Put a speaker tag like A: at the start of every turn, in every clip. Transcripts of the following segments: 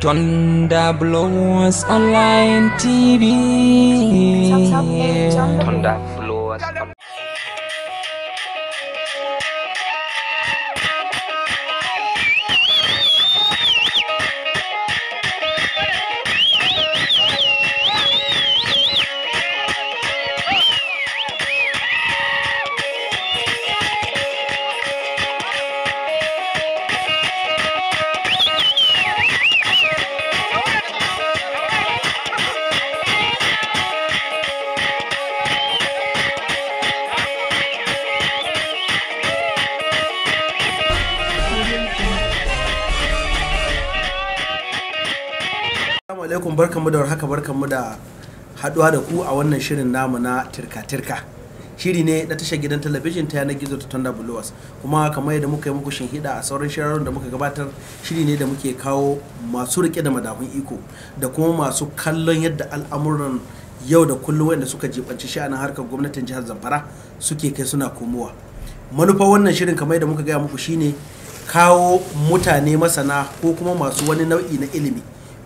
A: Thunder Online
B: TV. Thunder
C: da haduwa da ku a wannan shirin namu na tirka-tirka shiri ne na tashar gidan talabijin ta yanar gizo ta tonda Blowers kuma kamar yadda muka yi muku shinhiɗa a sauran shirarun da muka gabatar shiri ne da muke kawo masu rike da madafun iko da kuma masu kallon yadda al'amuran yau da kullum wanda suka jibanci sha'anin harkar gwamnatin jihar Zamfara suke kai suna komowa manufar wannan shirin kamar yadda muka gaya muku shine kawo mutane masana ko kuma masu wani nau'i na ilimi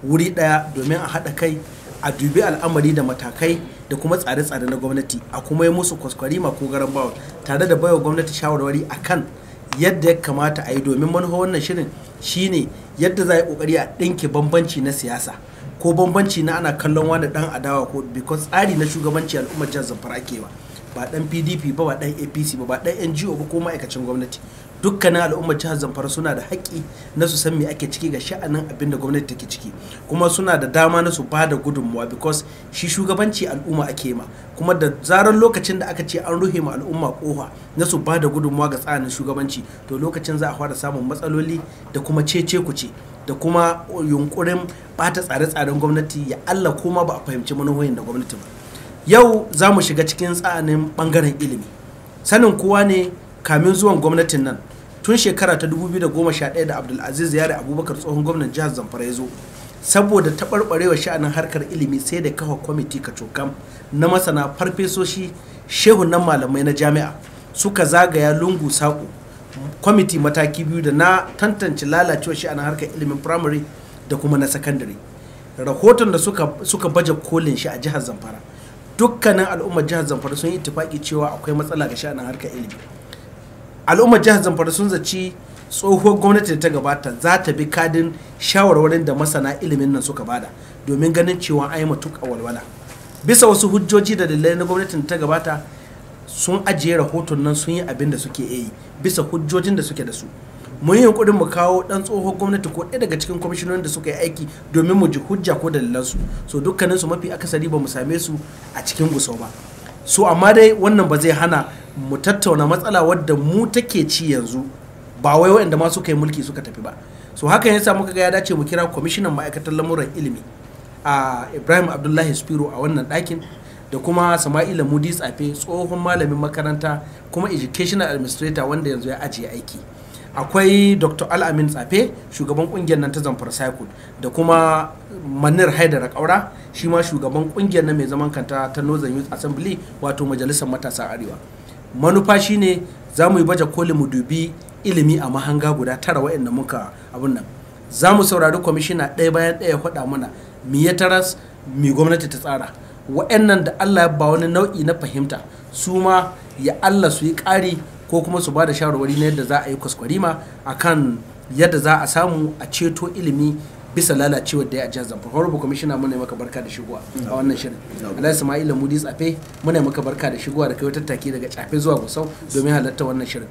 C: wuri ɗaya domin a haɗa kai a dubi al'amari da matakai da kuma tsare-tsare na gwamnati a kuma yi musu ma ko garan bawa tare da baiwa gwamnati shawarwari a kan yadda ya kamata a yi domin manufa wannan shirin shine yadda za a yi kokari a ɗinke bambanci na siyasa ko bambanci na ana kallon wani dan adawa ko because tsari na shugabanci al'ummar jihar zamfara ba ba ɗan pdp ba ba dan apc ba ba dan ngo ba ko ma'aikacin gwamnati dukkanin al'ummar jihar zamfara suna da haƙƙi na su san me ake ciki ga sha'anin abin da gwamnati take ciki kuma suna da dama na su ba da gudunmuwa because shi shugabanci al'umma ake ma kuma da zarar lokacin da aka ce an ruhe ma al'umma kofa na su ba da gudunmuwa ga tsarin shugabanci to lokacin za a fara samun matsaloli da kuma cece kuce da kuma yunkurin bata tsare-tsaren gwamnati ya Allah kuma ba a fahimci manuhoyin da gwamnati ba yau za mu shiga cikin tsanin bangaren ilimi sanin kowa ne kamin zuwan gwamnatin nan tun shekara ta 2011 da abdulaziz ziyara abubakar tsohon gwamnan jihar zamfara ya zo saboda taɓarɓarewa sha'anin harkar ilimi sai da kafa kwamiti kacokam na masana farfesoshi shehu shehunan malamai na jami'a suka zagaya lungu saƙo kwamiti mataki biyu da na tantance lalacewa sha'anin harkar ilimin firamare da kuma na sakandare rahoton da suka, baje kolin shi a jihar zamfara dukkanin al'ummar jihar zamfara sun yi itifaki cewa akwai matsala ga sha'anin harkar ilimi al'ummar jihar zamfara sun zaci tsohuwar gwamnati da ta gabata za ta bi kadin shawarwarin da masana ilimin nan suka bada domin ganin cewa an yi matuƙa walwala bisa wasu hujjoji da dalilai na gwamnatin ta gabata sun ajiye rahoton nan sun yi abin da suke yi bisa hujjojin da suke da su mu yi yunƙurin mu kawo ɗan tsohon gwamnati ko ɗaya daga cikin kwamishinonin da suka yi aiki domin mu ji hujja ko dalilansu so dukkaninsu mafi akasari ba mu same su a cikin gusau ba so amma dai wannan ba zai hana mu tattauna matsala wadda mu take ci yanzu ba wai waɗanda ma suka yi mulki suka tafi ba so hakan yasa muka ga ya dace mu kira kwamishinan ma'aikatar lamuran ilimi a ibrahim abdullahi spiro a wannan ɗakin da kuma sama'ila mudi tsafe tsohon malamin makaranta kuma educational administrator wanda yanzu ya ajiye aiki akwai dr al'amin tsafe shugaban kungiyar nan ta zamfara cycle da kuma manir haidara kaura shi ma shugaban kungiyar nan mai zaman kanta ta northern youth assembly wato majalisar matasa arewa manufa shine za mu yi baje koli mu dubi ilimi a mahanga guda tara waɗanda muka abun nan za mu saurari kwamishina ɗaya bayan ɗaya faɗa mana mi ya taras mi gwamnati ta tsara waɗannan da allah ya ba wani nau'i na fahimta su ma ya allah su yi ƙari ko kuma su ba da shawarwari na yadda za a yi a akan yadda za a samu a ceto ilimi bisa lalacewar da ya ajiyar zamfara horrible commissioner muna maka barka da shigowa a wannan shirin alhaji sama'ila mudi tsafe muna maka barka da shigowa da kai tattaki daga tsafe zuwa gusau domin halarta wannan shirin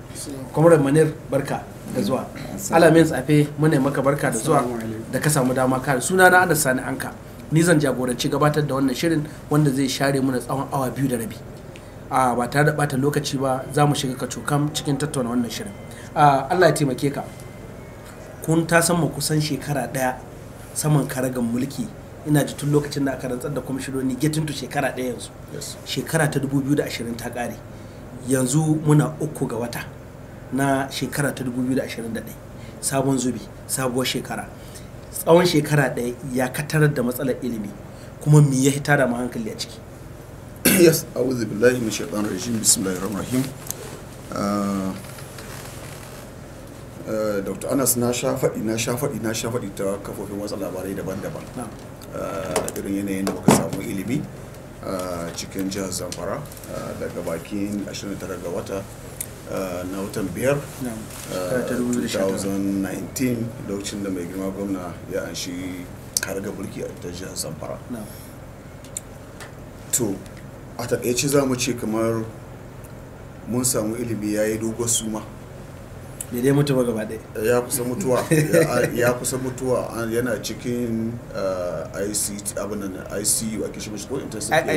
C: kwamarar manir barka da zuwa alamin tsafe muna maka barka da zuwa da ka samu dama kare suna na anas sani anka ni zan jagoranci gabatar da wannan shirin wanda zai share muna tsawon awa biyu da rabi a ba tare da bata lokaci ba za mu shiga kacokam cikin tattauna wannan shirin allah ya taimake ka kun ta san ma kusan shekara daya saman karagan mulki ina ji tun lokacin da aka rantsar da kwamishinoni getin to shekara daya yanzu shekara ta 2020 ta kare yanzu muna uku ga wata na shekara ta 2021 sabon zubi sabuwar shekara tsawon shekara daya ya katarar da matsalar ilimi kuma me ya hitar da hankali a ciki
D: yes a'udhu billahi rajim rahim uh, uh, dr anas na sha faɗi na sha faɗi na sha faɗi ta kafofin watsa labarai daban-daban uh, irin yanayin da baka samu ilimi cikin jihar zamfara daga bakin 29 ga wata na watan biyar 2019 lokacin da mai girma gwamna ya anshi harga mulki ta jihar zamfara a takaice za mu ce kamar mun samu ilimi ya yi dogon suma ya dai mutuwa ba gaba ya kusa mutuwa ya kusa mutuwa yana cikin eh, ICT abinan icu a kishi mashi ko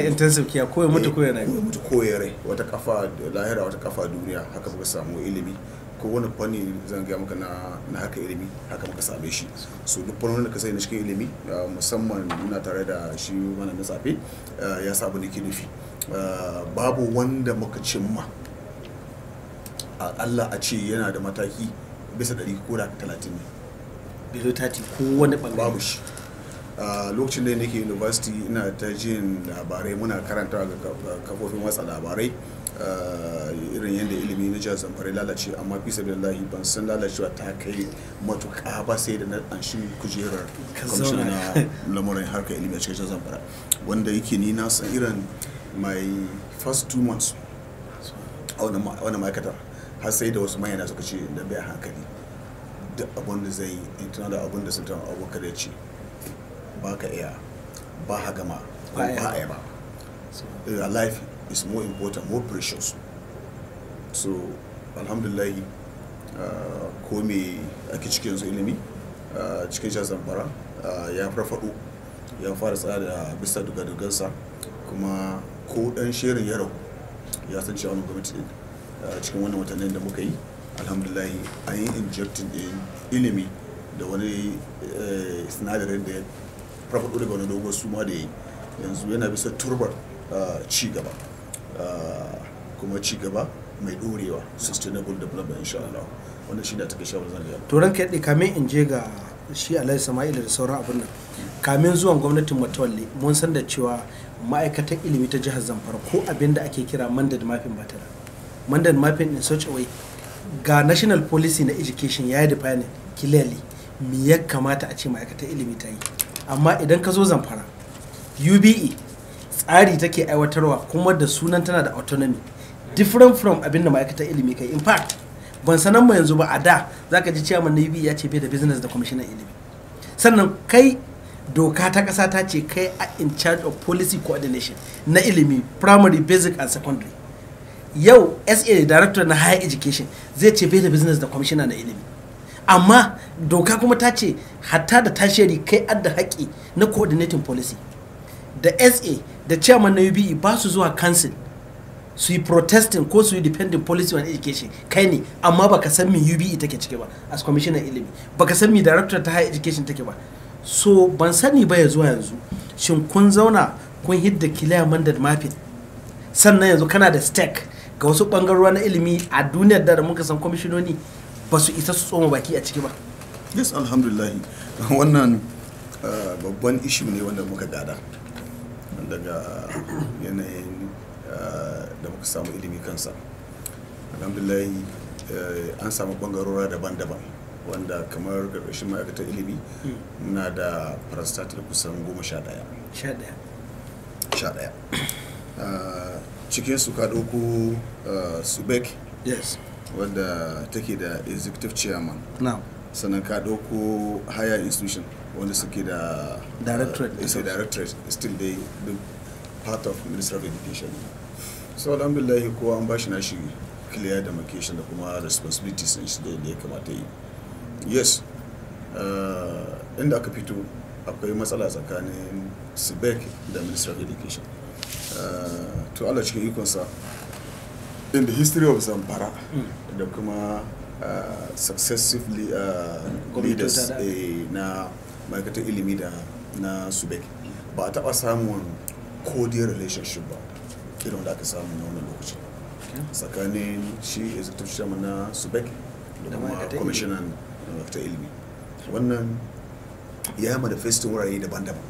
D: intensive care ko ya mutu koya na rai mutu koya rai wata kafa lahira wata kafa duniya haka muka samu ilimi ko wani fanni zan gaya maka na haka ilimi haka muka same shi so duk fannin da ka sai na cikin ilimi eh, musamman muna tare da shi wannan na safe eh, ya sabu ne ke nufi Eh, babu wanda muka cimma a Allah a ce yana da mataki bisa ɗari ko da talatin ne bisa tati ko wani ɓangare babu shi eh, lokacin da nake university ina ta jin labarai muna karanta ga kafofin watsa labarai eh, irin yadda ilimi na jihar zamfara lalace amma fi sabi lahi ban san lalacewa ta kai matuka ba sai da na anshi kujerar kamshin na Lamarin harkar ilimi a cikin jihar zamfara wanda yake ni na san irin my first two months a wani ma'aikata har sai da wasu mayana suka ce da bai hankali duk abin da zai yi in tana da abin da sun tana abokan da ce ba ka iya ba ha gama ba eh, a life is more important more precious so alhamdulillah ah, ko me ake cikin yanzu ilimi ah, cikin shan zamfara ah, ya farfado ya fara tsada bisa dugadugansa kuma ko dan shirin ya ya san cewa wani gwamnati cikin wannan watannin da muka yi alhamdulahi an yi injecting din ilimi da wani eh, sinadarin da ya farfaɗo daga wani dogon suma da ya yi yanzu yana bisa turbar ci gaba kuma ci gaba mai dorewa sustainable development insha Allah wannan ta take shawar zan ga
C: to ranka yadda kamin in je ga shi Alhaji Sama'ila da sauran abin nan kamin zuwan gwamnatin Matawalle mun san da cewa ma'aikatar ilimi ta jihar zamfara ko abinda ake kira mandate mapping ba ta mandate mapping in such a way ga national policy na education ya yi define clearly me ya kamata a ce ma'aikatar ilimi ta yi amma idan ka zo zamfara ube tsari take aiwatarwa kuma da sunan tana da autonomy different from abin da ma'aikatar ilimi kai in fact ban sanan ma yanzu ba a da zaka ji ciyaman na ube ya ce bai da business da commissioner ilimi sannan kai doka ta kasa ta ce kai a in charge of policy coordination na ilimi primary basic and secondary yau sa da director na higher education zai ce bai da business da commissioner na ilimi amma doka kuma ta ce hatta da tashiri kai adda haƙi na coordinating policy da sa da chairman na ube ba su zuwa council su yi protesting ko su yi dependent policy on education kai ne amma baka san me ube take ciki ba as commissioner ilimi baka san me director ta higher education take ba so ban sani ba ya zuwa yanzu shin kun zauna kun hidda kiliya mandar mafi sannan yanzu kana da stake ga wasu bangarwa na ilimi a duniyar da muka san kwamishinoni ba su isa su tsoma baki a ciki ba yes
D: alhamdulillah wannan eh, babban ishu ne wanda muka gada daga yanayin eh, da muka samu ilimi kansa alhamdulillah eh, an samu bangarora daban-daban wanda kamar ƙarƙashin ma'aikatar ilimi hmm. muna da parastatal kusan goma sha ɗaya sha ɗaya ah, cikin su ka ɗauko ah, subek yes wadda take da executive chairman sannan ka ɗauko higher institution wanda suke da ah, directorate uh, directorate still dey the part of minister of education so alhamdulillah kowa an bashi nashi clear demarcation da kuma responsibilities shi da ya kamata yi yes uh, inda aka fito akwai matsala tsakanin sbec da minister of education uh, to allah cikin ikonsa in the history of zamfara mm. da kuma uh, successively leaders eh, na ma'aikatar ilimi da na subek ba a taɓa samun cordial relationship ba irin da aka samu na wannan lokaci tsakanin shi executive chairman na subek da kuma commissioner ta ilimi wannan ya manifestin wurare daban-daban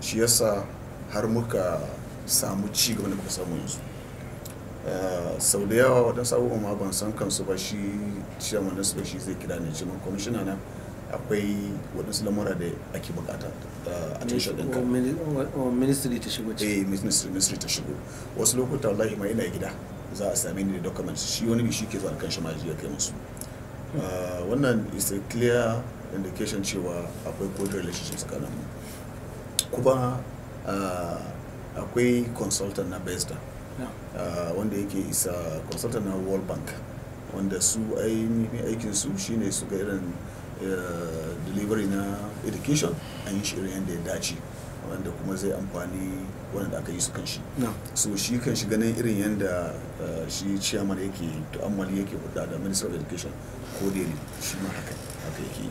D: shi yasa har muka samu ci gaba da kuma samu yanzu eh, sau da yawa waɗansu abubuwan ma ban san kansu ba shi ciyaman su ba shi zai kira ne cikin kwamishina na akwai waɗansu lamura da ake bukata a tashar ɗinka ministry ta shigo eh ministry ta shigo wasu lokuta wallahi ma ina gida za a same ni da documents shi wani bi shi ke zuwa kan shi ma ya kai musu Uh, wannan is a clear indication cewa akwai good relationship tsakanin mu kuma uh, akwai consultant na besta. Uh, wanda yake isa consultant na world bank wanda su ainihin aikin su shine su ga irin delivery na education an yi shirin yadda ya dace wanda kuma zai amfani wanda aka yi su kan shi so shi kan shi ganin irin yadda eh, shi chairman yake tu'ammali yake hudu da minister of education ko daily shi ma haka haka yake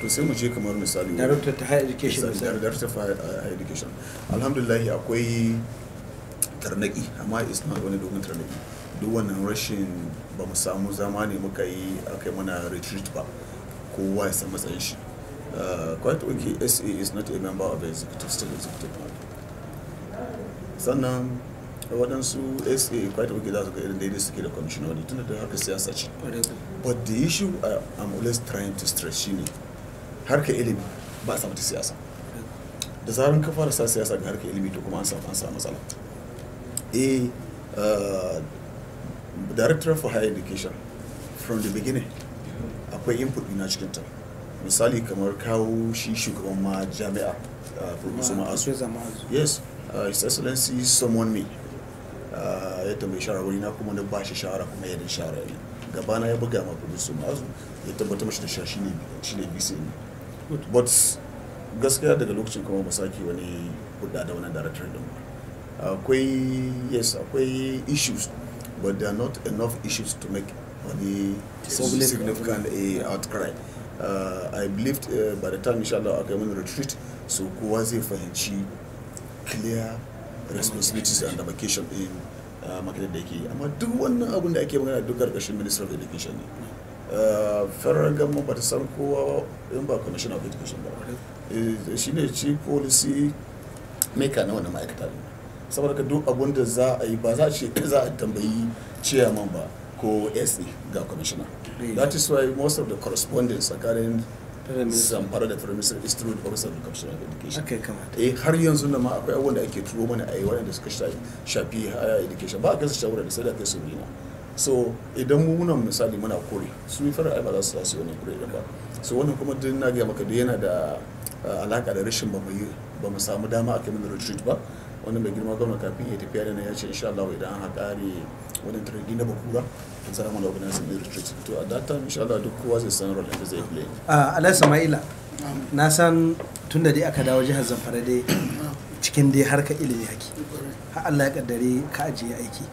D: to sai mu je kamar misali director of higher education director of higher education alhamdulillah akwai tarnaki amma is not wani domin tarnaki duk wannan rashin ba mu samu zama ne muka yi aka yi mana retreat ba kowa ya san matsayin shi Uh, quite okay SE is not a member of the executive still executive board sannan waɗansu sa quite okay za su ga irin daidai suke da kwamishinoni tunda da haka siyasa ce but the issue I, am always trying to stress shi shine harka ilimi ba a samu siyasa da zarar ka fara sa siyasa ga harka ilimi to kuma an samu an samu matsala eh uh, director for higher education from the beginning akwai input ina cikin ta misali kamar kawo shi shugaban ma jami'a uh, Furgusu ma'azu yes uh, his excellency someone me uh, ya tambayi shawarwari na kuma na ba shi shara kuma ya din shawarwari gabana ya buga ma Furgusu ma'azu ya tabbata mashi da shi ne shi ne bisa ne but gaskiya daga lokacin kuma ba sake wani hudda da wani director din ba akwai yes akwai issues but there are not enough issues to make wani significant eh, outcry uh, i believed uh, by the time inshallah aka yi retreat so kowa zai fahimci clear responsibilities and vacation in uh, makarantar da yake amma duk wannan abin da ake magana duk karkashin minister of education ne uh, federal government ba ta san kowa in ba commission of education ba eh, shi ne chief policy maker na wannan ma'aikata ne saboda ka duk abin da za a yi ba za a ce za a tambayi chairman ba ko sd ga commissioner that is why most of the correspondence tsakanin zamfara da prime is through the office of the commissioner of education eh har yanzu na ma akwai abubuwan da ake turo mana a yi waɗanda suka shafi higher education ba a kai su shawara da sai da kai su rina so idan mu misali muna kore su yi fara ba za su tasu wani kore ba so wannan kuma duk na gaya maka da yana da eh, alaka da rashin ba mu yi ba mu samu dama a kai mana retreat ba wani mai girma gwamna kafin ya tafiya da na ya ce insha Allah idan an haƙari wani trade na bakura in tsara mana organizing the retreat to a that time insha Allah duk kowa zai san role da zai play
C: a Alai Sama'ila na san tun da dai aka dawo jihar Zamfara dai cikin dai ka ilimi haki har Allah ya kaddare ka ajiye aiki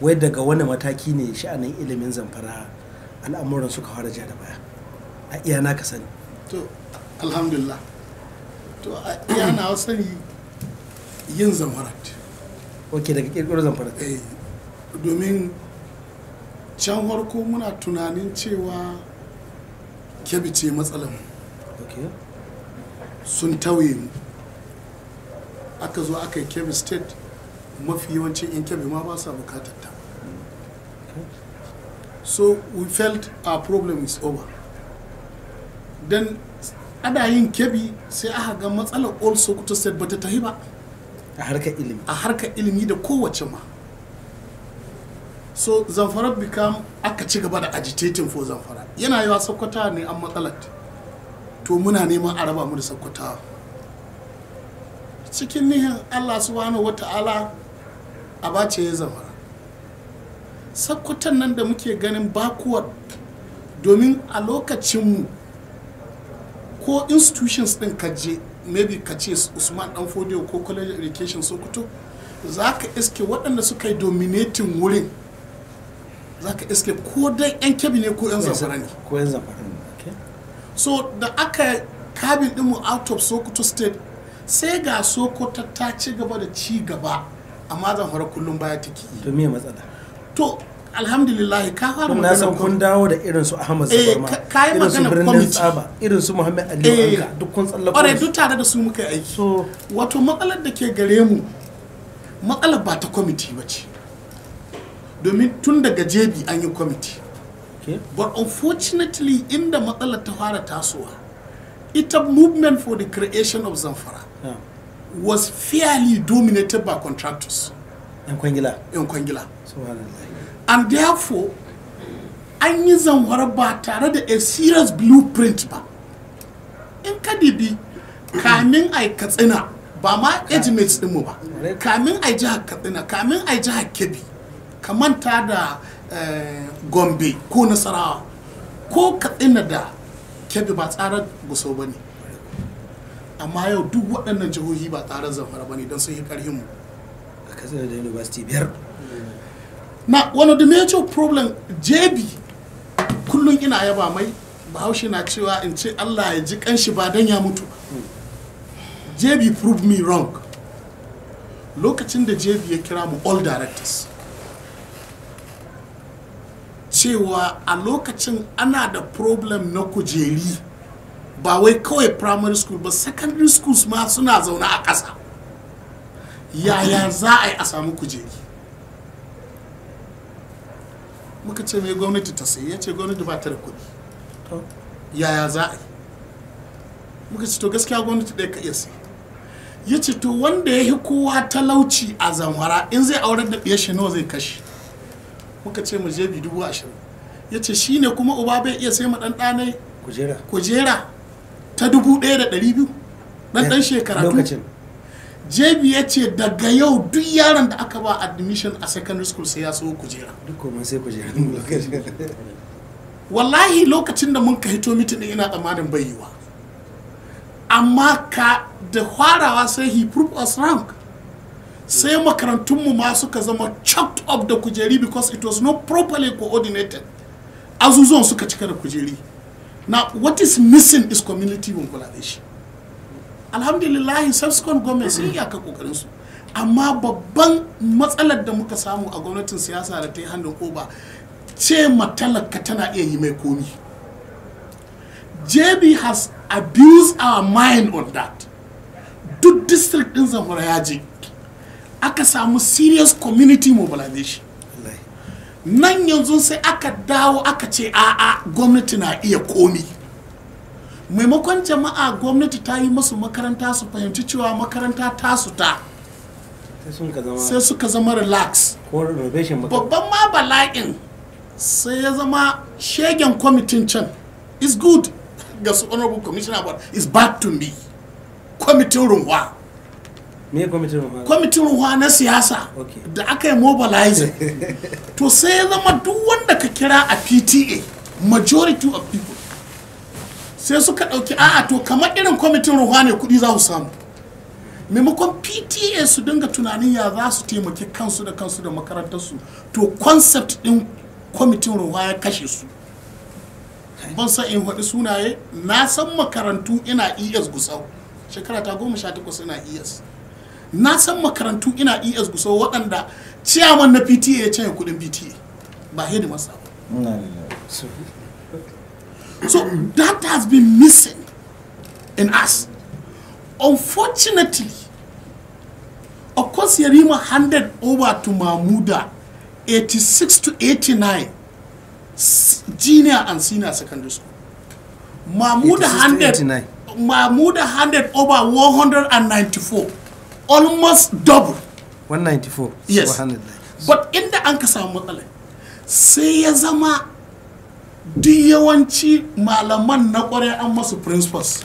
C: wai daga wani mataki ne sha'anin ilimin Zamfara al'amuran suka fara ja da baya a iya na ka sani to
A: alhamdulillah to a iya na sani yin zamfara ok daga kirkirar zamfara eh, domin can harko muna tunanin cewa kyabice matsalan sun tauye mu aka zo aka yi state mafi yawancin yan kebbi ma ba sa bukatar ta so we felt our problem is over then ana yin kebi sai aka ga matsalar all sokoto state ba ta tahi ba a harkar ilimi da kowace ma so zamfara bikam aka ci gaba da agitating for zamfara yana yawa sakkwata ne an matsalar to muna neman a raba mu da cikin nihin allah subhanahu wa ta'ala a bace ya zamfara sakkwatan nan da muke ganin bakuwar domin a lokacinmu ko institutions din kaje maybe ka ce usman dan fodiyo ko college education sokoto za ka iske waɗanda suka yi dominating wurin za ka iske ko dai 'yan kebi ne ko 'yan zamfara ne ko 'yan zamfara ne so da aka kabin dinmu out of sokoto state sai ga sokoto ta ci gaba da ci gaba amma zamfara kullum baya take yi to me matsala to alhamdulillah ka fara magana na san kun dawo da irin su Ahmad eh, Sabarma irin su Birnin Tsaba irin su Muhammad Ali eh. Anka duk kun tsallako ore duk tare da su muka aiki so wato matsalar da ke gare mu matsalar ba ta kwamiti ba ce domin tun daga jebi an yi kwamiti but unfortunately inda matsalar ta fara tasowa ita movement for the creation of zamfara was fairly dominated by contractors yan kwangila yan kwangila and therefore an yi zamfara ba tare da a serious blueprint ba in ka dibi kamin yi katsina ba ma ejimets dinmu ba kamin a jihar katsina kamin a jihar kebbi ka manta da eh, gombe ko nasarawa ko katsina da kebbi ba tsarar guso ba ne amma yau duk waɗannan jihohi ba tsarar zamfara ba ne don sun yi mu a kasar da university biyar na one of the major problem jb kullum ina yaba mai bahaushe na cewa in ce allah ya ji kanshi ba don ya mutu jb prove me wrong lokacin da jb ya kira mu all directors cewa a lokacin ana da problem na kujeri ba wai kawai primary school ba secondary schools ma suna zaune a ƙasa yaya za a yi a samu kujeri muka ce mai gwamnati ta sayi ya ce gwamnati ba ta da kuɗi yaya za a yi muka ce to gaskiya gwamnati ɗaya ka iya sayi ya ce to wanda ya yi kowa talauci a zamara in zai auren da ɓiyashe shi nawa zai kashe muka ce mu je bi dubu ashirin ya ce shi ne kuma uba bai iya sai ma ɗan ɗanai kujera ta dubu ɗaya da ɗari biyu ɗan ɗan eh, shekara JB ya ce daga yau duk yaron da aka ba admission a secondary school sai ya so kujera. Duk komai sai kujera. Wallahi lokacin da mun ka hito mitin ina tsammanin bai Amma ka da farawa sai he prove us wrong. sai makarantunmu ma suka zama chopped up da kujeri because it was not properly coordinated azuzuwan suka cika da kujeri now what is missing is community bangladesh alhamdulillah subsequent government sun yi aka kokarin su amma babban matsalar da muka samu a gwamnatin siyasa da ta yi hannun oba ce matalaka tana iya yi mai komi jb has abused our mind on that duk district din zamfara ya je aka samu serious community mobilization nan yanzu sai aka dawo aka ce a'a gwamnati na iya komi maimakon jama'a gwamnati ta yi masu makaranta su fahimci cewa makaranta ta su ta sai suka zama relax babban ma bala'in sai ya zama shegen kwamitin can is good ga su honorable commissioner but is bad to me kwamitin runwa kwamitin ruwa na siyasa da aka yi mobilizing to sai ya zama duk wanda ka kira a pta majority of people sai suka ɗauki a'a to kamar irin kwamitin ruwa ne kuɗi za su samu maimakon pta su dinga tunanin ya za su taimaki kansu da kansu da makarantarsu to concept ɗin kwamitin ruwa ya kashe su ban san in faɗi sunaye na san makarantu ina es gusau shekara ta goma sha takwas ina es na san makarantu ina es gusa waɗanda ciyaman na pta ya canye kudin pta ba masa ba so that has been missing in us unfortunately of course yarima handed over to mamuda 86 to 89 junior and senior secondary school mamuda handed mamuda handed over 194 almost double
C: 194
A: yes but inda an ka samu matsala sai ya zama duk yawanci malaman na kwarai an masu principals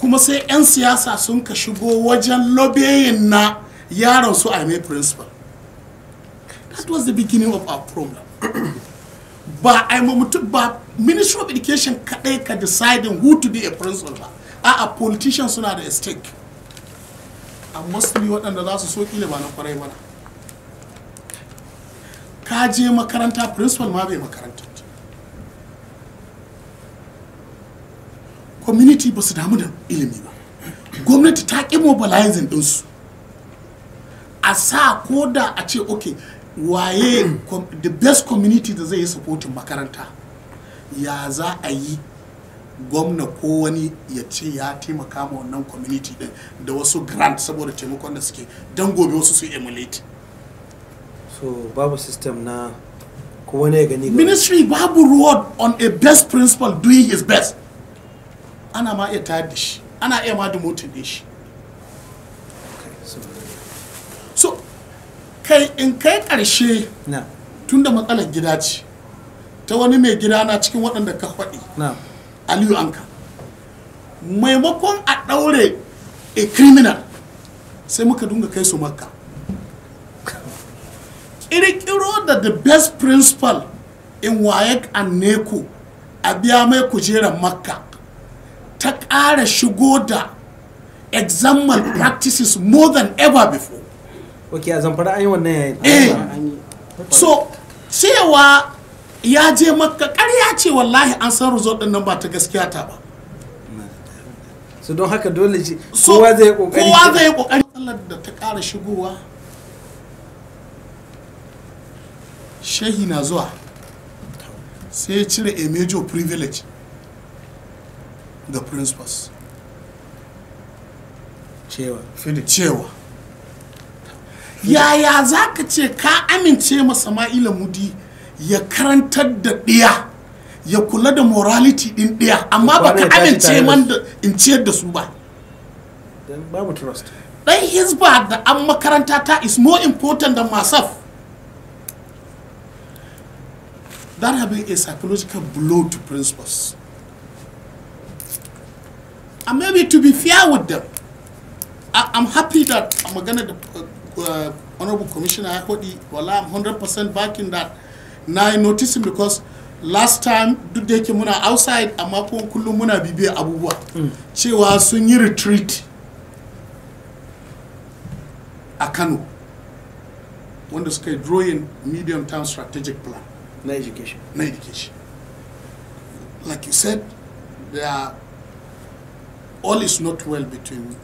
A: kuma sai 'yan siyasa sun ka shigo wajen lobeyin na yaron su a mai principal that was the beginning of our problem ba a mutum ba ministry of education kadai ka deciding who to be a principal ba a politicians suna da stake amma su ne waɗanda za su so kila ba na kwarai mana ka je makaranta principal ma bai makaranta community ba su damu da ilimi ba gwamnati ta ƙi mobilizing ɗinsu a sa ko da a ce ok waye the best community da zai yi supporting makaranta ya za a yi gwamna ko wani ya ce ya taimaka ma wannan community din da wasu grant saboda taimakon da suke don gobe wasu su emulate so babu system na ko wani ya gani ministry babu road on a best principle doing his best ana ma iya tayar da shi ana iya ma da demoting din shi so kai in kai karshe tunda matsalar gida ce ta wani mai gida na cikin waɗanda ka faɗi aliyu anka maimakon a ɗaure a criminal sai muka dunga kai su makka ƙirƙiro da the best principal in wayek and neku a biya mai kujerar makka ta ƙara shigo da examal practices more than ever before ok a zamfara an yi wannan yayin eh, so cewa ya je makka ƙarya ce wallahi an san result din nan ba ta gaskiya ta ba so don haka dole ji kowa zai kokari kowa zai kokari matsalar da ta ƙara shigowa shehi na zuwa sai ya cire a major privilege ga principals cewa cewa yaya za ka ce ka amince masa ma'ila mudi ya karantar da ɗiya ya kula da morality ɗin ɗiya amma ba ka amince man da in ciyar da su ba ɗan hizba da an makaranta ta is more important than myself that have been a psychological blow to principles. and maybe to be fair with them I, am happy that I'm gonna uh, uh, honorable commissioner Akodi, well I'm 100% backing that na yi noticing because last time duk da yake muna outside amma kuma kullum muna bibiyar abubuwa mm. cewa sun yi retreat a kano wanda suka yi drawing medium term strategic plan na education na education like you said there are, all is not well between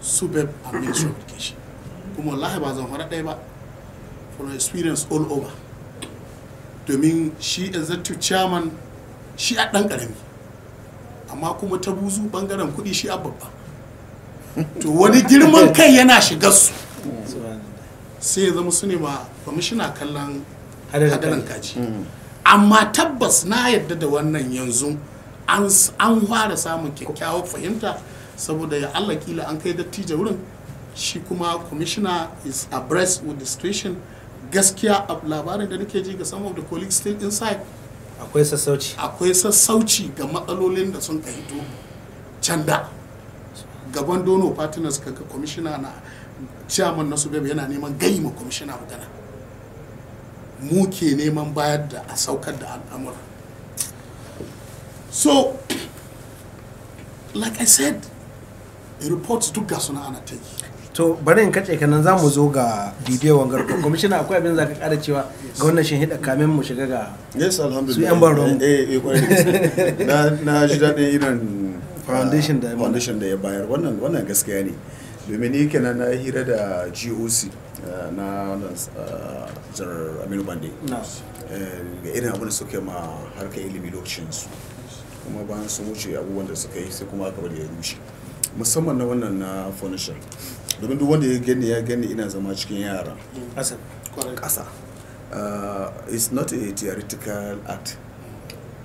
A: suburb and ministry education kuma wallahi ba zan faɗa ɗaya ba from experience all over domin shi exactive chairman shi a ɗan ƙarami amma kuma ta buzu ɓangaren kuɗi shi a babba
D: to wani girman kai
A: yana shiga su sai ya zama su ne ba kwamishina kallon
E: hadarin kaji
A: hmm. amma tabbas na yadda da wannan yanzu an fara samun kyakkyawar fahimta saboda ya allah kila an kai dattijo wurin shi kuma kwamishina is abreast with the situation gaskiya a labarin da nake ji ga some of the colleagues still inside
C: akwai sassauci
A: akwai sassauci ga matsalolin da sun hito can da gaban dono partners kaga commissioner na chairman na subeb yana neman gai ma commissioner magana mu ke neman bayar da a saukar da al'amur. so like i said reports duk ga suna ana ta to bari in kace kanan
C: za mu zo ga bibiyar wangar ko kwamishina akwai abin za ka kara cewa ga wannan shin hida kamin mu shiga ga
D: yes alhamdulillah su yan ban ruwan eh eh na na ji daɗin irin ah, foundation da foundation da ya bayar wannan wannan gaskiya ne domin ni kenan na hira da GOC ah, na zarar ah, Aminu Bande
E: eh,
D: ga irin abin da suke ma harkar ilimi lokacin su kuma bayan su wuce abubuwan da suka yi sai kuma aka bari ya rushe musamman na wannan na furniture domin duk wanda ya gani ya gani ina zama cikin yara ƙasa uh, it's not a theoretical act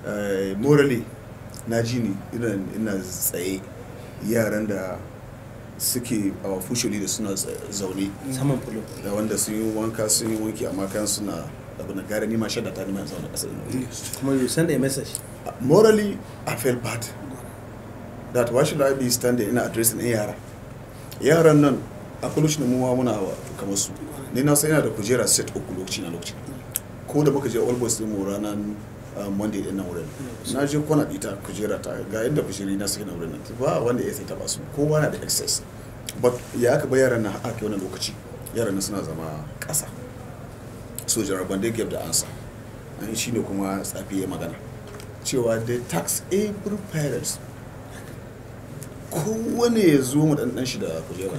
D: uh, morally na ji ne ina tsaye yaran da suke a fusholi da suna zaune saman fulo da wanda sun yi wanka sun yi wanki amma kan suna abu na gare nima da ta nima zaune ƙasar kuma you send a message morally i feel bad that why should i be standing in addressing yara yaran nan a kulushin mu ma muna kamar su ni na sai yana da kujera set uku lokaci na lokaci ko da muka je all boys din mu ranan ah, monday din nan wurin na je kwana ita kujera ta ga yadda kujeri na suke na wurin nan ba wanda ya sai ta basu kowa na da excess but ya aka bayar yaran na a kai wannan lokaci yaran nan suna zama ƙasa so jaraban dai gave the answer an shine kuma tsafi ya magana cewa the tax every parents kowane ya zo mu dan shi da kujera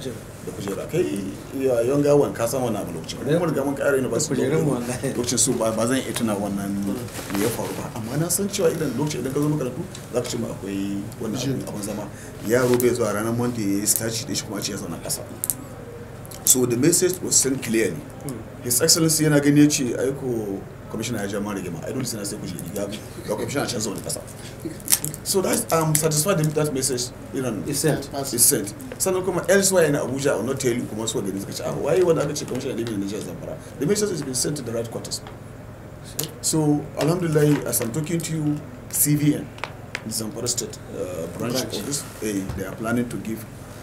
D: da kujera kai yawan gawan ka san wannan lokacin kuma mun mun ƙara ne ba su lokacin su ba zan iya tuna wannan me ya faru ba amma na san cewa idan lokacin idan ka zo makarantu za ka ce ma akwai wannan abin zama yaro bai zuwa ranar monday ya yi staci da shi kuma ce ya zauna kasa. so the message was sent clearly hmm. his excellency yana gani ya ce aiko kwamishina ya ja mara rigima i don't see na sai kujeri ga kwamishina can zaune kasa. so that's i'm um, satisfied with that message know he sent he sent sannan kuma elsewhere in abuja or not tell you kuma so gani suka ce ah why wanda aka ce commissioner da ne jihar zamfara the message has been sent to the right quarters so alhamdulillah as i'm talking to you cvn zamfara state uh, branch, branch. office hey, eh, they are planning to give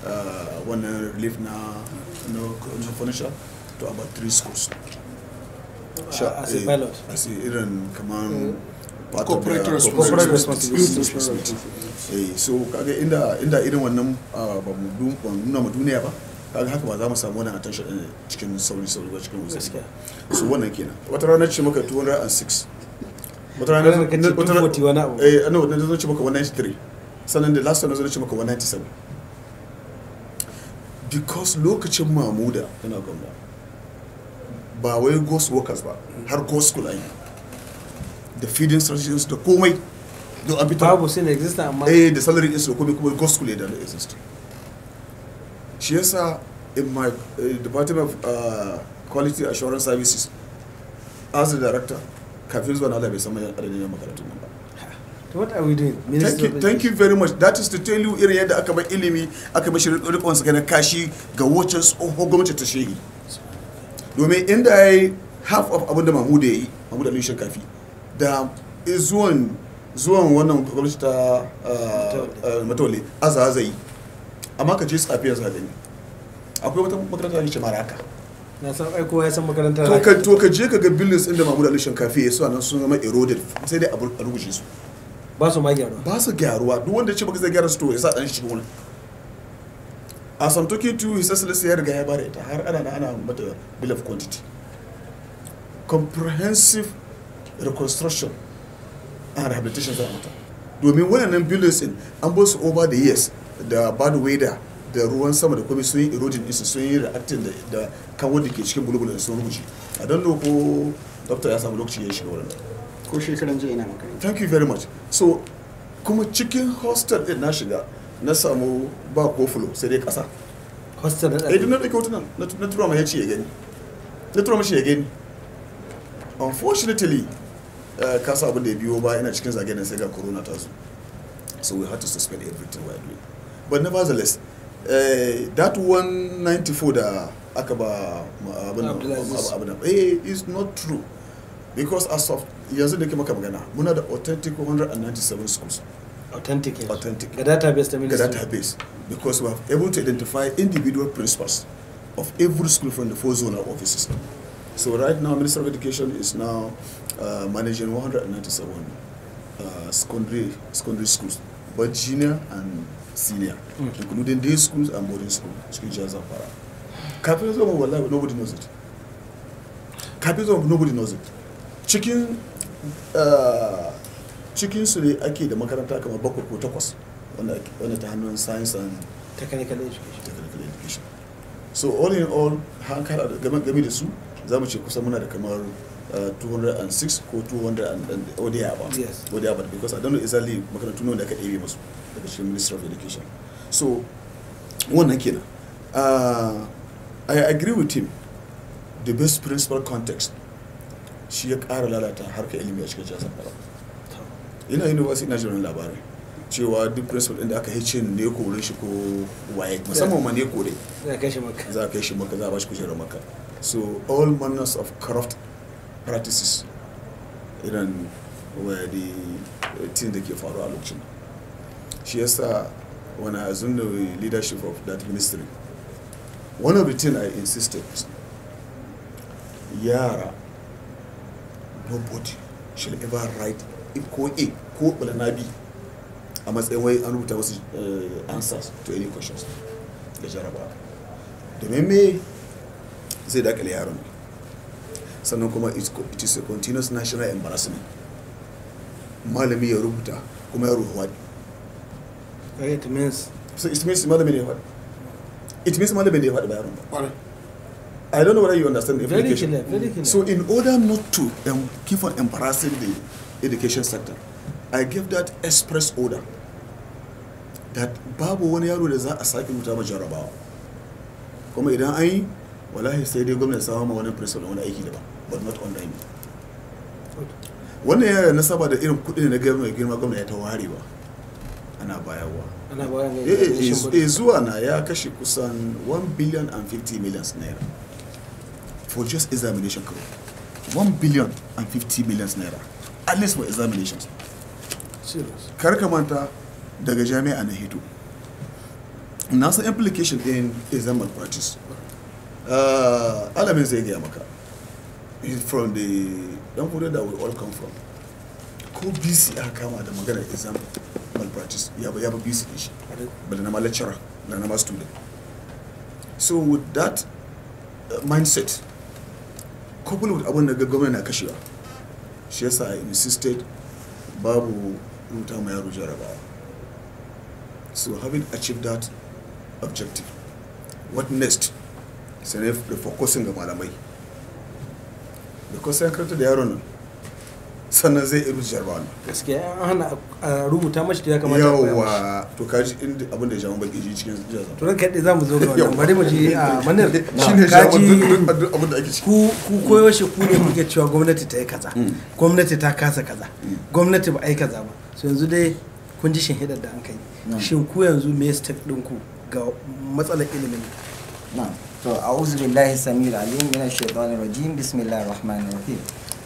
D: uh, one relief you no financial to about three schools
E: uh, as a pilot
D: as irin -hmm. Eh, corporate responsibility eh, so kaga inda inda irin wannan ah, ba mu nuna ma duniya ba kaga haka ba za mu samu wannan attention cikin sauri sauri ba cikin wasa so wannan kenan wata rana ce maka 206 wata rana wata rana eh no na zo ce maka 193 sannan da last time na zo ce maka 197 because lokacin mamuda yana gwamna ba wai ghost workers ba har ghost kula ayi the feeding strategies the komai don an fitar babu sai na exist amma eh the salary is komai kuma gospel da no exist shi yasa in my uh, department of uh, quality assurance services as the director kafin zuwa na bai sama adadin makarantun nan ba
C: what are we doing Minister thank you, thank you
D: very much that is to tell you irin yadda aka bar ilimi aka bar shirin rikon su ganin kashi ga wacce tsohon gwamnati ta shehi domin inda ya half of abin da ya yi mahmuda alushin kafi da zuwan zuwan wannan kwakwalarci ta ah, matole ah, aza amma ka je tsafi yanzu gani akwai wata makaranta ne ke maraka na san aiko ya san makarantar to ka to ka je ka ga buildings inda Mahmud Ali kafi ya suwa nan sun zama eroded sai dai a rubuce su ba su ma gyaruwa ba su gyaruwa duk wanda ce baka zai gyara su to ya sa dan shi wani a santoki tu hisa silisi ya riga ya bare ta har ana ana mata bill of quantity comprehensive reconstruction and rehabilitation za a mata domin waɗannan buildings din an bar su over the years da bad weather da ruwan sama da komai sun yi eroding ɗinsu sun yi reacting da kawo da ke cikin bulbul da sun rubuce a don ko doctor ya samu lokaci ya shiga wurin ko shekaran jiya ina makaranta thank you very much so kuma cikin hostel din na shiga na samu ba ko fulo sai dai kasa hostel da idan na dauki eh, hotunan na turama ma ya ce ya gani na turama shi ya gani unfortunately Eh, kasa abin da ya biyo ba ina cikin zage nan sai ga corona ta zo so we had to suspend everything we are doing but nevertheless uh, that 194 da aka ba abin abin eh is not true because as of yanzu da ke maka magana muna da authentic 197 schools authentic yes. authentic the database the ministry. the database because we have able to identify individual principals of every school from the four zonal offices so right now minister of education is now Uh, managing 197 uh, secondary, secondary schools, both junior and senior, mm. including day schools and boarding school, school jazz and para. Capitalism of life, nobody knows it. Capitalism, nobody knows it. Cikin uh, cikin su ne ake da makaranta kamar bakwai ko takwas wanda ta hannun science and technical education. Technical education. So all in all, Hankara, the da su, za the ce kusa muna da kamaru. Uh, 206 ko 200 odiya ba Odi ba because i don't know exactly makarantu nawa da aka ɗebe musu daga cikin minister of education so wannan kenan uh, i agree with him the best principal context shi ya ƙara lalata harkar ilimi a cikin jihar zamfara ina university ina jiran labarai cewa duk principal ɗin da aka hice ne ko wurin shi ko waye musamman ma ne ko dai za a kai shi maka za a kai shi maka za a ba shi kujerar maka so all manners of corrupt practices irin the tin da ke faru a lokacin shi yasa when I assumed the leadership of that ministry one of the things I insisted yara nobody shall ever write ko a ko ulanabi a matsayin wai an rubuta wasu eh, answers to any questions da jaraba domin me zai dakale yaron ne sannan kuma it is a continuous national embarrassment malami ya rubuta kuma ya ruhuwa it means so it means malami ne ya it means malami ne ba I don't know whether you understand the implication. Very clear, very clear. So in order not to um, keep on embarrassing the education sector, I gave that express order that babu wani yaro da za a sake mutu ma jarabawa. Kuma idan an yi, wallahi sai dai gwamnati samu wani principal wani aiki daban. but not under him wannan yana nasaba da irin kudin da na girma gwamna ya ta warewa ana bayarwa ana bayarwa eh, eh, eh zuwa na ya kashe kusan 1 billion and 50 million naira for just examination crew 1 billion and 50 million naira at least for examinations kar manta daga jami'a na hito nasa implication din exam malpractice ah, alamin zai gaya maka is from the dan kudu da we all come from ko bc a kama da magana exam malpractice ya ba ya ba bc din shi bala na lecturer bala na student so with that uh, mindset coupled with abin da gwamnati na kashewa shi yasa i insisted babu rubuta ma yaro jarabawa so having achieved that objective what next sai na refocusing ga malamai da kusa ya da yaro nan sannan zai iru rubuta jarabawa gaske an hana a rubuta mashi da ya kamata a yawa to ka ji inda abin da ya baki ji cikin jaza to ranka za zamu zo ga wannan bari mu ji a manar shine jamu duk abin da ake ciki ku koyo
C: shi ku ne kuke cewa gwamnati ta yi kaza mm. gwamnati ta kasa kaza mm. gwamnati ba yi kaza ba so yanzu dai kun ji shin hidar da an kai shin ku yanzu
B: me step ɗin ku ga matsalar ilimin na'am to a'udhu billahi samir alim min ash-shaytanir rajim bismillahir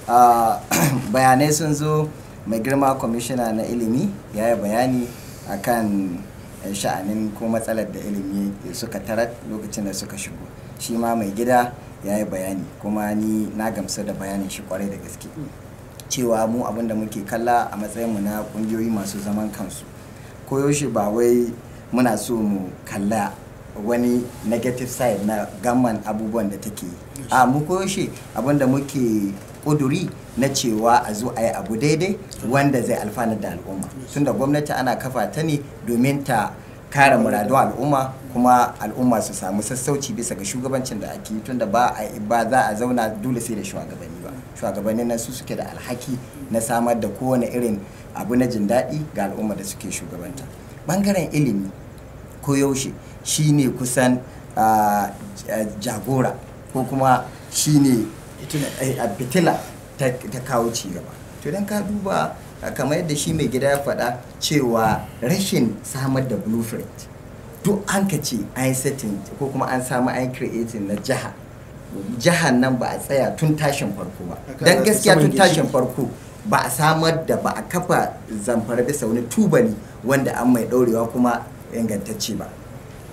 B: ah, bayanai sun zo mai girma kwamishina na ilimi ya yi bayani akan eh, sha'anin ko matsalar da ilimi suka tarar lokacin da suka shigo shi ma mai gida ya yi bayani kuma ni na gamsu da bayanin shi kwarai da gaske cewa mu abin da muke kalla a matsayinmu na kungiyoyi masu zaman kansu koyaushe ba wai muna so mu kalla wani negative side na gamman abubuwan da take yi. a mu koyaushe abinda muke kuduri na cewa a zo a yi abu daidai wanda zai alfanar da al'umma Tun da gwamnati ana kafa ta ne domin ta kare muradun al'umma kuma al'umma su samu sassauci bisa ga shugabancin da ake yi da ba a ba za a zauna dole sai da shugabanni ba shugabanni nan su suke da alhaki na samar da kowane irin abu na jin daɗi ga al'umma da suke shugabanta bangaren ilimi ko yaushe Shi ne kusan jagora ko kuma shi a fitila ta kawo ci gaba to don ka duba kamar yadda shi mai gida ya faɗa cewa rashin samar da blueprint duk an ka ce an setting ko kuma an samu an creating na jiha jihar nan ba a tsaya tun tashin farko ba don gaskiya tun tashin farko ba a samar da ba a kafa zamfara bisa wani tubali wanda an mai ɗorewa kuma ingantacce ba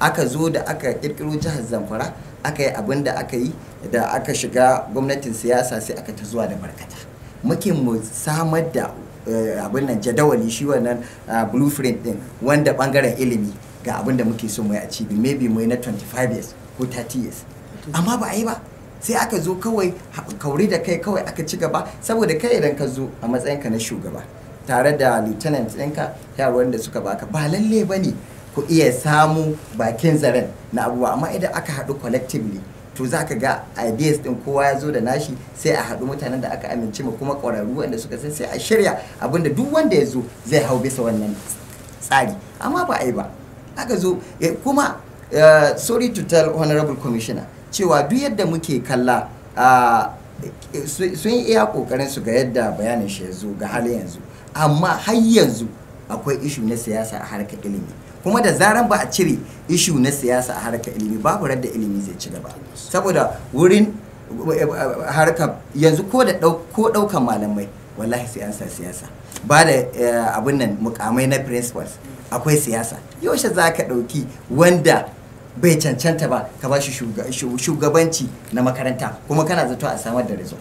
B: aka zo da aka kirkiro jihar zamfara aka yi abin da aka yi da aka shiga gwamnatin siyasa sai aka ta zuwa da barkata muke mu samar da eh, abin nan jadawali shi wannan ah, blueprint din wanda bangaren ilimi ga abin da muke so mu yi achieve maybe mu yi na 25 years ko 30 years amma ba a yi ba sai aka zo kawai kauri da kai kawai aka ci gaba saboda kai idan ka zo a matsayinka na shugaba tare da lieutenant ɗinka yaran da suka baka ba lalle ba ne ku iya samu bakin zaren na abubuwa amma idan aka haɗu collectively to za ka ga ideas din kowa ya zo da nashi sai a haɗu mutanen da aka amince ma kuma ƙwararru wanda suka san sai a shirya abinda duk wanda ya zo zai hau bisa wannan tsari amma ba a yi ba aka zo eh, kuma eh, sorry to tell honorable commissioner cewa duk yadda muke kalla ah, eh, sun yi iya kokarin su ga yadda bayanin shi ya zo ga hali yanzu amma har yanzu akwai ishu na siyasa a harkar ilimi kuma da zaran ba a cire ishu na siyasa a harkar ilimi babu radda ilimi zai ci gaba saboda wurin eh, eh, harka yanzu ko da ko daukan malamai wallahi sai an sa siyasa ba da eh, abin nan mukamai na principals akwai siyasa yaushe za ka ɗauki wanda bai cancanta ba ka ba shi shugabanci na makaranta kuma kana zato a samar da rizo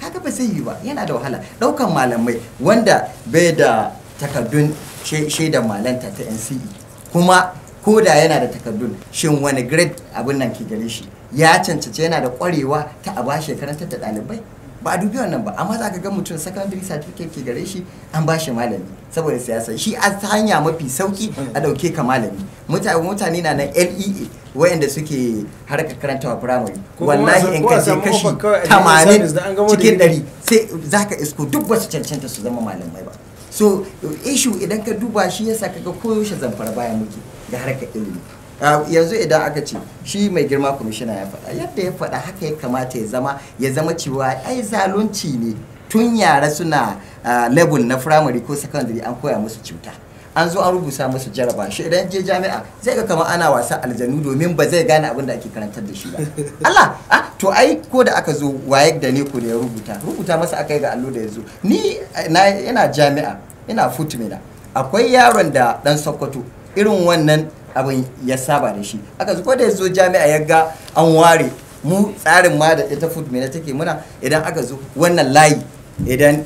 B: kaga ba zai yi ba yana da wahala ɗaukan malamai wanda bai da takardun shaidan malanta ta nce kuma ko da yana da takardun shin wani grade abin nan ke gare shi ya cancace yana da kwarewa ta a ba karantar da ɗalibai ba a dubi wannan ba amma za ka ga mutum secondary certificate ke gare shi an ba shi malami saboda siyasa shi a hanya mafi sauki a ɗauke ka malami mutane na nan lea wayanda suke harkar wa firamare wallahi in ka je kashi 80 cikin 100 sai zaka isko duk wasu cancanta su zama malamai ba so issue idan ka duba shi yasa kaga koyaushe zamfara baya muke da harka ilimi ah, yanzu idan aka ce shi mai girma kwamishina ya faɗa yadda ya faɗa haka ya kamata ya zama ya zama cewa ai zalunci ne tun yara suna ah, level na firamare ko sakandare an koya musu cuta an zo an rubuta masa jaraba shi idan je jami'a zai ga kamar ana wasa aljanu domin ba zai gane abin da ake karantar da shi ba Allah ah to ai ko da aka zo waye da ne ko da ya rubuta rubuta masa akai ga allo da ya zo ni na yana jami'a ina futmina akwai yaron da dan Sokoto irin wannan abin ya saba da shi aka zo ko da ya zo jami'a ya ga an ware mu tsarin ma da ita futmina take muna idan aka zo wannan layi idan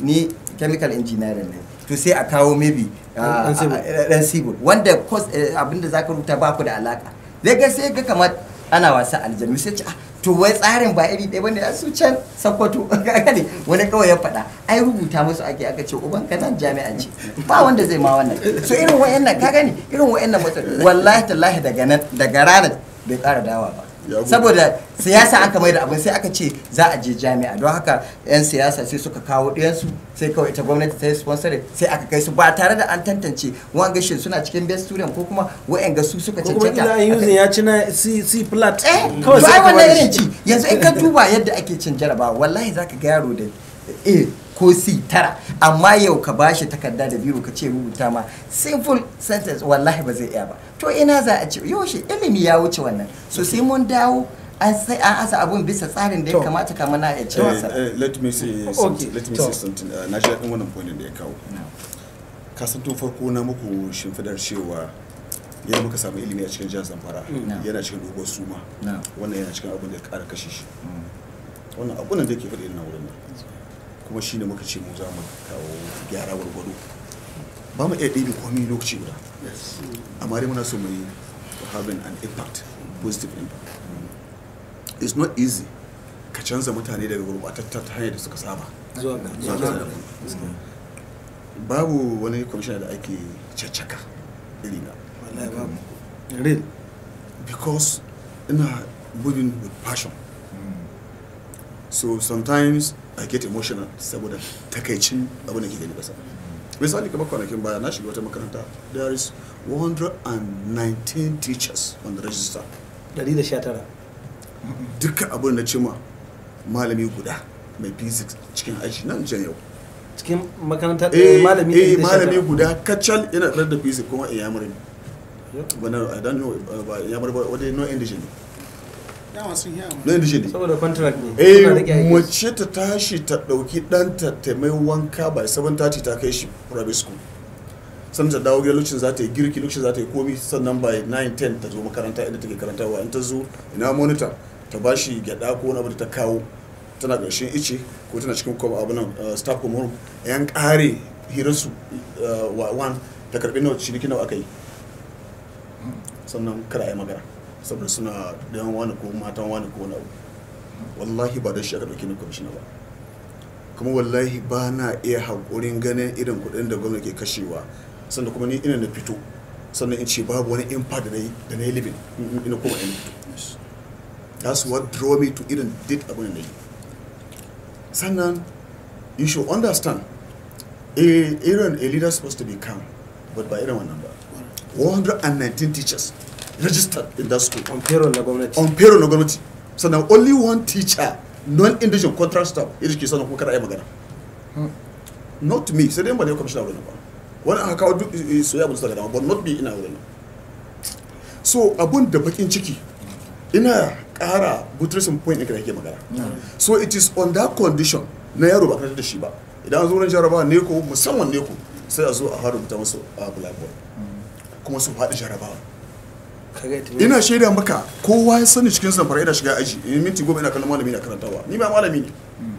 B: ni chemical engineer ne to sai a kawo maybe ɗan sibul ah, ah, wanda eh, abinda zaka rubuta ba ku da alaka zai ga sai ga kamar ana wasa aljanu sai ce ah, to wai tsarin ba iri ɗaya bane su can sakkwato ne wani kawai ya faɗa ai rubuta musu ake aka ce uban ka nan jami'an ce ba wanda zai ma wannan so irin wayannan ka gani irin wayannan matsaloli wallahi tallahi daga nan daga ranar bai ƙara dawa ba saboda siyasa aka mai da abin sai aka ce za a je jami'a don haka 'yan siyasa sai suka kawo ɗayansu sai kawai ita gwamnati ta yi sponsor sai aka kai su ba tare da an tantance wa'an gashi suna cikin best student ko kuma wa'an suka cancanta ko kuma ya ci na c flat eh kawai sai yanzu in ka duba yadda ake cin jarabawa wallahi zaka ga yaro da ko c tara amma yau ka bashi takarda da biro ka ce rubuta ma simple sentence wallahi ba zai iya ba to ina za a ce yaushe ilimi ya wuce wannan so sai mun dawo an sai an asa abun bisa tsarin da ya kamata kama na ya ce wasa eh, eh,
D: let me say something let me say something eh, na ji daɗin wannan point da ya kawo ka san tun farko na muku shimfidar cewa yadda muka samu ilimi a cikin jihar zamfara yana cikin dogon suma wannan yana cikin abin da ya ƙara kashe shi mm. wannan abun da ke faɗi na wurin nan kuma shine muka ce mu za mu kawo gyara gwargwado ba mu iya ɗebe komai lokaci guda amma dai muna so mu yi having an impact positive impact it's not easy ka canza mutane daga gurbatattar ta hanyar da suka saba babu wani kwamishina da ake caccaka iri na real because ina moving with passion
E: mm.
D: so sometimes i get emotional saboda takaicin abin da ke gani kasa misali kamar kwanakin baya na shiga wata makaranta there is 119 teachers on the register 119 duka abin da cima malami guda mai physics cikin aji nan jan yau cikin
C: makaranta eh, eh, eh, da malami ɗaya da malami guda
D: kacal yana da physics kuma iyamurin wannan i don't know ba iyamur ba wani no indigenous don dishe ne saboda contract ne eh mace ta tashi ta dauki danta ta mai wanka by 7:30 ta kai shi private school sannan ta dawo gida lokacin za ta yi girki lokacin za ta yi komi sannan by 9:10 ta zo makaranta inda take karanta wa in ta zo ina monitor ta ba shi gyada ko wani abu da ta kawo tana ƙarshen ice ko tana cikin kwam abu nan eh, staff room yan kare hirarsu eh, wa wan ta karɓi nawa ciniki nawa aka yi sannan kada a yi magana saboda suna dan wani ko matan wani ko nau wallahi ba da shi aka dauki ni kwamishina ba kuma wallahi ba na iya haƙurin ganin irin kuɗin da gwamnati ke kashewa sannan kuma ni ina na fito sannan in ce babu wani impact da yi da nayi libin mm-hmm. ina kuma ina fito that's what draw me to irin did abin da yi sannan you should understand a irin a leader supposed to be calm but ba irin wannan ba 119 teachers registered in that school on payroll na gwamnati on payroll na gwamnati now only one teacher non indigenous contract staff is ke son kuma kada ai magana hmm. not me So then, what ne commissioner wurin ba wani aka kawo eh, soyayya ba su daga dama but not me ina wurin so abun da bakin ciki ina kara buttressing point ɗin da ke magana hmm. so it is on that condition na yaro ba karanta da shi ba idan an zo wurin jarabawa ne ko musamman ne ko sai a zo a harubuta musu a blackboard hmm. kuma su faɗi jarabawa ina shaida maka kowa ya sani cikin zamfara ina shiga aji in eh, minti goma ina kallon malami na karantawa ni ba malami ne hmm.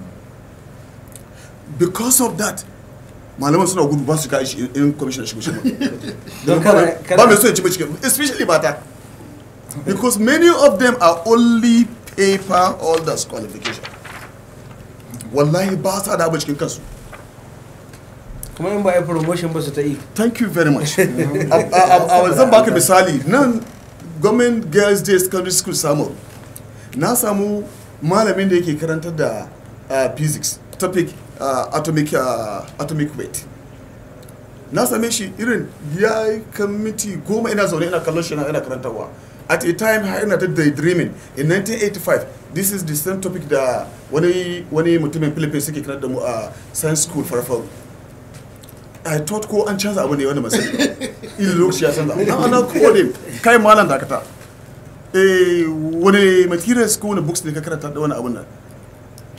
D: because of that malaman suna gudu ba su ka aji in commission shigo shi
E: ba mai so
D: ya ci ba cikin especially mata because many of them are only paper holders qualification wallahi ba sa da abu cikin kansu kuma in ba ya promotion ba su ta yi thank you very much zan baka misali nan government girls day secondary school samu na samu malamin da yake karantar da uh, physics topic uh, atomic, uh, atomic weight na same shi irin ya yi kamiti goma ina zaune ina kallon shi ina karantarwa at a time har ina ta daydreaming in 1985 this is the same topic da wani mutumin philippines suke karantar da mu a science school farfaru I thought ko an canza abu ne wani masu ilu lokaci ya canza na ana ne kai malam da kata eh wani materials ko wani books ne ka karanta da wani abun nan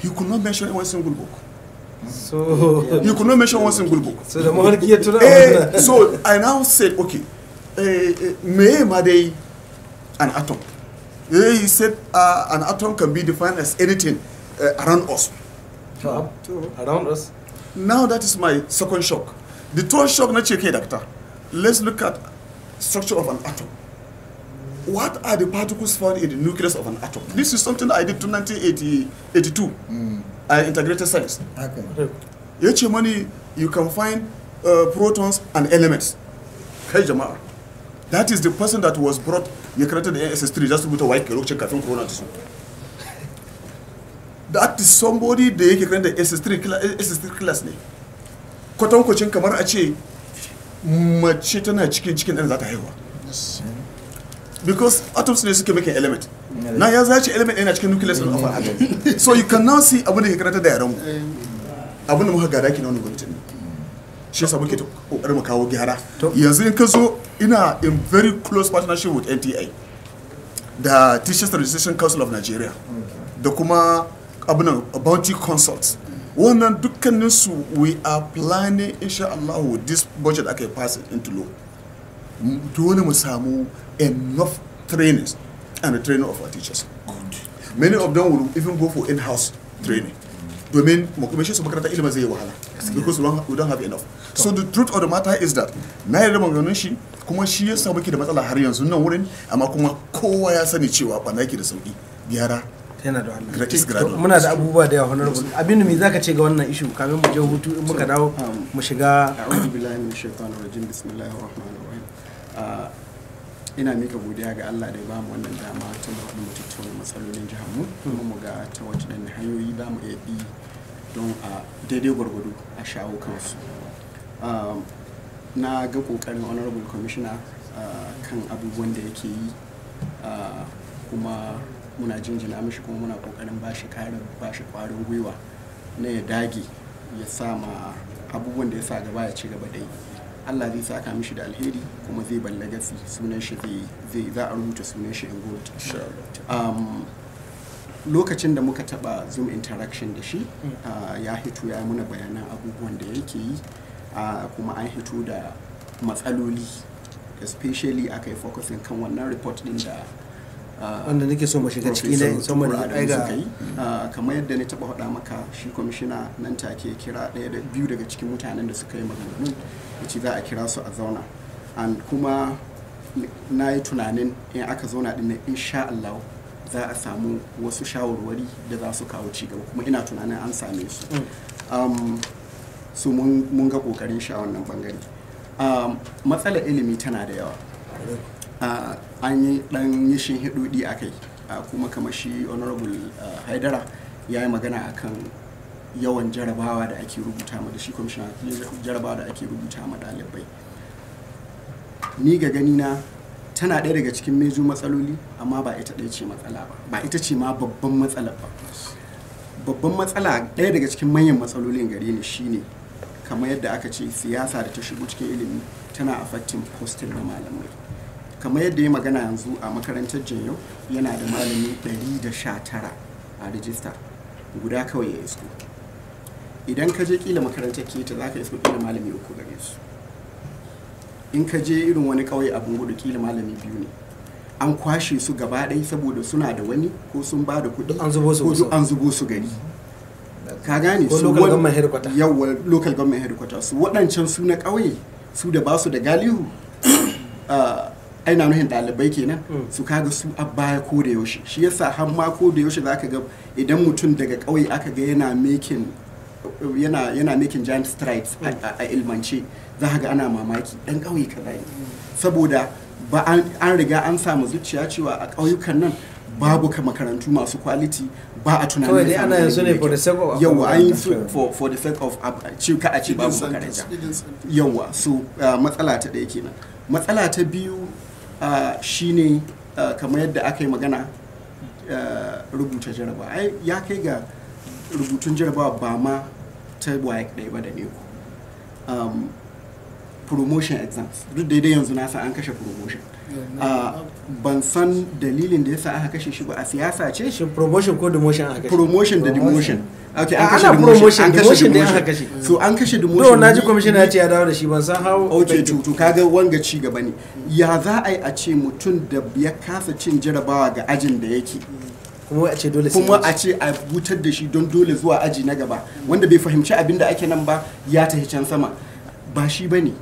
D: you could not mention one single book so you could not mention one single book
E: so da mawarki ya tura eh
D: so I now said okay eh, eh me ma dai an atom eh he said uh, an atom can be defined as anything uh, around us around us now that is my second shock the third shock na ce kai dakta let's look at structure of an atom what are the particles found in the nucleus of an atom this is something i did in 1982 mm. i integrated science ya ce mani you can find uh, protons and elements kai jama'a that is the person that was brought you created the ss3 just to a white ke lokacin kafin corona su that is somebody da yake created ss3 class ne kwatankwacin kamar a ce mace tana cikin cikin ɗan za ta haihuwa because atoms ne suke making element na ya zace element yana cikin nucleus of an atom so you can now see abin da ke karanta da yaran abin da muka gada ki na wani gwamnati ne shi yasa muke kokarin mu kawo gyara yanzu in ka zo ina in very close partnership with nti da Teachers Registration Council of Nigeria da kuma abin bounty consult wannan dukkaninsu we are planning insha Allah this budget aka pass passing into law dole mu samu enough trainings and the training of our teachers Good. many of them will even go for in-house training domin makumashin su makaranta ilimin zai yi wahala because we don't have enough so the truth of the matter is that na yarda ganin shi kuma shi ya samu ke da matsala har yanzu nan wurin amma kuma kowa ya sani cewa ba na da sauki gyara yana da muna da
C: abubuwa da yawa honorable abinda me zaka ce ga wannan ishu kamin mu je hutu in muka dawo um,
F: mu shiga a'udhu billahi minash shaitanir rajim bismillahir rahmanir rahim uh, ina mika godiya ga Allah da ya bamu wannan dama ta da wani tattauna matsalolin jihar mu kuma mu ga ta wace hanyoyi ba mu iya bi don a daidai gwargwado a shawo kansu um, na ga kokarin honorable commissioner uh, kan abubuwan da yake yi uh, kuma muna jinjina mishi kuma muna kokarin bashi karin kwarin gwiwa na ya dage ya sa ma abubuwan da ya sa gaba ya ci gaba da yi Allah zai saka mishi da alheri kuma zai ballaga sunan shi zai za a rubuta sunan shi in gold um, lokacin da muka taba zoom interaction da shi uh, ya hito ya muna bayanan abubuwan da yake yi uh, kuma an hito da matsaloli especially aka yi focusing kan wannan report din da wanda nake
C: so mu shiga ciki ne saboda ya
F: ah, kamar yadda ne taba faɗa maka shi kwamishina nan take kira ɗaya da biyu daga cikin mutanen da suka yi maganganu ya za a kira su a zauna and kuma na yi tunanin in aka zauna ɗin sha Allah za a samu wasu shawarwari da za su kawo cigaba kuma ina tunanin an same su mm. um, su mun ga kokarin sha wannan bangare um, matsalar ilimi tana da yawa an yi dan yishin hidudi a kai kuma kamar shi honorable haidara ya yi magana akan yawan jarabawa da ake rubuta ma da shi kwamishina jarabawa da ake rubuta ma ɗalibai ni ga gani na tana ɗaya daga cikin mezu matsaloli amma ba ita ɗaya ce matsala ba ba ita ce ma babban matsala ba babban matsala ɗaya daga cikin manyan matsalolin gare ni shine kamar yadda aka ce siyasa da ta shigo cikin ilimi tana affecting posting na malamai kamar yadda ya magana yanzu a makarantar jinyo yana da malami 119 a rijista guda kawai ya isko idan ka je kila makarantar keta za ka isko kila malami uku gare su in ka je irin wani kauye abin gudu kila malami biyu ne an kwashe su gaba ɗaya saboda suna da wani ko sun ba da kuɗi ko an zubo su gari ka gane su yawwa local government headquarters su waɗancan su na ƙauye su da ba su da galihu ah, ai na nuhin dalibai kenan mm. su kaga su a baya ko da yaushe shi yasa har ma ko da yaushe zaka ga idan mutum daga ƙauye aka ga yana making yana yana making giant strides a mm. ilmance za ga ana mamaki dan ƙauye kaza ne saboda ba an riga an samu zuciya cewa a ƙauyukan nan babu ka makarantu masu quality ba a tunanin kawai dai ana yanzu ne for the sake of yawa an yi su for the sake of ci ka a ci babu makaranta yawa so uh, matsala ta ɗaya kenan matsala ta biyu shi shine kamar yadda aka yi magana rubuta jaraba ai ya kai ga rubutun jaraba ba ma ta waye ɗaya ba da ne um, promotion exams duk daidai yanzu nasa an kashe promotion ban san dalilin da sa aka kashe shi ba a siyasa ce shi promotion ko demotion aka kashe promotion da demotion okay an kashe promotion an kashe demotion aka kashe so an kashe demotion to naji commission ya ce ya dawo da shi ban san how okay to to kaga wanga ci gaba ne ya za a yi a ce mutum da ya kasa cin jarabawa ga ajin da yake kuma a ce dole kuma a ce a wutar da shi don dole zuwa aji na gaba wanda bai fahimci abin da ake nan ba ya tafi can sama ba shi bane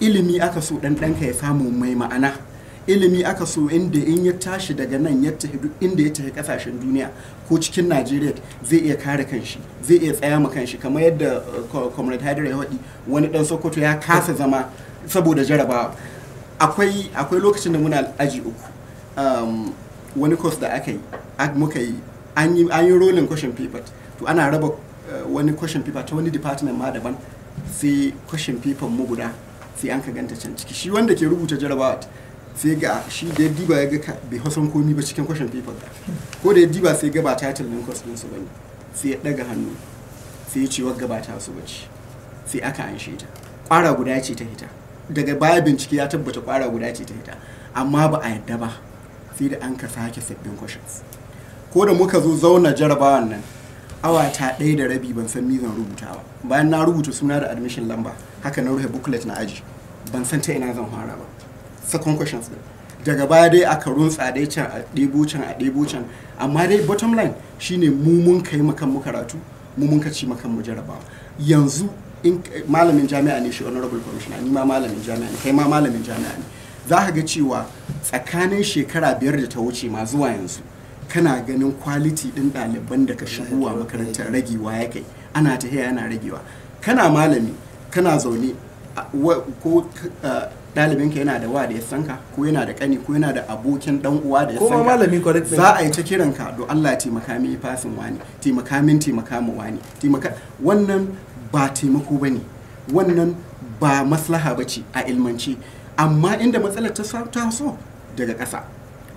F: ilimi aka so dan danka ya samu mai ma'ana ilimi aka so inda in ya tashi daga nan ya tafi inda ya tafi kasashen duniya ko cikin najeriya zai iya kare kanshi zai iya tsaya ma kanshi kamar yadda uh, comrade Hydra ya haɗi wani ɗan sokoto ya kasa zama saboda jarabawa akwai lokacin da muna aji uku um, wani course da aka yi muka yi an yi rolling question paper to ana raba uh, wani question paper ta wani department ma daban sai question paper mu guda sai an ka ganta can ciki shi wanda ke rubuta jarabawa sai ga shi da diba ya ga bai hasan komi ba cikin kwashin paper ko da diba sai ga ba title din course din su bane sai ya daga hannu sai ya ce wagga ba ta su bace sai aka anshe ta kwara guda ce ta hita daga baya bincike ya tabbata kwara guda ce ta hita amma ba a yadda ba sai da an ka sake sabbin questions ko da muka zo zauna jarabawan nan awa ta ɗaya da rabi ban san mizan rubutawa bayan na rubuta suna da admission lamba haka na rufe booklet na aji ban san ta ina zan fara ba second questions din daga baya dai aka runtsa dai can a ɗebo can a ɗebo can amma dai bottom line shine mu mun kai makan mu karatu mu mun kaci makan mu jaraba yanzu in malamin jami'a ne shi honorable commissioner ni ma malamin jami'a ne kai ma malamin jami'a ne za ka ga cewa tsakanin shekara biyar da ta wuce ma zuwa yanzu kana ganin kwaliti ɗin ɗaliban da ka shigowa makarantar ragewa ya kai ana ta ana ragewa kana malami kana zaune ko ɗalibinka yana da wa da ya sanka ko yana da kani ko yana da abokin dan uwa da ya sanka malami correct za a yi ta kiran ka do Allah taimaka mi fasin wani taimaka min taimaka mu wani taimaka wannan ba taimako bane wannan ba maslaha bace a ilmanci amma inda matsalar ta taso daga ƙasa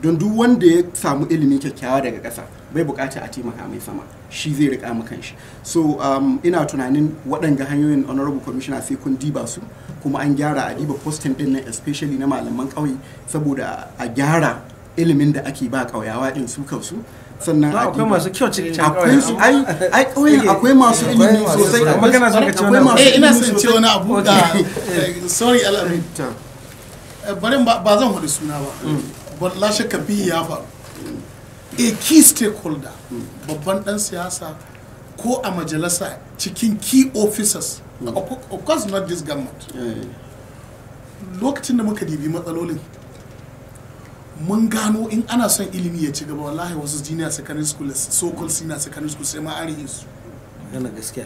F: don duk wanda ya samu ilimi kyakkyawa daga ƙasa bai bukata a taimaka mai sama shi zai rika mu kanshi so um, ina tunanin waɗanga hanyoyin honorable commissioner sai kun diba su kuma an gyara a diba postin din nan especially na malaman ƙauye saboda a gyara ilimin da ake ba ƙauyawa din su kansu sannan akwai masu kyau cikin akwai su ai ai ƙauyen akwai masu ilimi sosai magana sun ka wani abu eh ina son ce wani abu da
A: sorry al'amin bari ba zan hudu suna ba mm. but lashe kabi ya faru a key stakeholder babban dan siyasa ko a majalisa cikin key officers of course not this government lokacin da muka dibi matsalolin mun gano in ana son ilimi ya ci gaba wallahi wasu junior secondary school so called senior secondary school sai ma arihin su gaskiya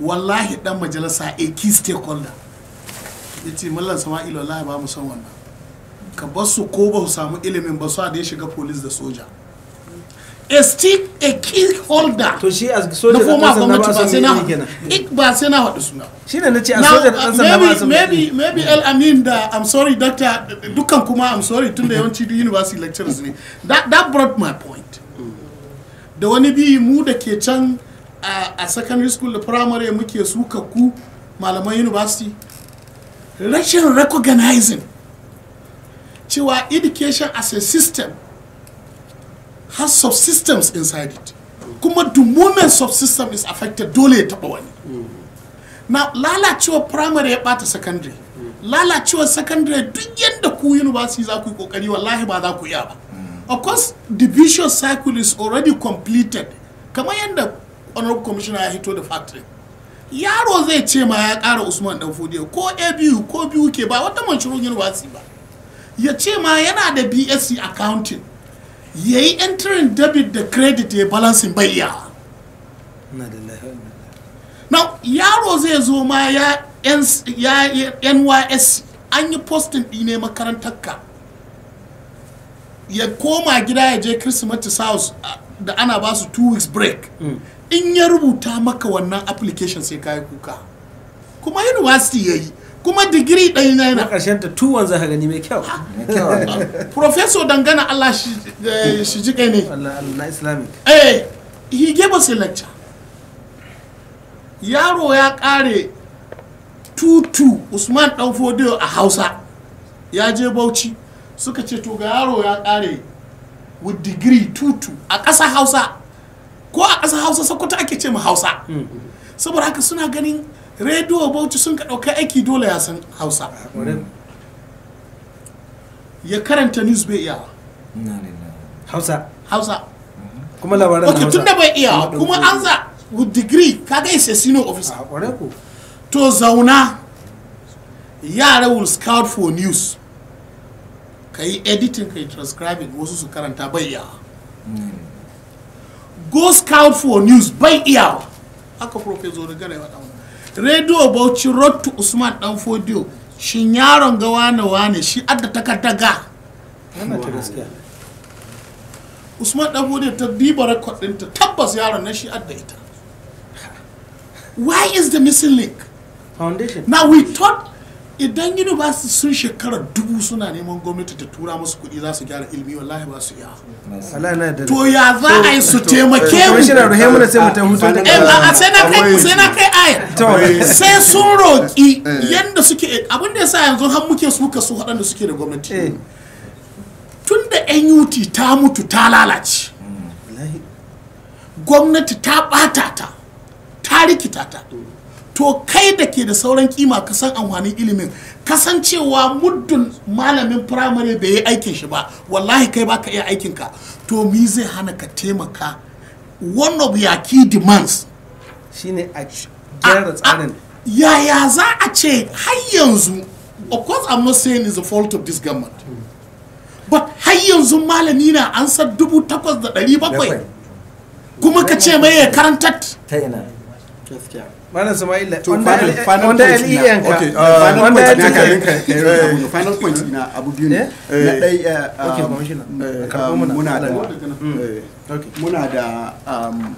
A: wallahi dan majalisa a key stakeholder yace mallan sama'ilu wallahi ba mu son wannan ka bar su ko ba samu ilimin ba su da ya shiga police da soja a stick a key holder to shi a soja da kuma gwamnati ba sai na ik ba sai na haɗu suna shi ne nace a soja da ɗan sanda ba su maybe maybe el amin da i'm sorry doctor dukkan kuma i'm sorry tun da yawanci duk university lecturers ne that that brought my point da wani bi mu da ke can a secondary school da primary muke suka ku malaman university rashin recognizing cewa education as a system has subsystems inside it kuma the moment subsystem is affected dole ya taba wani na lalacewa primary ya bata secondary lalacewa secondary duk yadda ku university za ku yi kokari wallahi ba za ku iya ba of course the vicious cycle is already completed kamar yadda honorable commissioner ya hito da factory yaro zai ce ma ya kara usman dan fodiyo ko abu ko biyu ke ba wata manchurun university ba ya ce ma yana da bsc accounting ya yi entering debit da credit ya balancing bayya iya yaro zai zo ma ya nys an yi posting ne makarantar ka ya koma gida ya je christmas house da ana ba su two weeks break mm. in ya rubuta maka wannan application sai kayi kuka kuma university ya yi kuma digiri ɗaya na yana ƙarshen ta tuwon za ka gani mai kyau profeso dangana Allah eh, shi ji kai ne na islamic eh he gave us a lecture yaro ya ƙare tutu usman ɗan fodiyo a hausa ya je bauchi suka ce to ga yaro ya ƙare with degree tutu a ƙasa hausa ko a ƙasa hausa sokoto ake ce ma hausa hmm. saboda haka suna ganin rediyo bauchi sun ka ɗauka aiki dole ya san hausa ya karanta news bai iya hausa hausa mhm. kuma labaran hausa tun da bai iya kuma an za with degree ka ga isa sino officer ah, to zauna yara will scout for news ka yi editing ka yi transcribing wasu su karanta bai iya go scout for news bai iya haka professor gane wa rediyo bauchi road usman dan fodiyo shin yaron ga wane wane shi adda takardaga usman dan fodiyo ta diba rekod ɗinta tabbas yaron na shi adda ita why is the missing link foundation now we thought idan su sun shekara dubu suna neman gwamnati ta tura musu kuɗi za su gyara ilmi wallahi ba su iya to ya za a yi su taimake mu sai da eh, a sai na kai sai na kai aya sai sun roƙi eh. yadda suke eh, abinda ya sa yanzu har muke su kasu waɗanda suke da gwamnati tun da NUT ta mutu ta lalace hmm. gwamnati ta ɓata ta ta rikita ta to kai da ke da sauran kima ka san amfanin ilimin kasancewa muddin malamin firamare bai yi aikin shi ba wallahi kai baka iya aikin ka to mi zai hana ka taimaka one of your key demands shine a gyara tsarin yaya za a ce har yanzu of course i'm not saying is the fault of this government but har yanzu malami na an san dubu takwas da dari bakwai kuma ka ce mai ya karantar.
F: ta ina gaskiya malam Sama'ila e
A: wanda
B: e uh, final point
F: na eh. eh. abu biyu ne eh. na uh, um, um, muna da mm. muna da um,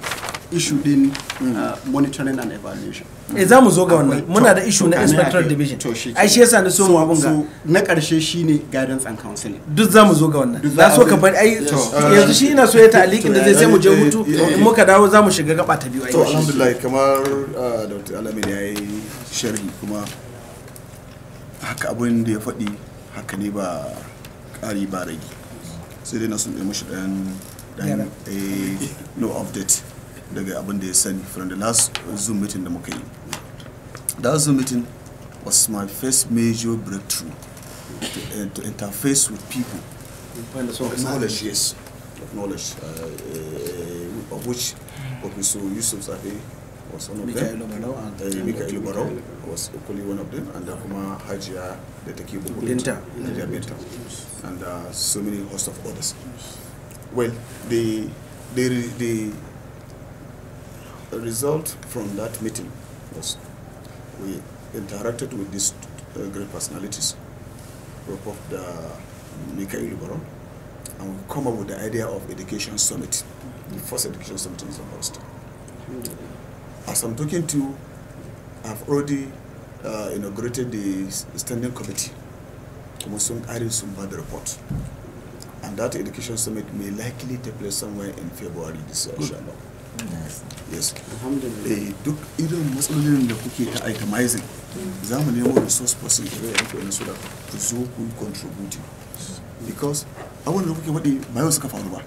F: issue din mm. uh, monitoring and evaluation e za mu zo ga wannan muna da issue na inspector division ai shi yasa na so mu abun ga na karshe shine guidance and counseling duk za mu zo ga
D: wannan za so ka bari ai yanzu shi ina
F: so ya ta'alikin
C: da zai sai mu je hutu in muka dawo za mu shiga gaba ta biyu ai to alhamdulillah
D: kamar uh, Dr. Alamin ya yi sharhi kuma haka abin da ya faɗi haka ne ba ƙari ba ragi sai dai na sun ɗaya mashi ɗan eh, no update daga abin da ya sani from the last zoom meeting da muka yi that zoom meeting was my first major breakthrough to, uh, to interface with people knowledge yes of knowledge uh, uh of which Professor Yusuf Zabe was one of them. and uh, Mikael was equally one of them, and Akuma Hajia, the Tekibo Binta, and uh, so many host of others. Well, the, the, the the result from that meeting was we interacted with these uh, great personalities, group of the Mikhail Liberon, and we come up with the idea of education summit, the first education summit in Zambosta. As I'm talking to you, I've already uh, inaugurated the standing committee. Kuma sun ƙare sun report. And that education summit may likely take place somewhere in February this year, inshallah. yes eh, duk irin matsalolin da kuke ta itemizing za mu nemo resource person da ya yanku su da ku zo ku contribute because abun da kuke wadi ba yau suka faru ba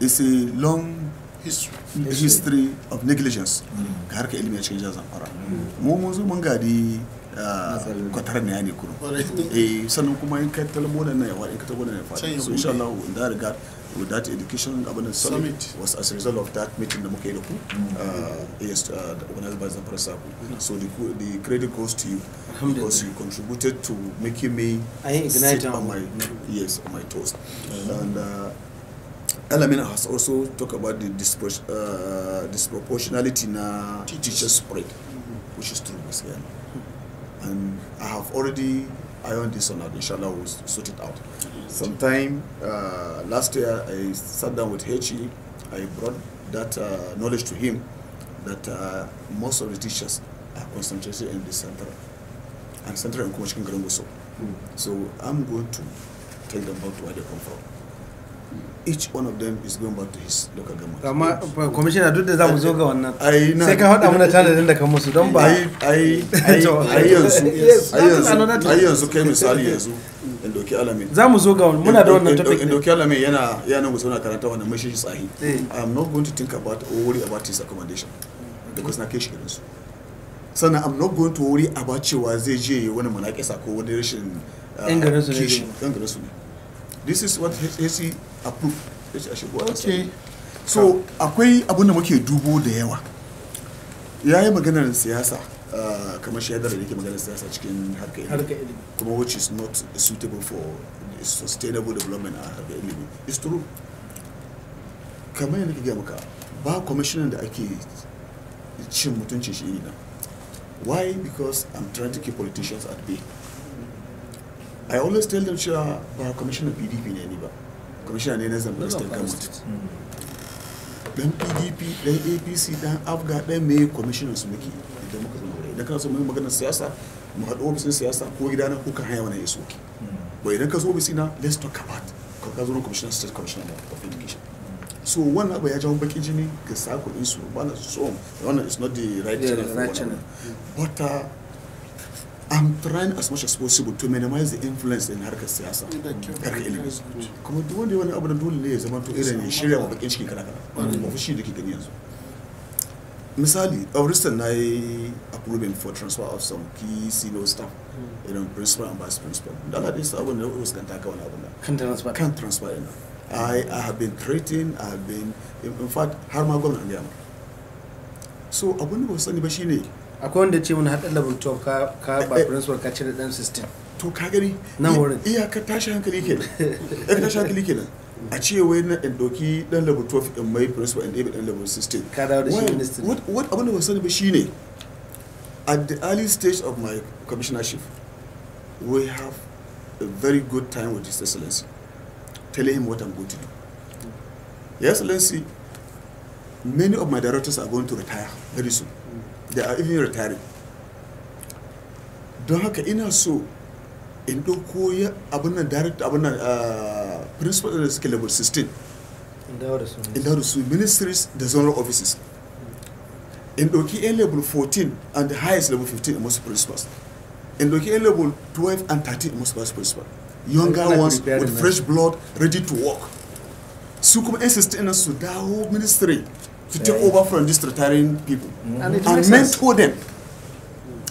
D: it's a long history, history of negligence mm. ga harkar ilimi a cikin jihar zamfara mm. mu mun zo mun gadi kwatar ne ne eh, kuma sannan kuma yin kai talmo na yawa in ka talmo da na yawa so insha Allah in that regard with that education abin summit was as a result of that meeting da muka yi da ku mm. uh, yes uh, organized by Zamfara Sabo so the, the credit goes to you because you contributed to making me sit on my yes on my toes mm. and Elamin uh, has also talked about the dispro uh, disproportionality na teacher spread mm-hmm. which is true gaskiya and I have already ironed this on. out. Inshallah, we'll sort it out. Sometime uh, last year, I sat down with Hechi. I brought that uh, knowledge to him that uh, most of the teachers are concentrated in the center and centre in commercial Grangoso. Mm. So I'm going to tell them about where they come from. each one of them is going back to his local government amma commissioner duk da zamu zo ga wannan sai ka faɗa mana tanadin da ka musu don ba ai ai ai yanzu ai yanzu kai misali yanzu in doki alamin za mu zo ga wannan muna da wannan topic in doki alamin yana yana mu zauna karanta wannan mashi shi tsahi eh. i am not going to think about or worry about his accommodation because na kai shi garin su sannan i'm not going to worry about cewa zai je wani munakisa ko wani rashin ingarinsu ne uh, this is what HC approved HC okay so akwai abin da muke dubo da yawa ya yi maganar siyasa ah, kamar shaidar da yake maganar siyasa cikin harkar ilimi kuma which is not suitable for sustainable development a harkar ilimi is true kamar yadda gaya maka ba kwamishinan da ake cin mutuncin shi ina why because i'm trying to keep politicians at bay i always tell them sure, ba commissioner pdp ne ni commissioner ne na zambar state government dan pdp dan apc dan afga dan may commissioner su muke idan muka zama going to so mu siyasa mu haɗu ofisin siyasa ko gida na kuka haya wani ya soke ba idan ka zo ofisi na let's talk about ka zo na commissioner state commissioner of education so wannan abu ya jawo baki jini ga sako insu ba na so wannan is not the right channel but uh, I'm trying as much as possible to minimize the influence in harkar siyasa harkar ilimi kuma duk wanda wani abu da dole ne ya zama to irin ya shirya wa bakin cikin kala kala ba fushi da ke gani yanzu misali auristan na yi approving for transfer of some key senior staff hmm. irin principal and vice principal da ala dai sabon da wasu kan taka wani abu na kan transfer kan transfer ina I, I have been threatened, I have been, in fact, har ma gwamnan gaya so abin da ba sani ba shine akwai wanda ce mun haɗa level 12 ka ba eh, eh. principal ka cire ɗan 16 to ka gani nan wurin iya ka tashi hankali kenan ka tashi hankali kenan a ce wai na in ɗauki ɗan level 12 in mai principal in ɗaya ɗan level 16 ka dawo da shi ministry what abin da ban sani ba shine at the early stage of my commissionership we have a very good time with his excellency telling him what i'm going to do your excellency many of my directors are going to retire very soon da are even retiring don haka ina so in ɗauko ya abin nan direct abin nan ah, principal da suke level 16 in dawo da su ministries da zonal offices in ɗauki a level 14 and the highest level 15 in most principals in ɗauki a level 12 and 13 in most principal younger ones with fresh blood ready to work su kuma 16 su dawo ministry to take over from these retiring people mm -hmm. and, and mentor them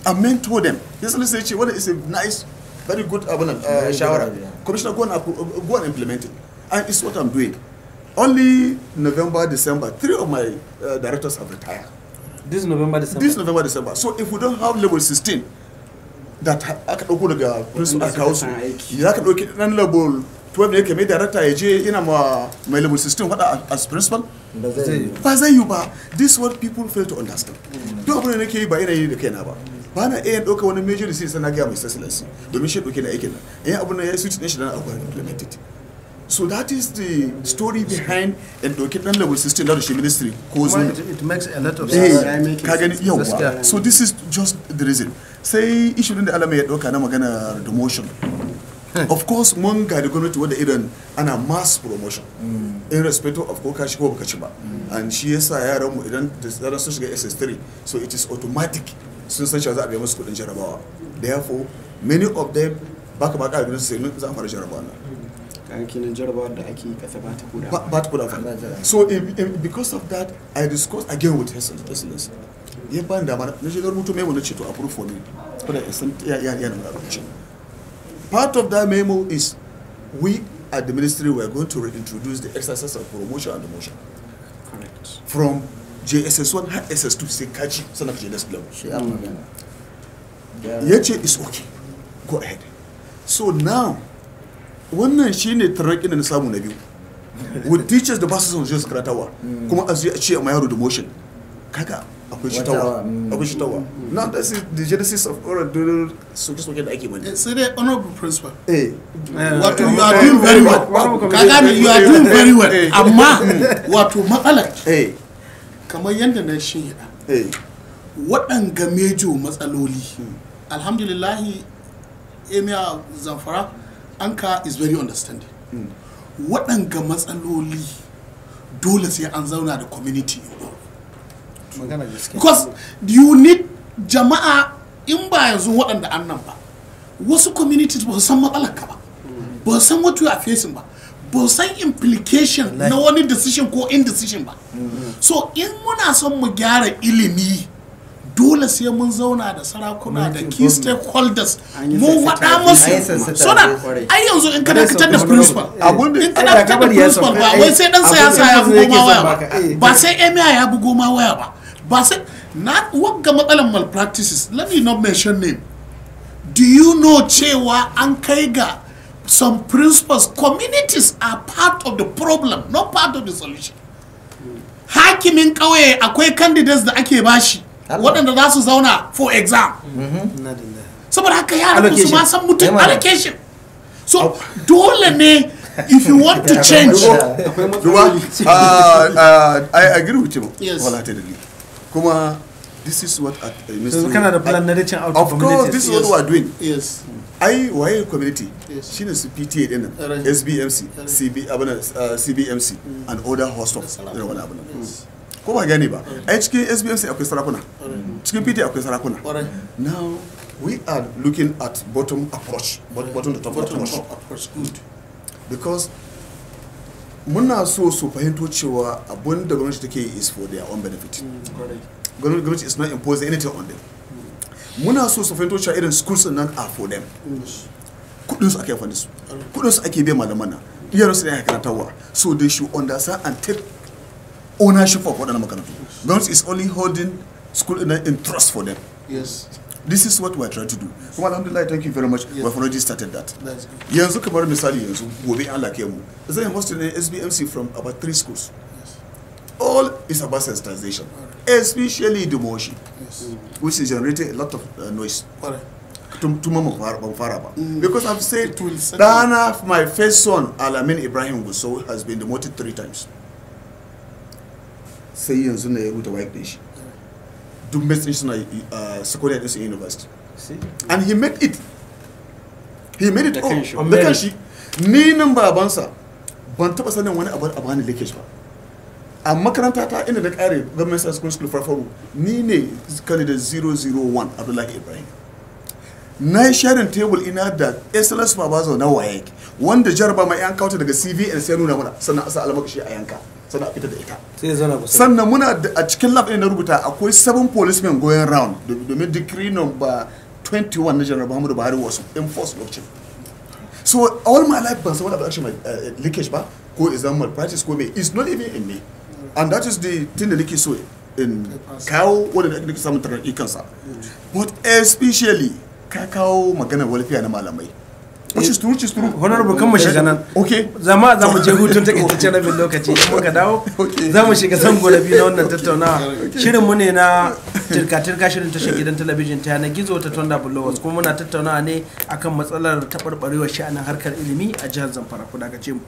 D: and mentor them this list ce wanda is a nice very good uh, uh, shawara commissioner go and, uh, go and implement it and it's what i'm doing only november december three of my uh, directors have retired this november december this november december so if we don't have level 16 that I can daga prince aka kawo su ya ka level 12 ne yake mai darakta ya je ina ma mai level 16 faɗa as principal ba zai yi ba this what people fail to understand duk abin da nake yi ba ina yi da kaina ba ba na iya ɗauka wani major decision sai na gaya mai sassalansu domin shi ɗauke na aikin nan in abin da ya switch ɗin shi na akwai implemented So that is the story behind and document level 16 that the ministry goes on. It makes a lot of eh, sense. Hey, so this is just the reason. Sai issue din da Allah mai ya dauka na magana demotion. of course mun gari gwamnati wadda irin ana mass promotion In respect of ko kashi ko baka ci ba and shi yasa yaran mu idan da sun shiga ss3 so it is automatic sun san cewa za a biya musu kudin jarabawa therefore many of them baka ba ƙara ganin su sai za a fara jarabawa nan kayan kenan jarabawa da ake yi kasa ba ta kuda ba ta kuda so because of that i discussed again with his excellence ya bani dama na shigar mutum mai wani ce to approve for me kuna isan ya ya ya na abinci part of that memo is we at the ministry were going to reintroduce the exercise of promotion and demotion. Correct. From JSS1 har SS2 sai kaci sanar JSS level. Shi an magana. okay. Go ahead. So now when shine tarraƙin da na samu na biyu. With teachers da ba su son su karatawa mm. kuma a ce a ma yaro demotion. Kaka. akwai shitawa tawa na now that's the genesis of oral dural soke soke da ake bane eh, sai dai honorable principal eh. Eh, wato you are doing very
A: well ka gane you are doing very well amma wato matsalar kamar yadda na shi waɗanga mejo matsaloli hmm. alhamdulillahi emir zamfara anka is very understanding hmm. waɗanga matsaloli dole sai an zauna da community because you need jama'a in ba yanzu waɗanda annan ba wasu communities ba san matsalar ka ba ba san what you are facing ba ba san implication na wani decision ko indecision ba mm-hmm. so in muna son mu gyara ilimi dole sai mun zauna da sarakuna da key stakeholders mu faɗa musu so da ai yanzu in ka dakatar da principal eh, in ka dakatar eh, da principal ba wai sai dan siyasa eh, ya bugo ma waya ba ba sai emir ya bugo ma waya ba ba sai na wagga matsalan malpractices let me not mention name do you know cewa an kai ga some principles communities are part of the problem not part of the solution hakimin kawai akwai candidates da ake bashi waɗanda za su zauna for exam
C: mm-hmm.
A: saboda haka yaran su ma san mutum allocation
D: so dole ne if you want to change
E: duba uh, uh,
D: i agree with you yes. kuma this is what at uh, ministry so kana da plan na reaching out of to communities of course this yes. is what we are doing yes ai waye community yes. shine su PTA din nan SBMC CB abana uh, CBMC mm. and other hostels of da wani abin ko ba gane ba ai cikin SBMC akwai sarakuna cikin PTA akwai sarakuna now we are looking at bottom approach bottom to top approach good because muna so su fahimto cewa abun da gwamnati take yi is for their own benefit mm, gwamnati is not imposing anything on them mm. muna so su fahimto cewa irin schools nan are for them kudin su ake fani su mm. kudin su ake biya malaman nan iyayen su ne aka karantarwa so they should understand and take ownership of waɗannan makarantu gwamnati is only holding school in trust for them yes this is what we are trying to do kuma alhamdulillah thank you very much yes. we have already started that yanzu kamar misali yanzu gobe Allah ke mu zai host ne SBMC from about three schools all is about sensitization especially the motion yes. which is generating a lot of uh, noise tuma mu fara ba mm. because i've said to dana my first son alamin ibrahim gusso has been demoted three times sai yanzu na ya huta wife din shi duk mates din suna secondary din su university and he made it he made it all da kanshi oh, ni nan babansa ban sa ban taba sanin wani abu a bani leakage ba a makaranta ta inda na kare government science school school farfaru ni ne candidate 001 abdullahi ibrahim na yi sharing table ina da excellence ba na waye wanda jarba ma yan kauta daga cvn sai nuna mana sannan asa almakashi a yanka sannan a da
C: ita
D: sannan muna a cikin lab ɗin na rubuta akwai seven policemen going round domin decree number 21 na general muhammadu buhari was enforced doctrine so all my life ban san wani mai eh, eh, leakage ba ko exam malpractice ko me is not even in me and that is the thing da nake so in kawo wanda nake samun tarar ikansa but especially ka kawo maganar walfiya na malamai Wuce suturu, Honorable kan mu nan. Okay. Zama za mu je hutun takaitacce na bin lokaci in ka dawo. Za mu shiga son na biyu na wannan
C: tattaunawa. Shirin mu ne na tirka-tirka shirin tashar gidan talabijin ta yanar gizo ta Tonda Bullowers kuma muna tattaunawa ne akan matsalar taɓarɓarewar sha'anin harkar ilimi a jihar Zamfara. Ku ce mu.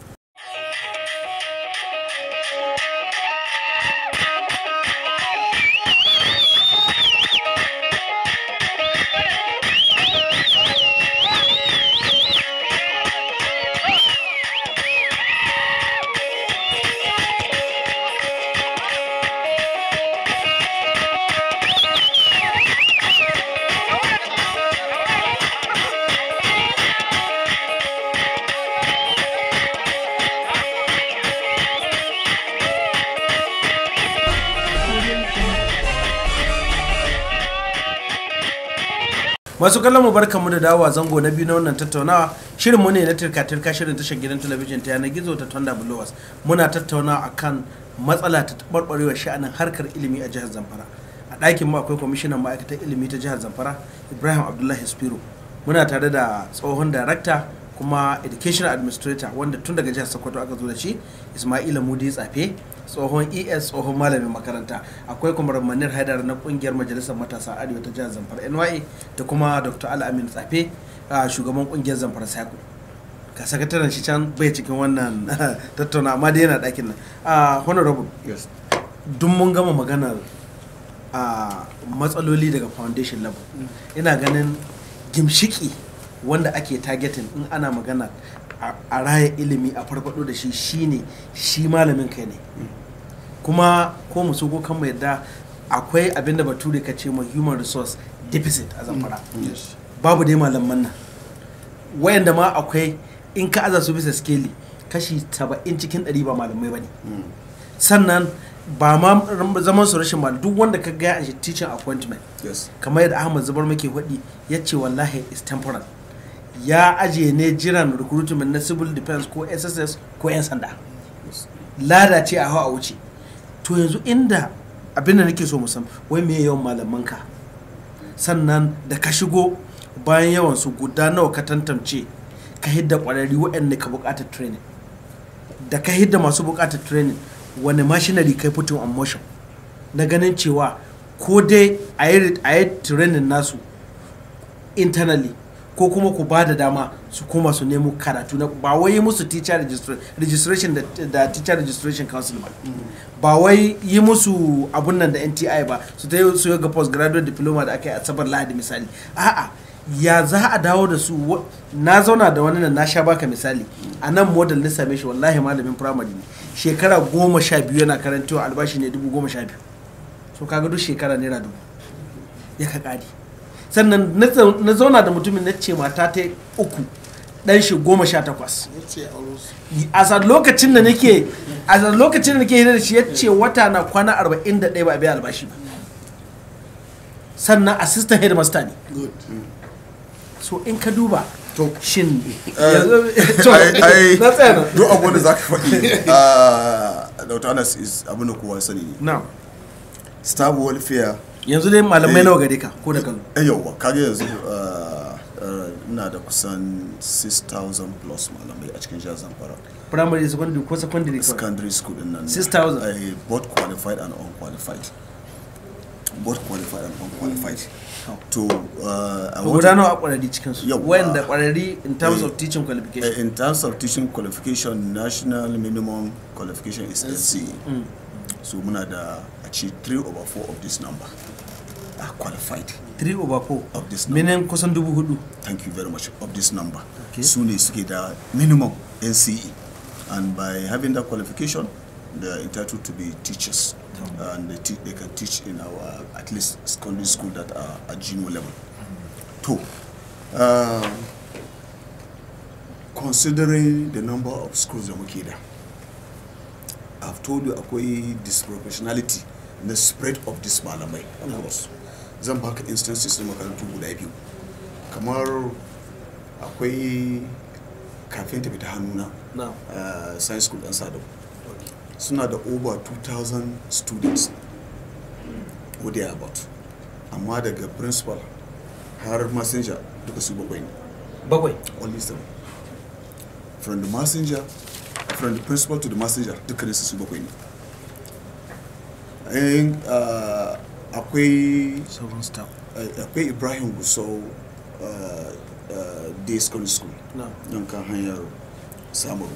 C: masu kallon mu barka mu da dawowa zango na biyu na wannan tattaunawa shirin mu ne na tirka tirka shirin tashar gidan talabijin ta yanar gizo ta Tonda Blowers muna tattaunawa kan matsala ta tabarbarewa sha'anin harkar ilimi a jihar Zamfara a ɗakin mu akwai kwamishinan ma'aikatar ilimi ta jihar Zamfara Ibrahim Abdullahi Spiro muna tare da tsohon darakta kuma educational administrator wanda tun daga jihar Sokoto aka zo da shi Ismaila Mudi Tsafe tsohon es tsohon malamin makaranta akwai kuma ramanin haidar na kungiyar majalisar matasa arewa ta jihar zamfara nya da kuma dr al'amin tsafe shugaban kungiyar zamfara sako ka sakataren shi can bai cikin wannan tattauna amma dai yana ɗakin nan honorable Dun mun gama maganar a matsaloli daga foundation level mm. ina ganin gimshiki wanda ake targeting in ana magana a raya ilimi a farfado da shi shine shi malamin kai ne kuma ko mu so ko kan mu yadda akwai abinda bature ka ce ma human resource deficit a zamfara mm, babu dai malaman nan wayanda ma akwai in ka aza su bisa skeli kashi 70 cikin 100 ba malamai bane mm. sannan ba ma zaman su rashin malam duk wanda ka gaya ga shi teaching appointment kamar yadda Ahmad Zubar muke hudi ce wallahi is temporal. ya ajiye ne jiran recruitment na civil defense ko sss ko 'yan sanda lada ce a hau a wuce to yanzu inda abinda nake so musam wai me yawan malamanka sannan da ka shigo bayan yawan su guda nawa ka tantance ka hidda kwararri waɗanda ka buƙatar training da ka hidda masu buƙatar training wani mashinari kai putting on motion na ganin cewa ko dai a yi training nasu internally ko kuma ku ba da dama su koma su nemo karatu na ba wai musu teacher registration da teacher registration council ba ba wai yi musu abun nan da NTI ba su ta yi su ga postgraduate diploma da aka yi a sabar lahadi misali a'a ya za a dawo da su na zauna da wani na sha baka misali a nan model na same shi wallahi malamin primary ne shekara goma sha biyu yana karantawa albashi ne dubu goma sha biyu so kaga duk shekara naira dubu ya ka kare sannan na zauna da mutumin na ce mata ta uku dan shi goma sha takwas a sa lokacin da nake a sa lokacin da nake hira da shi ya ce wata na kwana arba'in da ɗaya ba biya albashi ba sannan assistant headmaster ne so in ka duba shin eh, na tsaya na duk abu da za ka faɗi
D: dauta ah, anas abin da kowa sani ne now star warfare yanzu dai malamai eh, nawa gare ka ko da kano eh, eh yawa kage yanzu uh, uh, ina da kusan 6000 plus malamai a cikin jihar zamfara primary secondary ko secondary secondary school din nan 6000 eh both qualified and unqualified both qualified and unqualified hmm. oh. to uh, guda nawa
C: kwararri cikin su when wanda
D: kwararri in terms of eh, teaching qualification in terms of teaching qualification national minimum qualification is NCE hmm. so muna da achieve 3 over 4 of this number are qualified. Three over four of this number. Meaning kusan dubu hudu. Thank you very much of this number. Okay. Su ne suke da minimum NCE and by having that qualification they are entitled to be teachers okay. and they, they can teach in our at least secondary school that are at junior level. Two, uh, um, considering the number of schools da muke da I've told you about the disproportionality and the spread of this malamai. Of course. zan baka instances na makarantu guda biyu kamar akwai kafin tafi ta hannuna ah, science school dan sadau suna da over 2000 students ko they about amma daga principal har messenger duka su bakwai ne bakwai only seven from the messenger from the principal to the messenger dukkanin su bakwai ne ah, akwai eh, akwai ibrahim gusau eh, eh, day school school don kan hanyar samaru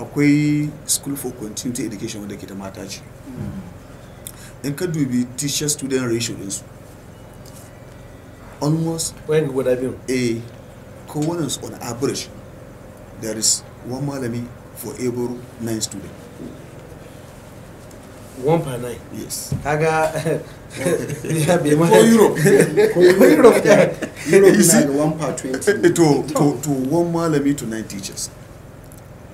D: akwai school for continuity education wadda ke ta mata ce
E: mm.
D: in ka dubi teacher student ratio ɗinsu almost when would I be a co on average there is one malami for every nine students one per nine yes kaga ya bai ma ko europe ko europe da europe na da one per twenty eh, eh, to to to one malami to nine teachers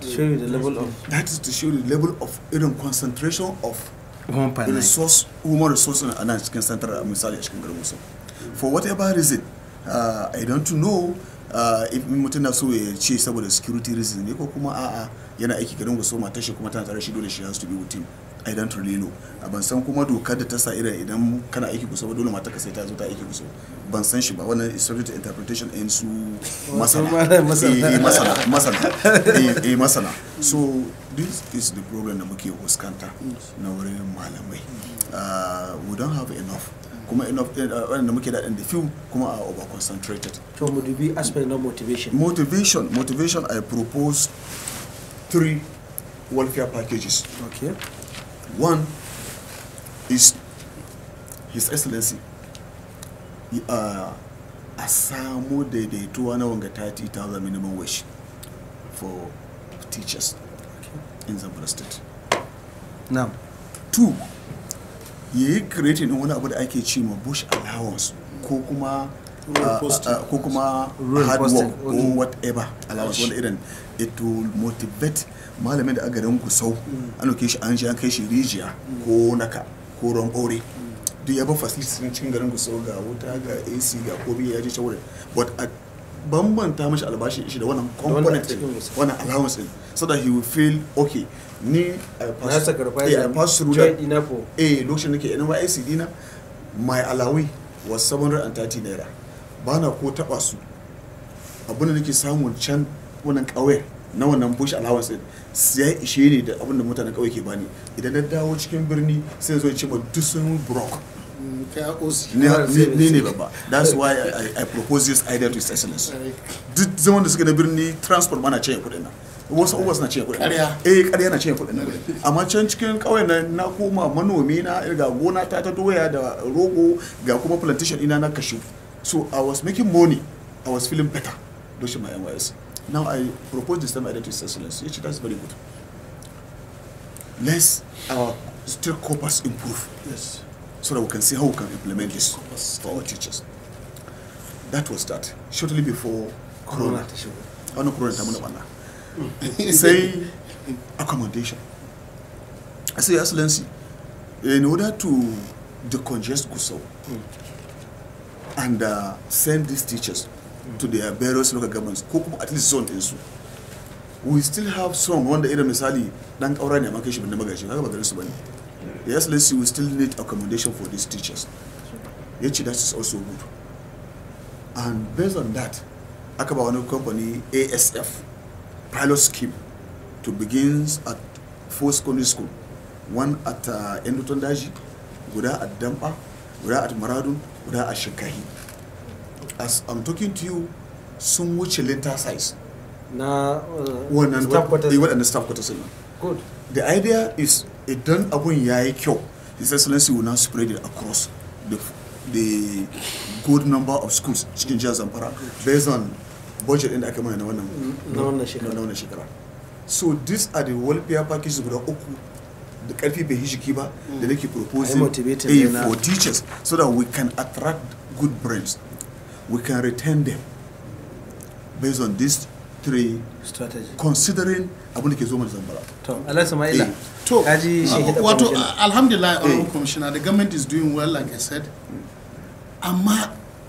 D: show you the level of that is to show the level of irin concentration of one per nine resource human resource a nan cikin central misali a cikin garin musu for whatever reason uh, i don't know uh, if mutum na so ya ce saboda security reason ne ko kuma a'a yana aiki garin gusoma tashi kuma tana tare shi dole shi has to be with him i don't really know a ban san kuma dokar da ta sa irin idan kana aiki kusa ba dole mata ka sai ta zo ta aiki kusa ban san shi ba wannan is subject to interpretation in su masana masana masana eh, eh, eh, eh masana so this is the problem da muke huskanta na wurin malamai ah, we don't have enough kuma waɗanda muke da ɗan da few kuma a over concentrated to mu dubi aspect na motivation motivation motivation i propose three welfare packages okay One is His Excellency uh, a samu daidaituwa na wanga 30,000 minimum wage for teachers okay. in Zamfara state.
C: Now, two,
D: ya yi wani abu da ake ce ma bush allowance ko kuma uh, uh, ko kuma hard work mm. whatever allowance wani irin it will motivate malami da agarin garin gusau an ɗauke shi an kai shi rijiya ko naka ko ruwan ɓore duk ya ba facilities na cikin garin gusau ga wuta ga ac ga komi ya je can wurin but a bambanta mashi albashi shi da wannan component din wannan allowance din so that he will feel okay ni uh, a pass yeah, I pass through that eh lokacin nake ac dina my alawi was 730 naira bana ko taba su abin da nake samun can wannan ƙauyen na wannan bush allowance din ya ishe ni da abin da mutanen kauye ke bani idan na dawo cikin birni sai zo ce ma dusun brok ne ne babba that's why I, I propose this idea to his excellence duk zaman da suke na birni transport ma na cinye kuɗin nan wasu na suna cinye kuɗin kariya eh ƙarya na cinye kuɗin nan amma can cikin ƙauyen na na koma manomi na eh, ga gona ta ta doya da rogo ga kuma plantation ina na kashu so I was making money I was feeling better don shi ma NYS Now I propose the same idea to His Excellency. Yes, that's very good. Let's our still corpus improve. Yes. So that we can see how we can implement this for our teachers. That was that. Shortly before Corona. Oh no, Corona.
E: Hmm. Say
D: accommodation. I say, Excellency, in order to decongest Gusau mm. and uh, send these teachers to their various local governments ko kuma at least zone ɗinsu we still have some wanda irin misali dan kaura ne amma kai shi bin magashi haka ba garin su bane yes let's see we still need accommodation for these teachers yace that is also good and based on that aka ba wani company ASF pilot scheme to begins at four secondary school one at uh, Daji guda at Dampa guda at Maradun guda at Shinkahi as i'm talking to you sun wuce letter size na uh, wannan
A: waɗanda
D: staff quarters nan good the idea is idan abun ya yi kyau his excellency will now spread it across the the good number of schools cikin jihar zamfara based on budget ɗin da aka mana mm, na wannan shekara so these are the welfare packages guda uku da karfi bai yi jiki ba mm. da nake proposing for teachers so that we can attract good brains we can retain them based on these three strategies considering abunike da ke zo zambara to Allah eh, to kaji shehi wato
A: alhamdulillah eh. honorable commissioner the government is doing well like i said amma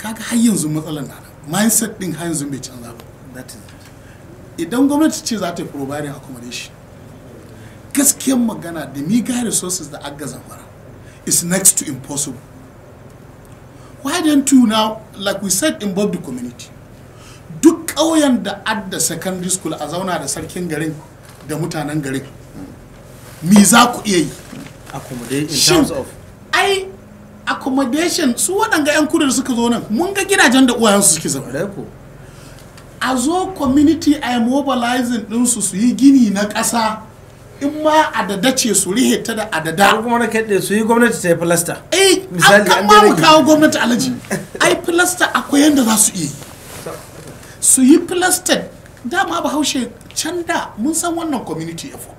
A: kaga har yanzu matsalar na mindset din har yanzu bai canza ba that is idan gwamnati ce za ta yi providing accommodation gaskiyar magana da meager resources da aga zambara is next to impossible why don't you now like we said involve the community duk ƙauyen da adda secondary school a zauna da sarkin garin da mutanen garin me za ku iya yi shin ai accommodation su waɗanga 'yan kudu da suka zo nan mun ga gidajen da su suke zama a zo community a mobilizing ɗinsu su yi gini na ƙasa in ma adada ce su rihe ta da adada ko kuma rake su yi gwamnati ta yi filasta eh, misali an ma mu kawo gwamnati alaji ai filasta akwai yanda za su yi su yi filasta dama bahaushe can da mun san wannan community effort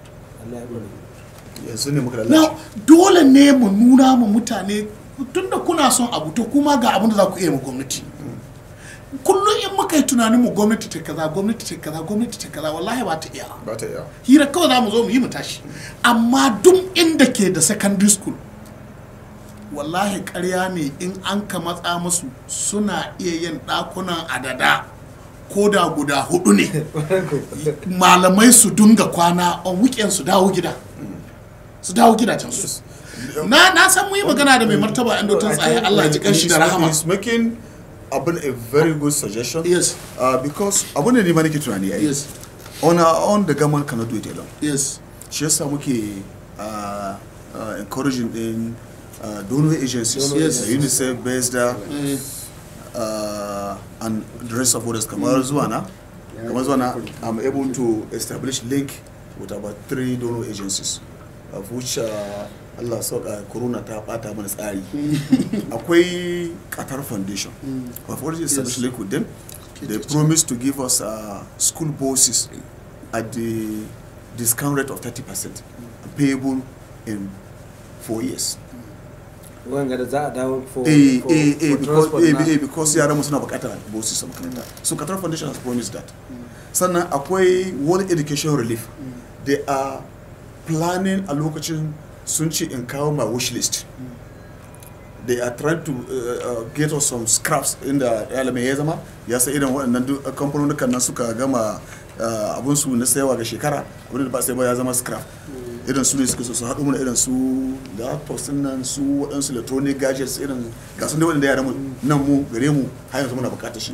A: na dole ne mu nuna mu mutane tunda kuna son abu to kuma ga abin da za ku iya ma gwamnati kullum in muka yi tunanin mu gwamnati ta kaza gwamnati ta kaza gwamnati ta kaza wallahi ba ta iya ba ta iya hira kawai za mu zo mu yi mu tashi amma duk inda ke da secondary school wallahi ƙarya ne in an ka matsa musu suna iya yin ɗakunan adada ko da guda hudu ne malamai su dunga kwana on weekend su dawo gida su dawo can su na san mu yi magana da mai martaba ɗan dotin tsaye Allah ya ji kanshi da rahama
D: Abun a very good suggestion. Yes. Uh, because abun da neman to tunani yayi. Eh? Yes. On our own the government cannot do it alone. Yes. Shi some muke uh, uh, encouraging in uh, donor agencies. Donor yes. Uh, agencies. UNICEF, BESDA, yes. Mm-hmm. uh, and the rest of others. Kamar mm-hmm. zuwa I'm able to establish link with about three donor agencies of which uh, Allah sauka corona ta bata mana tsari mm. akwai Qatar Foundation for the service like them they promise to give us uh, school buses at the discount rate of 30% mm. payable in four years
C: mm. dawo for eh eh eh, eh, eh
D: because yaran mu suna bukatar bosi su makaranta so Qatar Foundation has promised that sannan akwai world education relief they are planning a lokacin sun ce in kawo my wish list they are trying to uh, uh, get us some scraps in inda alamai ya zama ya sai irin waɗannan uh, kamfanonukan nan suka gama abinsu na sayawa ga shekara wani da ba sai ba ya zama scrap irin su ne suka so su haɗu mana irin su laptops nan su waɗansu electronic gadgets irin ga sun dai waɗanda yara mu nan mu gare mu har yanzu muna buƙatar shi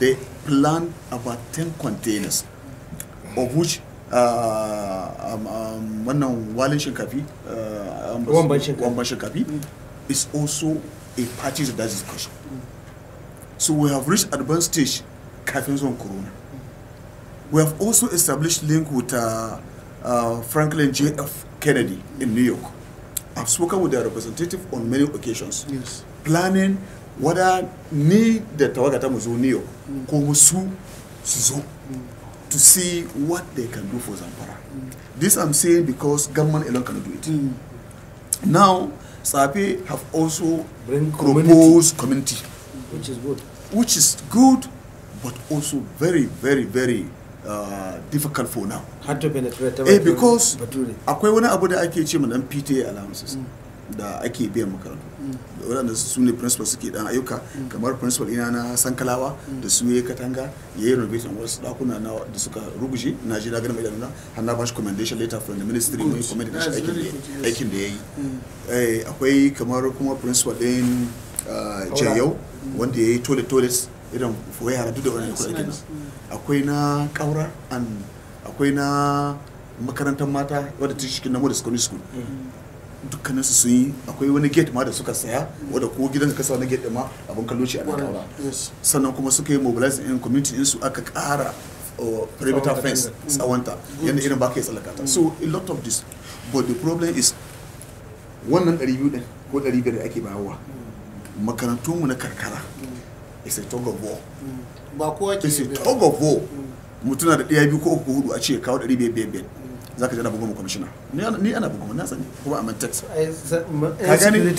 D: they plan about 10 containers of which Ah, um, um, wannan walin shinkafi ah, um, wamban shinkafi is also a party to that discussion so we have reached advanced stage kafin zuwan corona we have also established link with uh, uh, franklin j.f kennedy in new york i've spoken with their representative on many occasions yes. planning whether ni da tawagata mu zo new york ko su su zo to see what they can do for zamfara Mm. This I'm saying because government alone cannot do it. Mm. Now, Sapi have also Bring proposed community. community. Which is good. Which is good, but also very, very, very uh, difficult for now. Hard
C: to penetrate. Eh, because
D: akwai wani abu da ake ce ma dan PTA allowances hmm. da ake biyan makarantu. waɗanda su ne principal suke dan ayyuka mm. kamar principal ina na sankalawa mm. da su ya katanga ya yi renovation wasu ɗakuna da suka ruguje na ji na mai danuna har na ba shi commendation letter from the ministry mai comment da shi aikin da ya yi mm. eh, akwai kamar kuma principal ɗin ah, jayau wanda ya yi toilet toilet irin foye yara duk da wani kuɗi kenan akwai na kaura akwai na makarantar mata wadda ta shi na modern secondary school dukkaninsu sun yi akwai wani gate ma da suka saya wadda ko gidan ka sa wani gate ma abin kallo ce a nan sannan kuma suka yi mobilizing in community din su aka kara oh, perimeter fence mm. tsawanta yadda irin ba ka yi tsallaka so a lot of this but the problem is wannan 200 ko 500 da ake bayarwa mm. mu na karkara mm. is a tug of war ba kowa ke is a tug of war mutuna da ɗaya biyu ko uku hudu a ce kawo 500 za ka ji ana bugu mu kwamishina ni ana bugu na sani kuma a man tax ka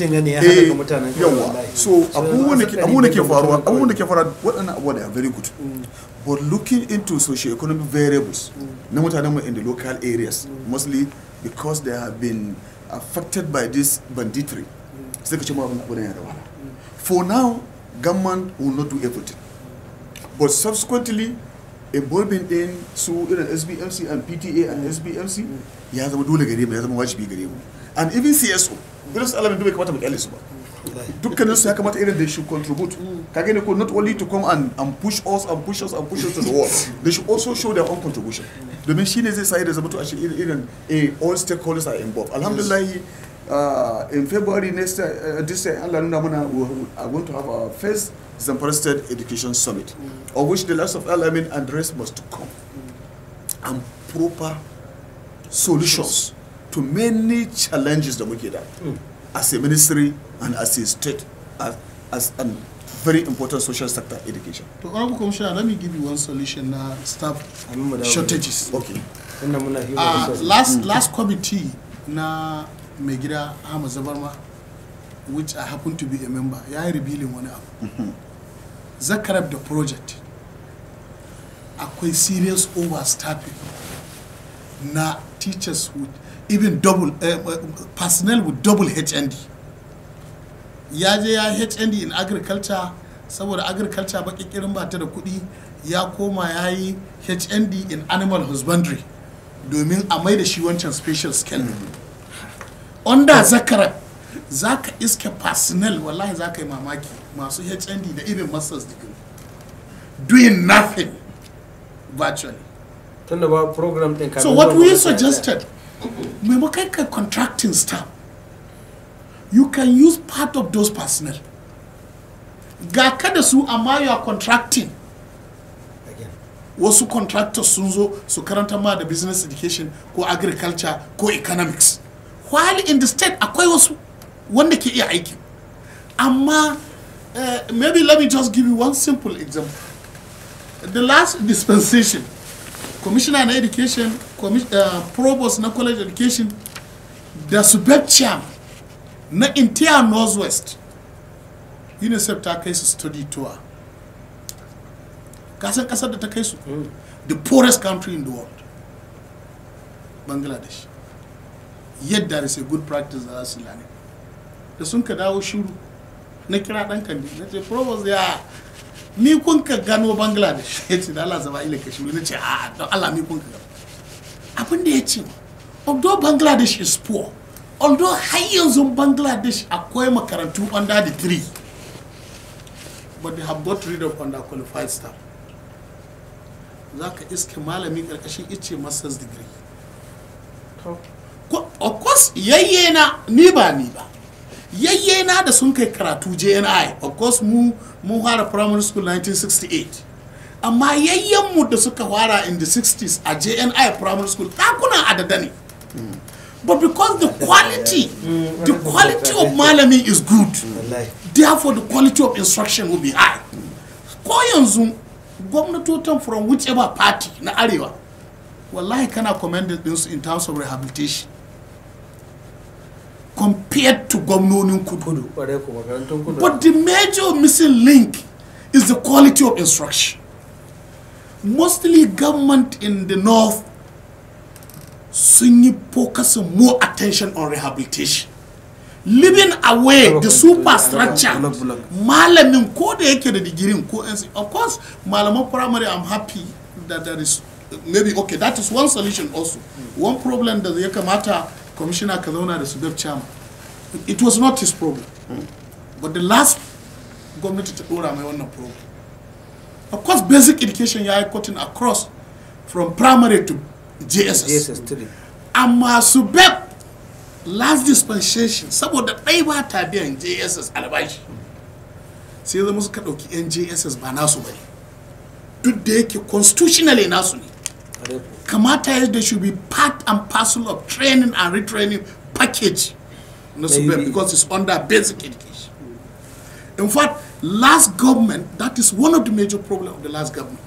D: gani eh yawa so abubuwan da ke faruwa abubuwan da ke faruwa waɗannan abubuwa da ya very good mm. but looking into socio-economic variables na mutanen mu in the local areas mm. mostly because they have been affected by this banditry
E: mm.
D: sai ka ce abin abu yana da wahala for now government will not do everything but subsequently involving din su irin sbmc and pta and sbmc ya zama dole gare mu ya zama wajibi gare mu and even cso irin su alamin dubai kamata mu kyale su ba dukkanin su ya kamata irin da should contribute ka gane ko not only to come and, and push us and push us and push us to the wall they should also show their own contribution domin shine zai sa da zama to ashe irin a eh, all stakeholders are involved alhamdulillah uh, in february next uh, this year Allah nuna muna we are going to have our first Zamfara State Education Summit, mm. of which the likes of Alamin and the rest must come.
E: Mm.
D: And proper solutions to many challenges that we get at mm. as a ministry and as a state, as, as a very important social sector education.
A: To Honorable Commissioner, let me give you one solution now uh, staff shortages.
D: Okay. Uh, last, last
A: committee na Megira Hamazabarma which I happen to be a member ya yi revealing wani abu zakarab da project akwai serious overstaffing na teachers with even double uh, personnel with double hnd ya je ya hnd in agriculture saboda agriculture bakikirin ba ta da kuɗi ya koma ya yi hnd in animal husbandry domin a mai da shi wancan special scale under zakarab za ka iske personnel wallahi za ka yi mamaki masu hnd da even master's degree doing nothing virtually tunda ba program din so what we suggested maimakon ka contracting staff you can use part of those personnel ga ka da su amma you are contracting wasu contractors sun zo su karanta ma da business education ko agriculture ko economics while in the state akwai wasu wanda ke iya aikin amma uh, maybe let me just give you one simple example the last dispensation commissioner na education uh, provost na college education da subject chairman na interior northwest unicef ta kai su study tour kasan kasar da ta kai su mm. the poorest country in the world bangladesh yet there is a good practice that has learning da sun ka dawo shiru na kira dan kandi na ce provost ya ni kun ka gano bangladesh ya ce da allah zaba ila ka shiru na ce a don allah ni kun ka gano abin da ya ce although bangladesh is poor although har yanzu bangladesh akwai makarantu under the tree but they have got rid of qualified staff za ka iske malami karkashin ice master's degree of course yayyena na ni ba ni ba yayye na da sun kai karatu jni of course mu mun fara primary school 1968 amma yayyen mu da suka fara in the 60s a jni primary school ɗakuna adada ne but because the quality the quality of malami is good therefore the quality of instruction will be high ko yanzu gwamnatotan from whichever party na arewa wallahi kana commended ɗinsu in terms of rehabilitation compared to gwamnonin kudu. But the major missing link is the quality of instruction. Mostly government in the north sun yi focusing more attention on rehabilitation. Living away the superstructure malamin ko da yake da digirin ko of course malaman primary I'm happy that there is maybe okay that is one solution also hmm. one problem da ya kamata commissioner ka zauna da su gab chairman it was not his problem but the last gwamnati ta dora mai wannan problem of course basic education ya yi cutting across from primary to jss, JSS amma su beb last dispensation saboda ɗai ba ta biyan jss albashi sai zama suka ɗauki yan jss ba nasu ba duk da yake constitutionally nasu ne kamata ya they should be part and parcel of training and retraining package no Maybe. because it's under basic education. In fact, last government, that is one of the major problems of the last government.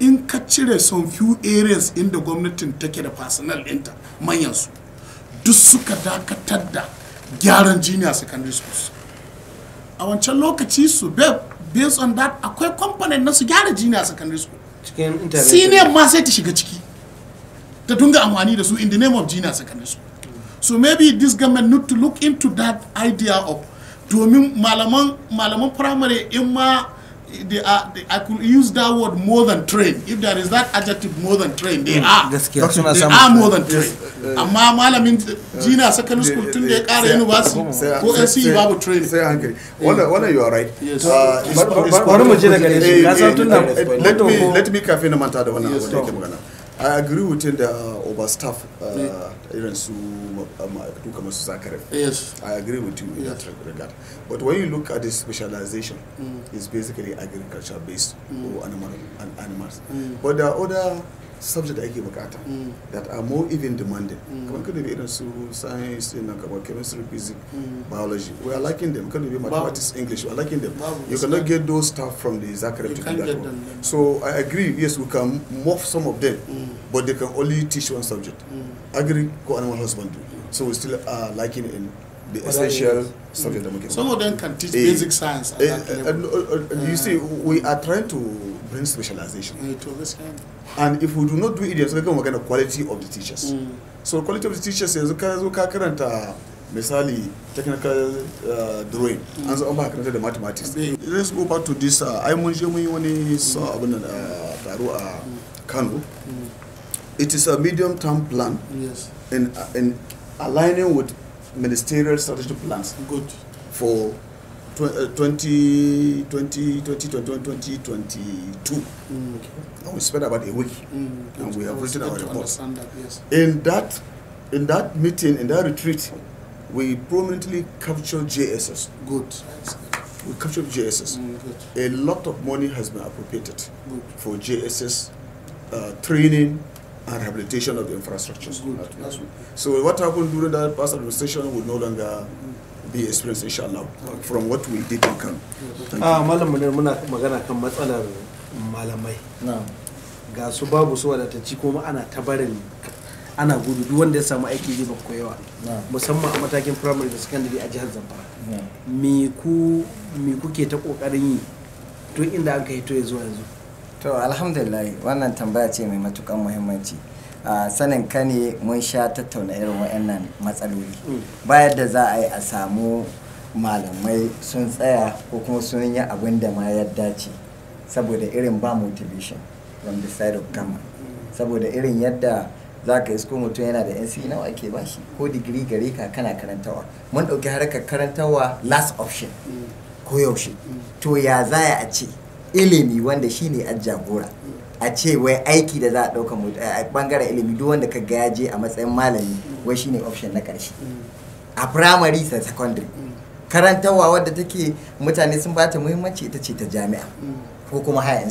A: In kacire some few areas in the government in take da personnel manyan su duk suka dakatar da gyaran junior secondary schools. A wancan lokaci su based on that akwai component na su gyara junior secondary school.
C: Senior
A: ma sai ta shiga ciki. ta dunga amfani da su in the name of jina secondary school so maybe this government need to look into that idea of domin malaman malaman primary in ma they are they, I could use that word more than train if there is that adjective more than train they mm, are they are more than train uh, uh, amma malamin jina secondary school tun da ya kara university ko NCE
D: babu train sai hankali wanda wannan you are right uh, bari mu je daga ne ka san tun da let me let me kafin na manta da wannan abu da yake magana I agree with him da uh, staff uh, irin su ma'aikatu kamar su zakarin. Yes. I agree with you in yes. that regard. But when you look at the specialization, mm. it's basically agriculture based mm. or animal, animals. Mm. But the other subject da ake bukata mm. that are more even demanding mm. kamar ka dubi irin su science din nan kamar chemistry physics mm. biology we are lacking them kan dubi mathematics english we are lacking them you cannot get those stuff from the zakareb to do that one so i agree yes we can morph some of them but they can only teach one subject agri ko animal husbandry so we still are lacking in the essential stuff that we Some of them can teach uh, basic science. Eh, eh, uh, uh, you see, we are trying to bring specialization. And if we do not do it, yanzu kaga magana quality of the teachers. Mm. So quality of the teachers yanzu ka zo ka karanta misali technical uh, drawing mm. an zo an ba karanta mathematics. Let's go back to this uh, ai mun je wani sa mm. uh, a mm. Kano. It is a medium term plan. Yes. In, in aligning with ministerial strategic plans. Good. For tw 2020, uh, 2021, 2022. Mm, okay. And we spent about a week mm, and we have written our reports.
A: That, yes.
D: In that in that meeting, in that retreat, we prominently captured JSS. Good. We captured JSS. Mm, a lot of money has been appropriated good. for JSS uh, training, and rehabilitation of the infrastructures. Good. So what happened during that past administration would no longer be experienced inshallah okay. from what we did in Kano. Ah, malam munir muna magana kan matsalar
C: malamai. Ga su babu su wadatacci kuma ana tabarin ana gudu duk wanda ya samu aiki zai bakwai yawa musamman a matakin primary da secondary a jihar Zamfara.
B: Me ku me kuke ta kokarin yi tun inda an kai to ya zuwa yanzu? to alhamdulillah wannan tambaya ce mai matukan muhimmanci a sanin ka ne mun sha tattauna irin waɗannan matsaloli mm. bayan da za a yi a samu malamai sun tsaya ko kuma sun yi abin da ma ya dace saboda irin ba motivation from the side of government saboda irin yadda za ka isko mutum yana da nc e nawa ake bashi ko digiri gare ka kana karantawa mun ɗauki harkar karantawa last option mm. ko yaushe mm. to ya zaya a ce ilimi wanda shi a jagora a ce wai aiki da za a ɗauka a bangaren ilimi duk wanda ka gaje a matsayin malami wai shi ne option na ƙarshe a primary da secondary karantarwa wadda take mutane sun bata muhimmanci ita ce ta jami'a ko kuma higher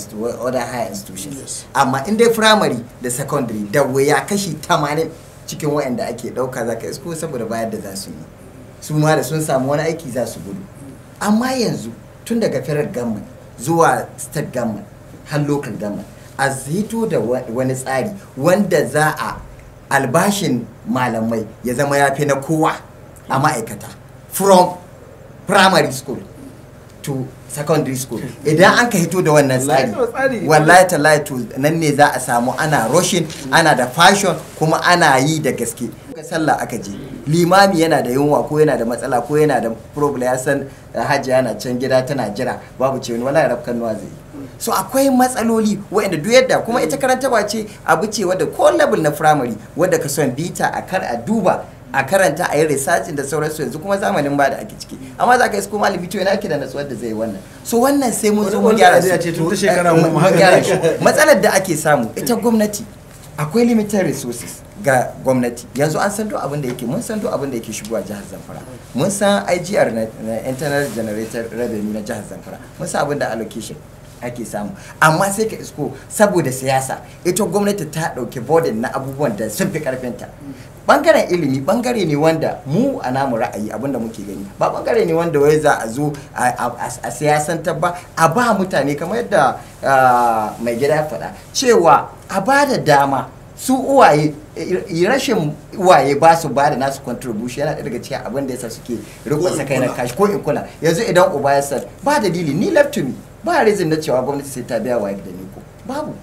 B: other higher institution amma in dai primary da secondary da waya kashi 80 cikin wayanda ake ɗauka za ka isko saboda bayar da za su yi su ma da sun samu wani aiki za su gudu amma yanzu tun daga firar gamman zuwa state government har local government a hito da wani tsari wanda za a albashin malamai ya zama ya fi na kowa a ma'aikata from primary school to secondary school idan an ka hito da wannan tsari wallahi tallahi to nan ne za a samu ana rushing ana da fashion kuma ana yi da gaske ga sallah aka je limami yana da yunwa ko yana da matsala ko yana da problem ya san eh, hajji yana can gida tana jira babu ce wani wala rafkan nuwa zai so akwai matsaloli wa'anda duk yadda kuma ita karanta ba ce abu ce wadda ko level na primary wadda ka son bita a kar a duba a karanta a yi researching da sauransu yanzu kuma zamanin ba da ake ciki amma za ka yi kuma malami yana yana da natsuwar da zai wannan so wannan sai mun zo gyara eh, su matsalar da ake samu ita gwamnati akwai limited resources ga gwamnati yanzu an san duk abin da yake mun san duk abin da yake shigowa jihar Zamfara mun san IGR na internal generator revenue na jihar Zamfara mun san abin da allocation ake samu amma sai ka isko saboda siyasa ita gwamnati ta ɗauki bodin na abubuwan da sun fi karfinta bangaren ilimi bangare ne wanda mu a namu ra'ayi abinda muke gani ba bangare ne wanda wai za a zo a siyasan ba a ba mutane kamar yadda ah, mai gida ya faɗa cewa a ba da dama su uwaye eh, rashin uwaye ba su ba da nasu contribution yana daga cikin abin da yasa suke rubuta sakai na kashi ko in kula yanzu idan uba ya san ba dalili ni left to me ba reason na cewa gwamnati sai ta biya waye da ni ko babu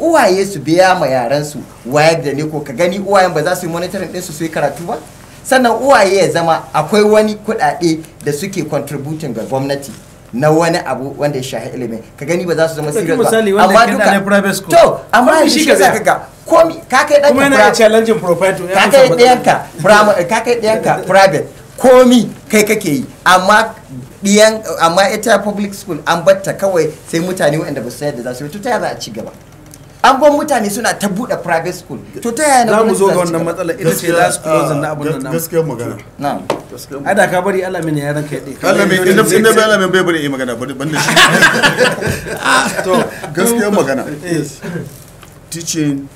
B: uwaye su biya ma yaran su waye da ni ko ka gani uwayen ba za su yi monitoring din su su yi karatu ba sannan uwaye ya zama akwai wani kuɗaɗe da suke contributing ga gwamnati na wani abu wanda ya shahi ilimi ka gani ba za su zama serious ba amma duka to amma shi ka zaka ga komi ka kai ɗanka kuma yana challenging profit ka kai dan ka kai ka private komi kai kake yi amma diyan amma ita public school an batta kawai sai mutane wanda ba su sayar da za su yi to ta za a ci gaba an gwan mutane suna ta buɗe private school to ta yaya na za mu zo ga wannan matsala ita ce last closing na abin nan gaskiyar
D: magana na'am
C: ada ka bari Allah mai yaran ka dai Allah mai inda inda
D: bai Allah mai bai bari yi magana bari banda shi to gaskiyar magana teaching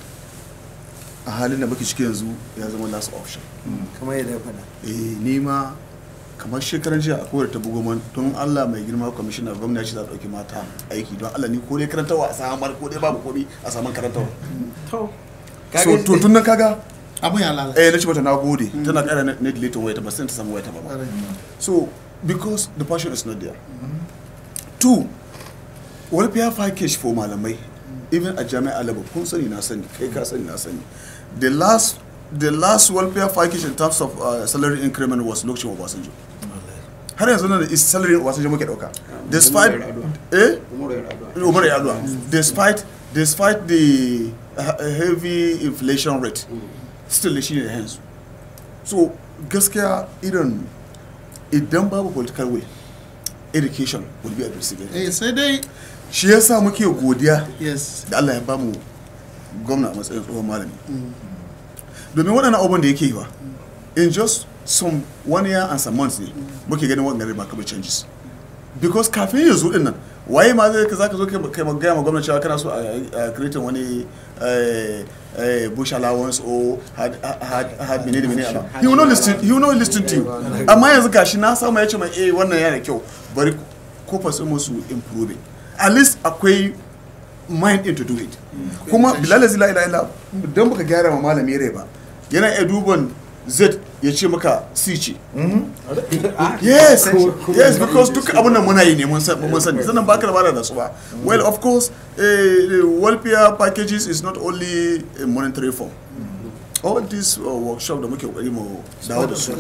D: a halin da muke ciki yanzu ya zama last option kamar yadda ya faɗa eh nima kamar shekarar jiya a kowace ta bugo man don Allah mai girma kwamishina gwamnati ce za ta ɗauki mata aiki don Allah ni ko dai karantawa a samar ko dai babu komi a samar karantawa to to tun nan kaga abun ya lalata eh nace mata gode mm. tana kara na delete waya ta ba sai ta samu waya ta ba so because the passion is not there
E: mm-hmm.
D: two welfare package for malamai even a jami'a level kun sani na sani kai ka sani na sani the last the last welfare package in terms of uh, salary increment was lokacin Obasanjo. har yanzu na da salary wasu jama'a ke dauka despite eh umar ya despite despite the heavy inflation rate still shi ne hands so gaskiya irin idan babu political will education will be addressable eh sai dai shi yasa muke godiya da Allah ya bamu gwamna a matsayin tsohon malami mm. domin waɗannan abubuwan da yake yi wa in just some one year and some months ne muke ganin wannan riba kamar changes because kafin ya zo din nan waye ma zai ka zaka zo kai ma gaya ma gwamnati cewa kana so a create wani eh, eh, bush allowance or had had had mene he will not listen he will not listen to you amma yanzu gashi na samu ya ce mai eh wannan yana da kyau bari kofar sun musu improve at least akwai mind into do it kuma bilal zila ila ila dan baka gyara ma malami rai ba yana iya duban ya ce maka si ce mhm. yes yes because duk abin nan muna yi ne mun sani sannan baka da bada da su ba mhm. well of course uh, welfare packages is not only a monetary form mhm. all this uh, workshop da muke kokari mu dawo da su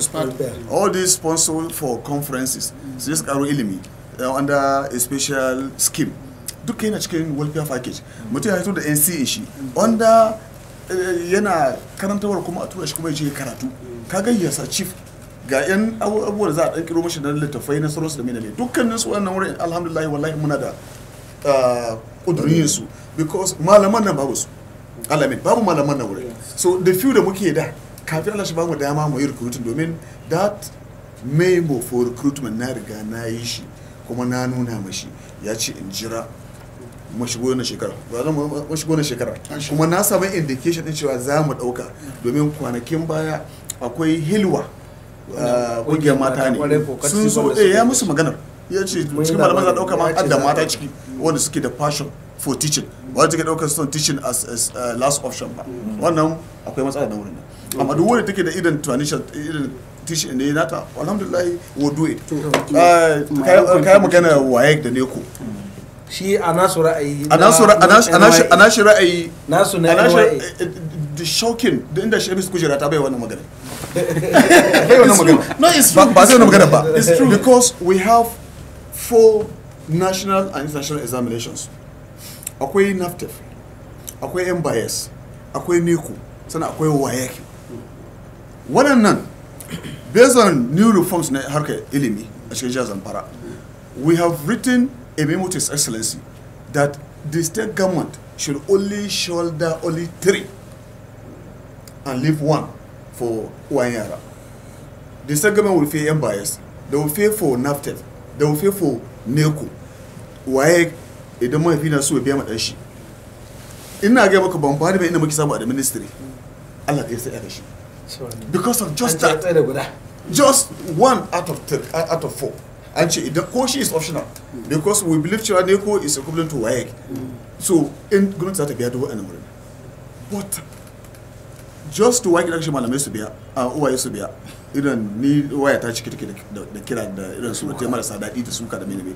D: all this sponsor for conferences mm. sai su karo ilimi eh, under a special scheme duka yana cikin welfare package mm. mutum ya hito da nca shi mm. under eh, yana karantarwar kuma a tura shi kuma ya je karatu ka gayyasa chief ga yan abubuwa da za a ɗan mashi na littafai na sarosu da menene dukkanin su wannan wurin alhamdulillah wallahi muna da ah, ƙudurin su because malaman nan babu su alamin babu malaman nan wurin so the few da muke da kafin Allah shi bamu dama mu yi recruiting domin that memo for recruitment na riga na yi shi kuma na nuna mashi ya ce in jira mashigo na shekara mashigo na shekara kuma na samu indication din cewa za mu dauka mm. domin kwanakin baya akwai hilwa kungiyar eh, mata ne sun zo eh, ya musu maganar ya ce cikin malaman za dauka ma adda mata ciki wanda suke da passion for teaching wanda suke ɗaukar son teaching as eh, last option ba mm. wannan akwai matsala da wurin amma duk wanda take da idan tunanin irin tishin ne ta alhamdulillah we do it kayan magana waye da neko shi
C: a nasu ra'ayi a
D: nasu ra'ayi nasu na the shocking da inda shi kujera ta bai wannan magana no, it's true. But, but ba. It's true. Because we have four national and international examinations. Akwai NAFTEF, akwai MBIS, akwai NECO, sannan akwai WAEC. Waɗannan, based on new reforms na harkar ilimi a cikin jihar Zamfara, we have written a memo to His Excellency that the state government should only shoulder only three and leave one for uwayen yara the state government will pay mbis they will pay for naftet they will pay for neco Why? idan mahaifi na so ya biya ma shi ina ga maka ban fara inda muke samu a da ministry Allah ya sai da shi because of just that just one out of three out of four an ce idan ko shi is optional because we believe cewa ne is equivalent to waye so in gwamnati za ta biya dubu a nan wurin but just to wake kashe malamai su biya a uwaye su biya irin ni waya ta ciki take da kira da irin su mutai marasa daɗi da suka da menene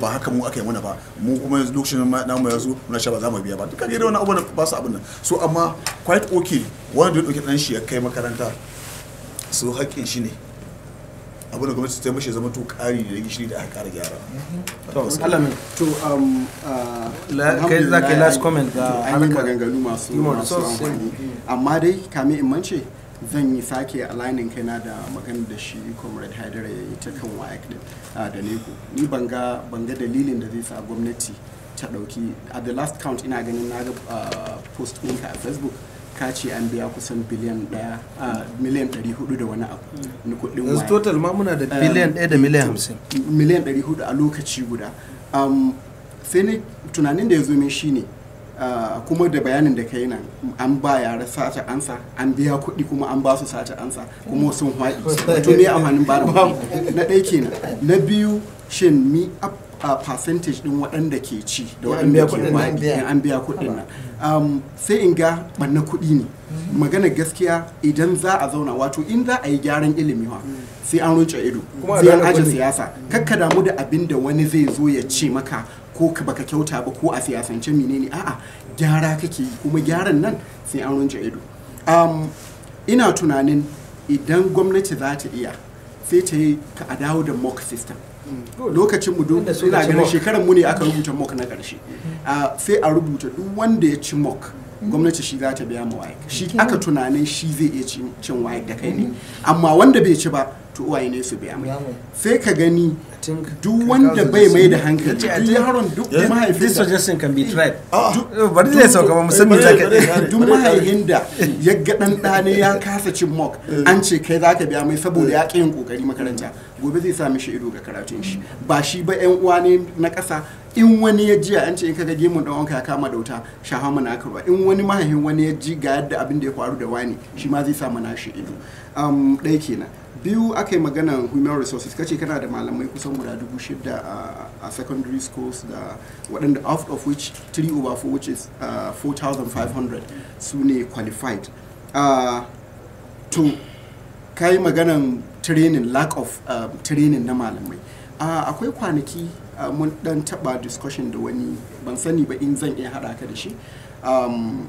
D: ba haka mu aka yi mana ba mu kuma yanzu lokacin na mu yanzu muna sha ba za mu biya ba duka irin wani abu ba su abin nan so amma quite okay wanda ya ɗauki ɗan shi ya kai makaranta so haƙƙin shi ne abin da gwamnati ta mashi zama to kari da gishiri da aka ƙara gyara to alamin to um
F: uh, kai za ka yi last comment ga uh, hannun maganganu masu masu amfani amma dai kame in mance zan yi sake kai na da magana da shi comrade haidara ya yi ta kan wayak din uh, da neko ni banga banga dalilin da zai sa gwamnati ta dauki at the last count ina ganin na ga post ɗinka a facebook ka an biya kusan biliyan daya a miliyan 400 da wani abu mm. na kudin waya total ma muna da um, biliyan daya da miliyan 50 miliyan 400 a lokaci guda um, sai ne tunanin da ya zo min shine kuma da bayanin da kai nan an ba yara sace ansa an biya kuɗi kuma an ba su sace ansa kuma sun haɗi to me amfanin ba na ɗaya kenan na biyu shin mi A percentage din waɗanda ke ci da waɗanda ke waɗi an biya kuɗin nan um, sai in ga ɓanna kuɗi ne mm-hmm. magana gaskiya idan za a zauna wato in za a yi gyaran ilimi wa mm. sai an runce ido sai an aje siyasa mm. kakka damu da abin da wani zai zo ya ce maka ko ka baka kyauta ba ko a siyasance menene a'a gyara kake yi kuma gyaran nan sai an runce ido um, ina tunanin idan gwamnati za ta iya sai ta yi ka a dawo da mock system lokacin mu ina ganin shekarar mu ne aka rubuta mok na karshe ah, sai a rubuta duk wanda ya ci mok gwamnati shi za ta biya mu waye shi aka tunanin shi zai iya cin waye da kai ne amma wanda bai ci ba to uwaye ne su biya mai sai ka gani duk wanda bai mai da hankali duk yaron duk mahaifin
C: da can be tried ah. eh, bari zai sauka ba musamman eh, ta duk mahaifin
F: da ya ga ɗan ɗane ya kasa cin mock eh. an ce kai za ka biya mai saboda ya ƙi yin ƙoƙari makaranta gobe zai sa mishi ido ga karatun shi ba shi ba yan uwa ne na ƙasa in wani ya ji an ce in kaga gemun dan wanka ya kama da wuta shafa mana aka in wani mahaifin wani ya ji ga yadda abin da ya faru da wani shi ma zai sa mana shi ido um, ɗaya kenan biyu aka yi maganan human resources kace kana da malamai kusan guda dubu shida a secondary schools da waɗanda out of which 3 over 4 which is uh, 4,500 su ne qualified uh, to ka maganan training lack of uh, training na malamai uh, akwai kwanaki uh, mun dan taba discussion da wani ban sani ba in zan iya haɗa ka da shi um,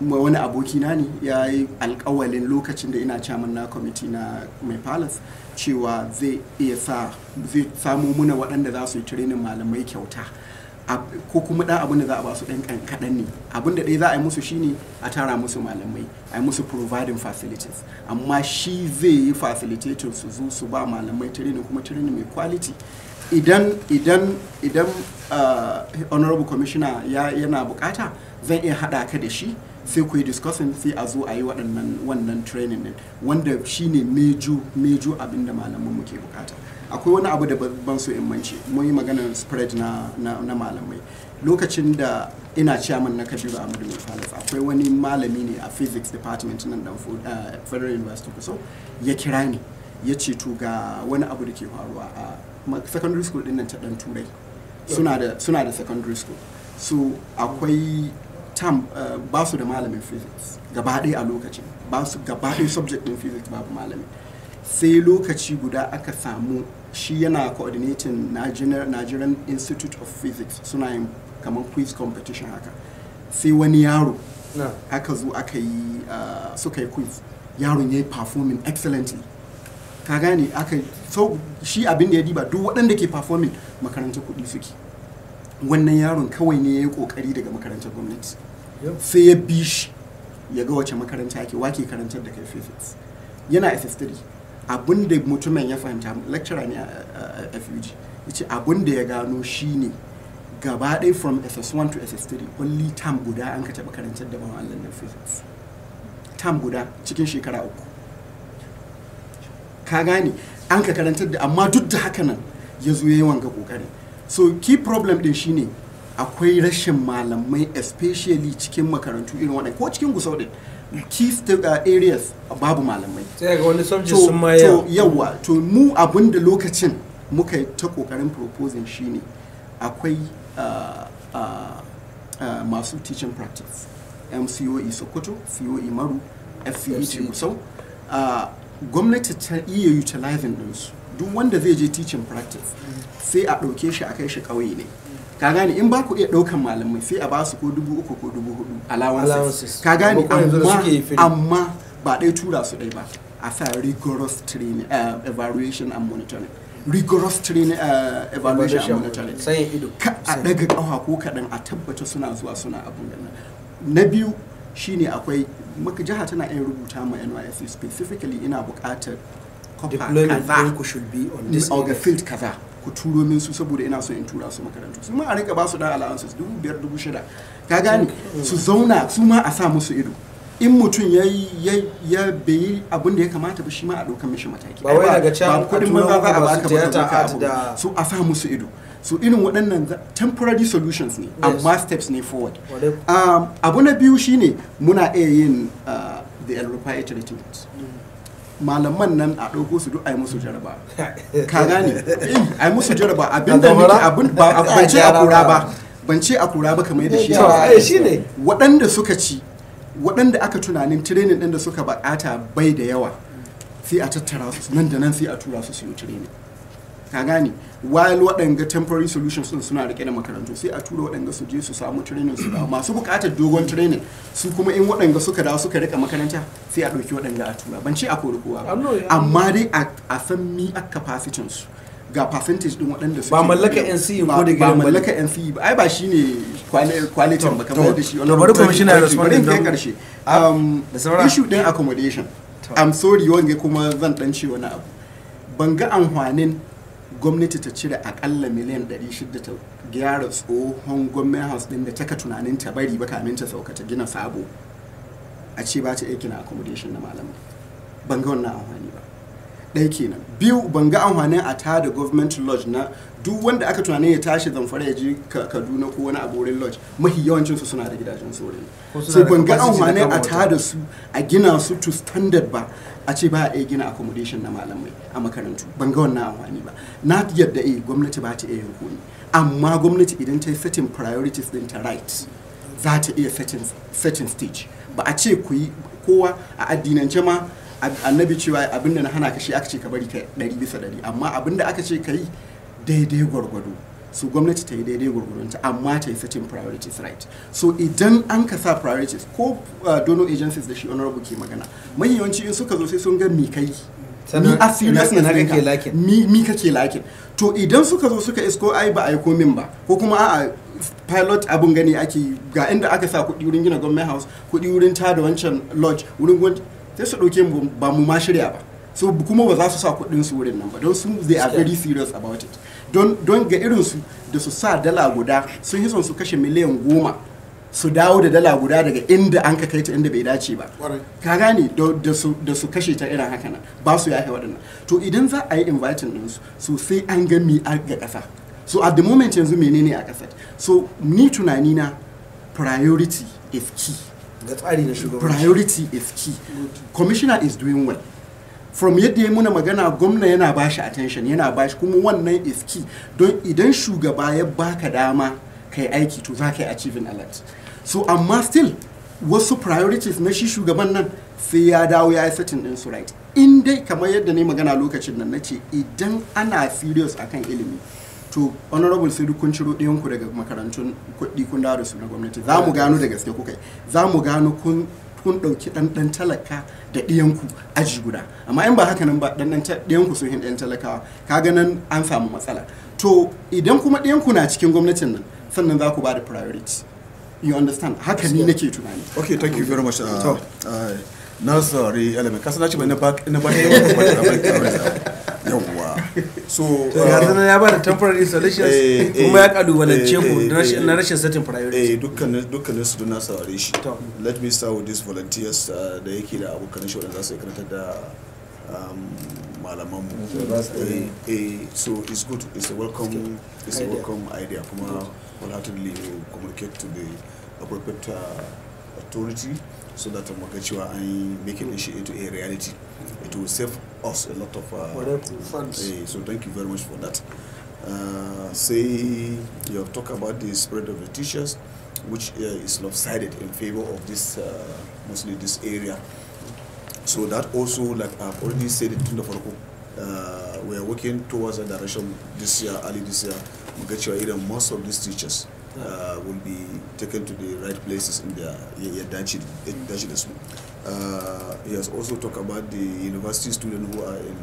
F: wani aboki na ne ya yi alkawalin lokacin da ina chairman na kwamiti na mai palace cewa zai iya sa zai samo muna waɗanda za su yi training malamai kyauta ko kuma ɗan abin da za a ba su ɗan kaɗan ne abin da ɗaya za a yi musu shine a tara musu malamai a yi musu providing facilities amma shi zai yi facilitator su zo su ba malamai training kuma training mai quality idan idan idan ah, honorable commissioner yana bukata zan iya haɗa ka da shi sai ku yi discussing sai a zo a yi waɗannan wannan training din wanda shine meju meju abin da malaman muke bukata akwai wani abu da ban so in mance mun yi maganar spread na na malamai lokacin da ina chairman na kabiru amadu mai falas akwai wani malami ne a physics department nan dan eh, federal university kusa ya kira ni ya ce to ga wani abu da ke faruwa a secondary school din nan ta dan turai suna da secondary school so akwai tam eh, ba su da malamin physics gaba a lokacin ba su gaba subject ɗin physics babu malami sai lokaci guda aka samu shi yana coordinating Nigerian Institute of Physics suna yin kamar quiz competition haka sai wani yaro aka zo aka yi eh, suka yi quiz yaron ya yi performing excellently ka gane aka so shi abin da ya diba duk waɗanda ke performing makarantar kuɗi suke wannan yaron kawai ne ya yi kokari daga makarantar gwamnati sai ya bi shi ya ga wace makaranta ake wake karantar da kai physics yana ss3 abin da mutumin ya fahimta lecturer ne a fug yace abin da ya gano shine gaba ɗaya from ss1 to ss3 only term guda an ka taɓa karantar da bawan allah physics term guda cikin shekara uku ka gane an ka karantar da amma duk da haka nan ya zo ya yi wanga kokari so key problem din shine akwai rashin malamai especially cikin makarantu irin wadanda ko cikin gusau din key uh, areas babu malamai
C: sai ga wani subject sun ma yawa
F: to mu abin da lokacin muka yi ta kokarin proposing shine akwai uh, uh, masu teaching practice mcoe sokoto coe maru fce e. gusau gwamnati ta iya utilizing ɗinsu duk wanda zai je teaching practice sai a ɗauke shi a kai shi ƙauye ne ka gane in ba ku iya ɗaukan malamai sai a ba su ko dubu uku ko dubu hudu allowances ka gane amma ba ɗai tura su ɗai ba a sa rigorous training uh, evaluation and monitoring rigorous training uh, evaluation and monitoring sai ido ka a daga ƙafa ko kaɗan a tabbata suna zuwa suna abun nan na biyu shine akwai maka jiha tana yin rubuta ma NYSC specifically ina buƙatar deployment ɗinku should be on this or mm, the field kaza ku turo min su saboda ina so in tura su makarantu su ma a rika ba su dan allowances dubu biyar dubu shida ka gane mm. su zauna su ma a sa musu ido in mutum ya ya bayi abin da ya kamata ba shi ma a dokar mishi mataki ba wai daga can kudin ma za a baka ba da su a sa musu ido so irin waɗannan temporary solutions ne amma steps ne forward um, abu na biyu shine muna iya yin uh, the el iterative malaman nan a ɗauko su duk a yi musu jaraba ka gane eh, a yi musu jaraba abin da muke abin ba ban ce a kura ba ban ce a kura ba kamar yadda shi ya eh, ne waɗanda suka ci waɗanda aka tunanin tirenin ɗin da suka baƙata bai da yawa sai a tattara su nan da nan sai a tura su su yi tirenin ka gane while waɗanga temporary solutions sun suna rike da makarantu sai a tura waɗanga su je su samu training su dawo masu buƙatar dogon training su kuma in waɗanga suka dawo suka rika makaranta sai a ɗauki waɗanga a tura ban ce a kori kowa ba amma dai a san mi a capacity su ga percentage din waɗanda su ba mallaka NC e ko da gidan ba mallaka NC e ba ai ba shine quality ba kamar da shi wannan bari commissioner responding kai karshe ah, um issue din accommodation i'm sorry wanga kuma zan dan ce wani abu ban ga amfanin gwamnati ta cire akalla miliyan 600 ta gyara tsohon gwamnati house din da taka tunanin ta bari ba kamin ta sauka ta gina sabo a ce ba ta na accommodation na malamai ban ga wannan amfani ba ɗaya kenan biyu ban ga amfanin a da government lodge na duk wanda aka tunani ya tashi zamfara ya je kaduna ko wani abu lodge mahi yawancin su suna da gidajen sauri so ban ga amfani a da su a gina su to standard ba a ce ba a gina accommodation na malamai a makarantu ban ga wannan amfani ba na yadda eh gwamnati ba ta iya yin amma gwamnati idan ta yi setting priorities din ta right za ta iya setting stage ba a ce ku yi kowa a addinance ma annabi cewa abinda na hana ka shi aka ce ka bari ka ɗari bisa ɗari amma abinda aka ce ka yi daidai gwargwado su gwamnati ta yi daidai gwargwadonta amma ta yi setting priorities right so idan an ka sa priorities ko uh, donor agencies da shi honorable ke magana mai yawanci in suka zo sai sun ga mi kai mi a seriousness ɗinka mi kake lakin to idan suka zo suka isko ai ba a yi komin ba ko kuma a pilot abun gani ake ga inda aka sa kuɗi wurin gina government house kuɗi wurin tada wancan lodge wurin sai su ɗauke ba mu ma shirya ba so kuma ba za su sa kuɗin su wurin nan ba don su they are very serious about it don ga irinsu da su sa dala guda sun yi su kashe miliyan goma su dawo da dala guda daga inda an ka kai ta inda bai dace ba ka gane da su kashe ta irin haka nan ba su yafe waɗannan to idan za a yi inviting ɗinsu so sai an ga mi ga ƙasa so at the moment yanzu menene a ƙasar so ni tunani na priority is key priority is key commissioner is doing well from yadda ya muna magana gwamna yana bashi attention yana bashi kuma wannan is key don idan shugaba ya baka dama kai aiki to za ka yi achieving alert so amma still wasu priorities na shi shugaban nan sai ya dawo ya yi satin din su right in dai kamar yadda ne magana lokacin nan ce idan ana serious akan ilimi to honorable sai kun ciro ɗayan ku daga makarantun kuɗi kun dawo da su na gwamnati za mu gano da gaske kuka za mu gano kun kun ɗauki ɗanɗan talaka da ɗiyanku aji guda amma in ba haka nan ba ɗanɗan ɗiyanku sun talakawa kaga nan an samu matsala to idan kuma ɗiyanku na cikin gwamnatin nan sannan za ku ba da priority you understand haka ni nake tunani okay thank you very much eh,
D: kasance ba na ba na ba so yanzu na ya uh, bada temporary installations eh, eh, kuma ya kalubalance ku eh, na rashin setin priority eh dukkanin su na saurari shi let me start with these volunteers uh, da yake da abokan shi wanda za su karanta da um, malamanmu so it's good it's a welcome it's a welcome idea kuma wholeheartedly communicate to the appropriate uh, authority so that mu ga cewa are making it into a reality it will save us a lot of uh, funds uh, eh, so thank you very much for that uh, say you have talked about the spread of the teachers which uh, is lopsided in favor of this uh, mostly this area so that also like i've already said in the uh, we are working towards a direction this year early this year mu get cewa irin most of these teachers uh, will be taken to the right places in their yeah, dashi uh, he has also talked about the university students who are in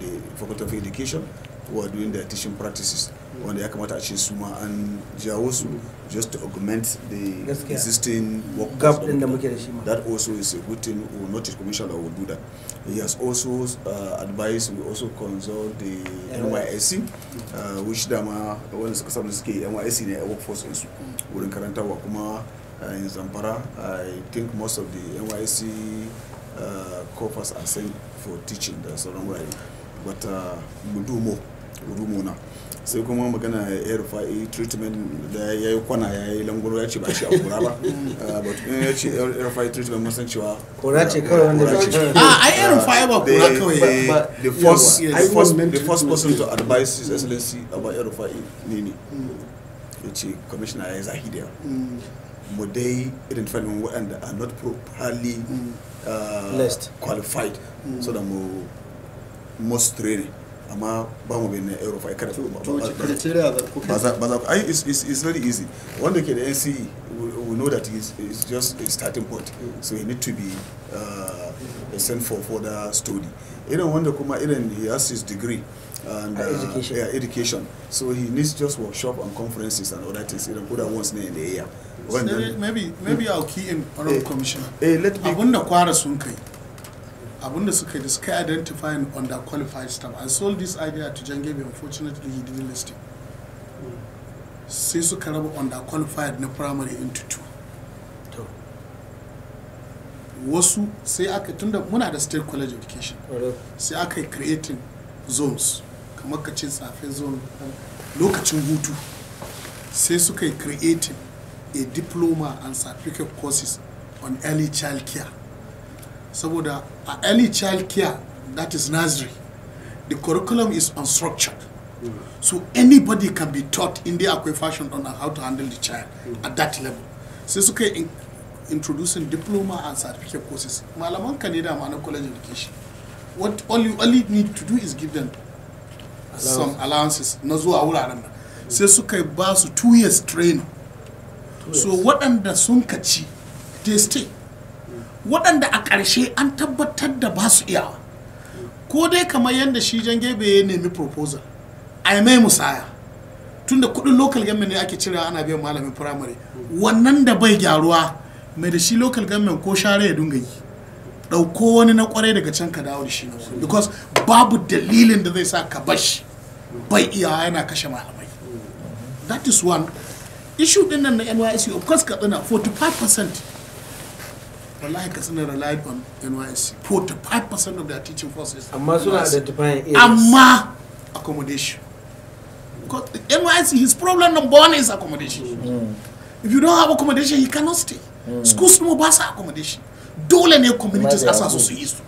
D: the faculty of education who are doing their teaching practices wanda ya kamata a ce su ma an jawo su just to augment the existing work gap din da muke da shi ma that also is a good thing or not commissioner will do that he has also uh, advised we also consult the NYSC uh, which dama wanda suka samu suke NYSC ne a workforce din su wurin karantarwa kuma uh, in Zamfara I think most of the NYSC uh, corpus are sent for teaching the sauran wurare but uh, we'll do more we'll do more now sai kuma magana ya rufa'i treatment da ya yi kwana ya yi langoro ya ce ba shi a kura ba eh, but in ya ce ya rufa'i treatment masan cewa kura ce kawai wanda ya ce eh, a ah, ai ya rufa'i ba kura kawai the first the first person to advise his excellency about ya rufa'i ne ne hmm. ya ce commissioner ya yi zahi zahidiya hmm. mu dai identify waɗanda are not properly hmm. uh, qualified so da mu most training amma ba mu bayan euro fa kada su ba za ba za ai is very easy wanda ke da NCE we know that it's, is just a starting point so you need to be uh, sent for further study irin wanda kuma irin he has his degree and uh, education. Yeah, education. So he needs just workshop and conferences and other things. Irin kuda once ne in the year.
A: maybe maybe I'll key in honorable hey, eh, commissioner.
D: Hey, eh, let me. Abunda kwara
A: sun kai. abinda suka yi suka identify an underqualified staff i sold this idea to jan gabe unfortunately he didn't list it sai suka raba underqualified na primary into two wasu sai aka tunda muna da state college education sai aka yi creating zones kamar ka ce tsafe zone lokacin hutu sai suka yi creating a diploma and certificate courses on early child care saboda a early child care that is nursery the curriculum is unstructured mm. so anybody can be taught in the akwai fashion on how to handle the child mm. at that level sai suka yi introducing diploma and certificate courses malaman ka ne ma na college education what all you only need to do is give them Allowance. some allowances na zuwa wuraren nan sai suka ba su two years training so waɗanda sun kaci they stay waɗanda a ƙarshe an tabbatar da ba su iyawa ko dai kamar yadda shi jan gebe ya nemi proposal a yi mai musaya tunda kuɗin local government ne ake cire ana biyan malamin primary wannan da bai gyaruwa mai da shi local government ko share ya dunga yi ɗauko wani na kwarai daga can ka dawo da shi because babu dalilin da zai sa ka bashi bai iya yana kashe malamai that is one issue din nan na NYSC of course ka 45% wallahi suna relied on nysc 45% of their teaching forces amma suna identifying areas amma accommodation because nysc his problem number one is accommodation mm. if you don't have accommodation he cannot stay mm. schools no basa accommodation dole ne communities asa su su yi su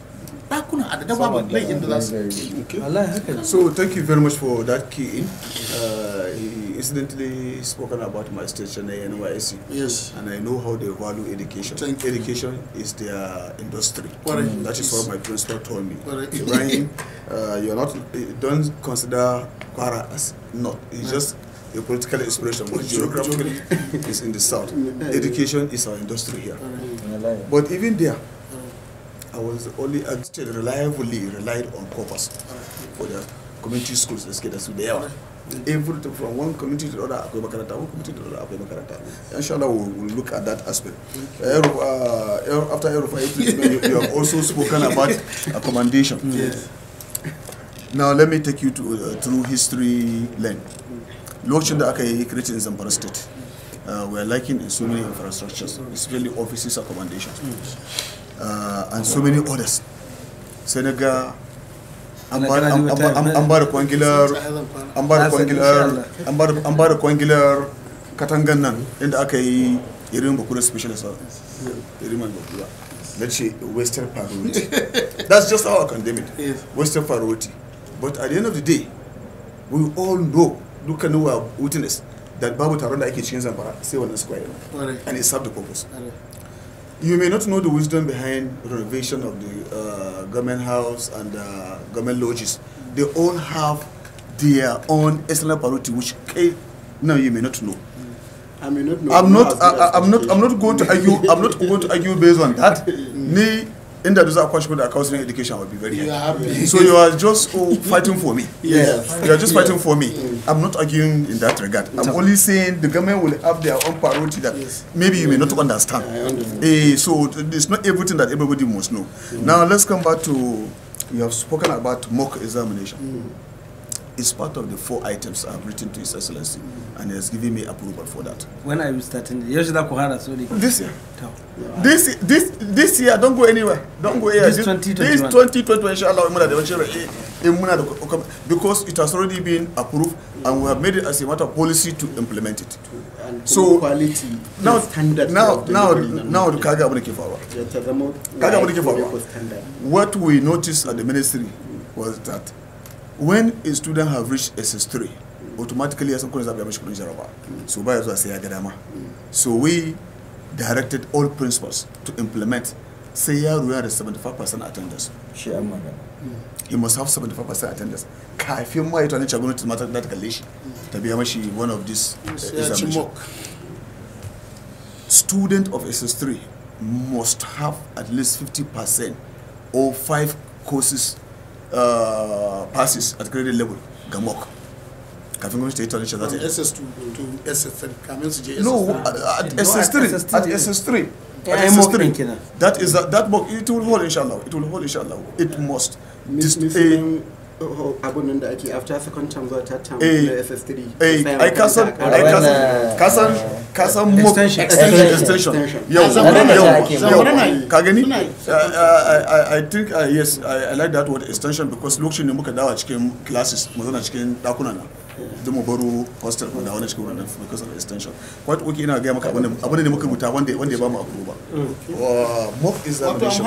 A: da babu za
D: su so thank you very much for that key in uh, he incidentally spoken about my station at NYSC yes and I know how they value education thank you. education is their industry Correct. that is what my principal told me Ibrahim uh, you're not eh, don't consider Kwara as not it's just a political expression, but geographically it's in the south. Education is our industry here. But even there, I was only adjusted reliably relied on corpus for the community schools da suke da su da yawa everything from one community to the other akwai makaranta one community to the other akwai makaranta inshallah we'll, we'll look at that aspect uh, uh, after Europe you, you have also spoken about accommodation yes. now let me take you to, uh, through history lane lokacin da aka yi creating Zamfara state uh, we are liking in so many infrastructures especially offices accommodations Uh, and so many others sai na ga an kwangilar an kwangilar an kwangilar katangan nan inda aka yi irin bakura special service irin mai bakura let's say western priority that's just our i yes. western priority but at the end of the day we all know dukkanin wa witness that babu taron da ake cikin zamfara sai wannan square and it served the purpose You may not know the wisdom behind renovation of the uh, government house and uh, government lodges. They all have their own external priority, which okay, now you may not know. I may not know. I'm not. I, am not. I'm not going to argue. I'm not going to argue based on that. mm. In that, those are questions that counseling education will would be very happy. Yeah, so you are just oh, fighting for me. Yes, You are just fighting for me. Yeah. I'm not arguing in that regard. I'm no. only saying the government will have their own priority that yes. maybe you may not understand. Yeah, understand. Uh, so it's not everything that everybody must know. Mm. Now let's come back to, you have spoken about mock examination. Mm. is part of the four items I have written to His Excellency, and He has given me approval for that. When are you starting? This year. This this this year, don't go anywhere. Don't go here. This, this 2021. This 2021, inshallah, eh, eh, because it has already been approved, and we have made it as a matter of policy to implement it. And so quality now now now now now kaga abin ke faruwa. Kaga abin ke faruwa. What we noticed at the ministry was that when a student have reached ss3 automatically yasan san kuna zaɓi mashi kudin jaraba so baya zuwa sai ya ga dama so we directed all principals to implement sai yaro ya da 75% attendance shi an magana he must have 75% attendance kafin ma ya tunanin cewa gwamnati ma ta kalle shi ta biya mashi one of these examination student of ss3 must have at least 50% or five courses uh, passes at grade level gamok. mock kafin gwamnati ta yi tarin
A: ss2 to ss3 no at ss3 at
D: ss3 Yeah, ss3 that is that, that it will hold inshallah it will hold inshallah it must Oh, abun da ake after
F: second term zuwa third term eh, na ss3 eh, ai kasan ai kasan kasan extension Extension. yau yau
D: ka gani uh, uh, i think uh, yes I, like that word extension because lokacin da muka dawa cikin classes mu zana cikin dakuna na da mu baro hostel mu da wani cikin wannan because of extension quite okay ina ga maka abin abin da muka rubuta wanda wanda ya ba mu mm. ba. mock examination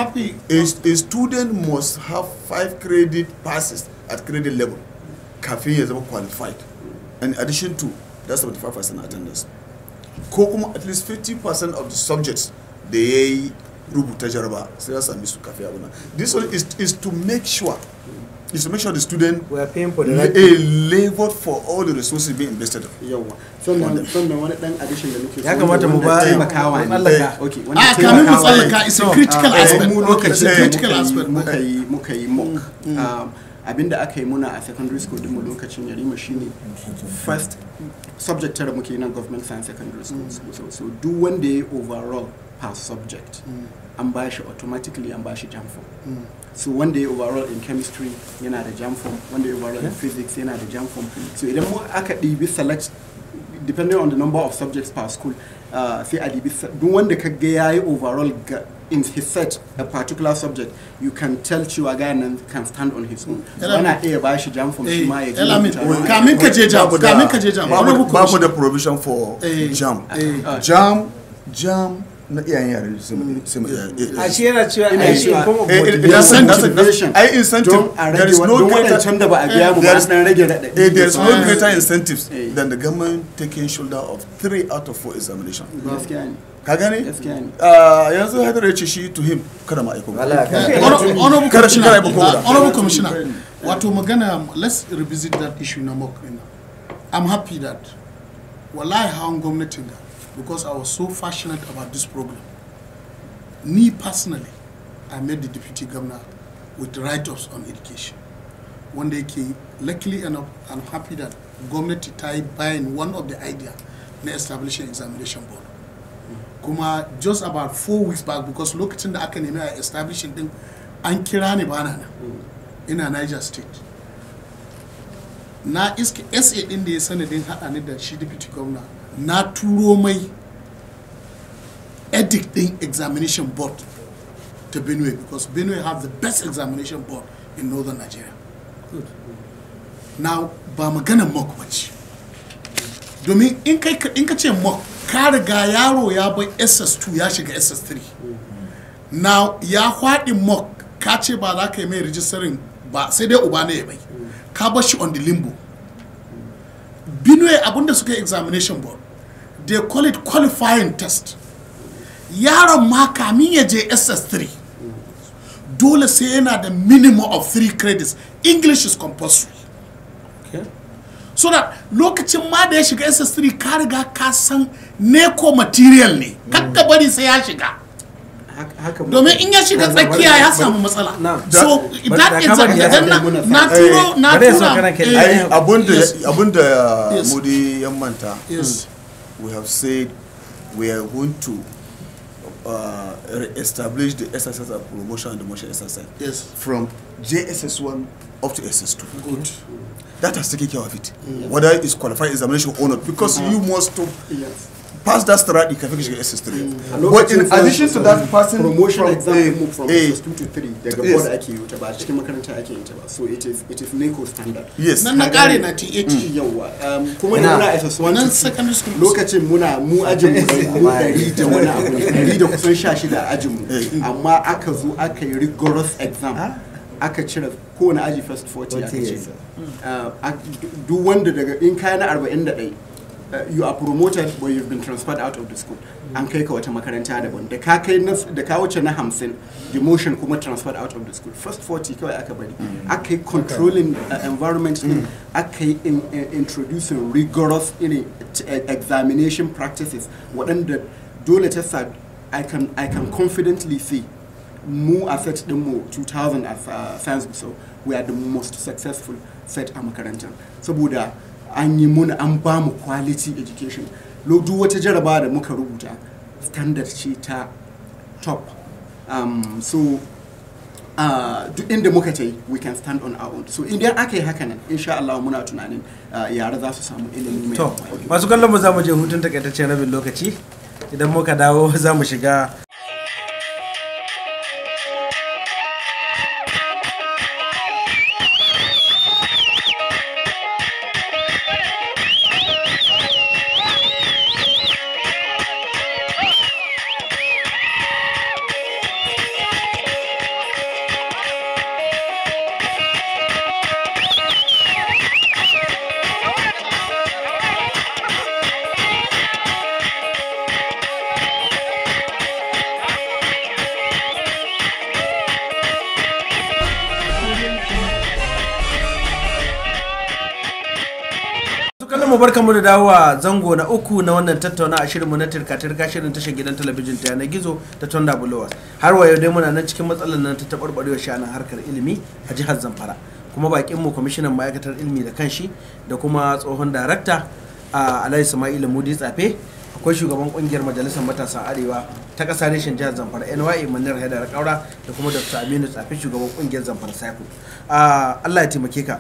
D: a student must have five credit passes at credit level kafin ya zama qualified in addition to that 75% attendance ko kuma at least 50% of the subjects da ya yi rubuta jaraba sai ya sami su kafin abu this one is, is to make sure is to make sure the student we are paying for the a labor for all the resources being invested yawa sannan sannan wani dan addition da nake ya kamata mu ba taimakawa ne eh. okay wani a ah, kamin mu tsallaka is a critical ah, eh, aspect mu lokaci
F: eh, critical aspect mu yi muka kai mock mm, mm. Um, abinda aka yi muna a secondary school dinmu lokacin yarima shine first subject tara muke na government science secondary school mm. so, so duk wanda ya overall per subject mm. an ba shi automatically an ba shi jam form mm. so wanda ya overall in chemistry yana da jam form wanda ya overall in physics yana da jam form so idan mu aka ɗibi select depending on the number of subjects per school uh, sai a ɗibi duk wanda ka ga ya yi overall in his search a particular subject you can tell cewa gayan can stand on his own ana iya eh, ba from eh,
D: oh, kamin ka je jam provision for eh, jam ah. jam jam na iyayen yare sun mm. a a incentive there is no greater a there is no greater incentives than the government taking shoulder of three out of four examination ka gane ah, yanzu haidar ya ce shi to him kada ma aiko honorable commissioner honorable commissioner
A: wato magana let's revisit that issue na mock i'm happy that wallahi hawan gwamnatin ga because i was so passionate about this program me personally i made the deputy governor with write-ups on education wanda yake luckily enough i'm happy that gwamnati ta yi bayan one of the idea na establishing examination board kuma just about four weeks back because lokacin da aka nemi a establishin din an kira ni bana nan ina niger state na iske sa din da ya sanadin haɗa ni da shi deputy governor na turo mai edict din examination board to benue because benue have the best examination board in northern nigeria now ba maganan mock ba ce domin in ka ce mock ka riga yaro ya bai ss2 ya shiga ss3 na ya faɗi mock ka ce ba za ka yi mai rijistarin ba sai dai uba ne ya bai ka bar shi on the limbo binue abinda suka yi examination board they call it qualifying test yaron ma kamin ya je ss3 dole sai yana da minimum of three credits english is compulsory okay. so that lokacin ma da ya shiga ss3 ka riga ka san neko material ne kakka bari sai ya shiga domin in ya shiga tsakiya ya samu matsala so that is a gadan na turo eh, na tura
D: eh, abinda mudi yammanta we have said we are going to uh, establish the SSS promotion and motion SSS yes. from JSS1 up to SS2 good that has taken care of it yes. whether it's qualified examination or not because you must to yes. pass that strat you can finish your SS3 Mm. but in addition to that mm. passing promotion from exam a, move from a, SS2 to 3 daga yes. board
F: ake yi ta ba cikin makaranta ake yin ta so it is it is NECO standard yes nan na kare na TAT e. mm. yawa um, kuma ina muna SS1 nan secondary school lokacin muna mu ajin mu dari da wani abu dari da kusan 16 ajin mu eh. amma aka zo aka yi rigorous exam ah. aka cire kowane aji first 40 aka ce uh, duk wanda daga in kaya na 41 uh, you are promoted but you've been transferred out of the school an kai ka wata makaranta daban da ka kai da ka wuce na 50 demotion kuma transferred out of the school first 40 kawai aka bari mm. aka yi controlling uh, environment din mm. aka yi introducing rigorous e, examination practices waɗanda dole ta sa I can I can confidently say mu a set dinmu 2000 a science so we are the most successful set a makaranta. saboda an yi muna an ba mu quality education duk wata jaraba da muka rubuta standard ce ta top um, so uh, duk inda muka ce we can stand on our own so idan aka yi haka nan insha Allah muna tunanin uh, yara za su samu ilimi mai to masu
C: kallon mu za mu je hutun takaitaccen rabin lokaci idan muka dawo za mu shiga dawowa zango na uku na wannan tattauna a shirinmu na tirka-tirka shirin tashar gidan talabijin ta yanar gizo ta tonda bulowas har wa yau dai muna nan cikin matsalar nan ta taɓarɓarewar shanin harkar ilimi a jihar zamfara kuma bakinmu kwamishinan ma'aikatar ilimi da kanshi da kuma tsohon darakta a alhaji sama'ila mudi tsafe akwai shugaban kungiyar majalisar matasan arewa ta ƙasa reshen jihar zamfara ny manar haidar kaura da kuma dr aminu tsafe shugaban kungiyar zamfara cycle allah ya taimake ka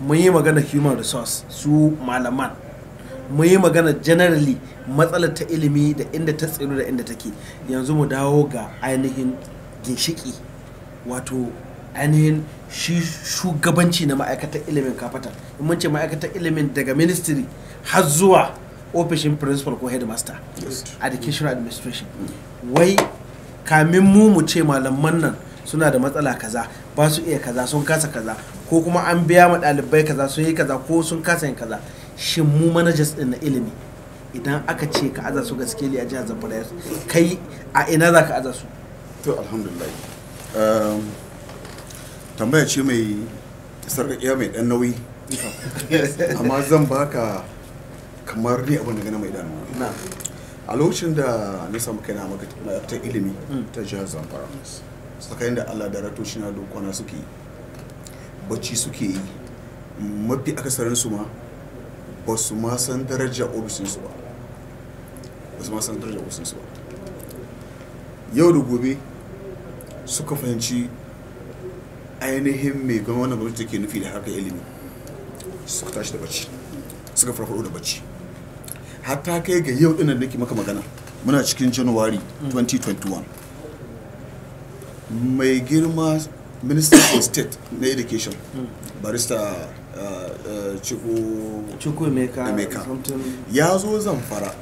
C: mun yi magana human resource su malaman mu yi magana generally matsalar ta ilimi da inda ta tsiru da inda take yanzu mu dawo ga ainihin ginshiki wato ainihin shi shugabanci na ma'aikatar ilimin kafata in mun ce ma'aikatar ilimin daga ministry har zuwa ofishin principal ko headmaster education administration wai kamin mu mu ce malaman nan suna da matsala kaza ba su iya kaza sun kasa kaza ko kuma an biya ma ɗalibai kaza sun yi kaza ko sun kasa yin kaza shin mu manajas din na ilimi idan aka ce ka aza su gaske a jihar zamfara
D: kai a ina za ka aza su to alhamdulillah ehm, tambaya ce mai sarƙaƙiya mai ɗan nauyi amma zan baka kamar ni abin da gana mai ɗan a lokacin da na samu kaina ta ilimi mm. ta jihar zamfara tsakanin da allah da rato shi na dokona suke bacci suke yi mafi akasarin su ma ba su ma san darajar ofisinsu ba ba su ma san darajar ofisinsu ba yau da gobe suka fahimci ainihin mai gama wannan gwamnati ke nufi da harkar ilimi suka tashi da bacci suka farfado da bacci hatta kai ga yau dinan nake maka magana muna cikin januwari 2021 mai girma minister of state na education barista ciko emeka ya zo zamfara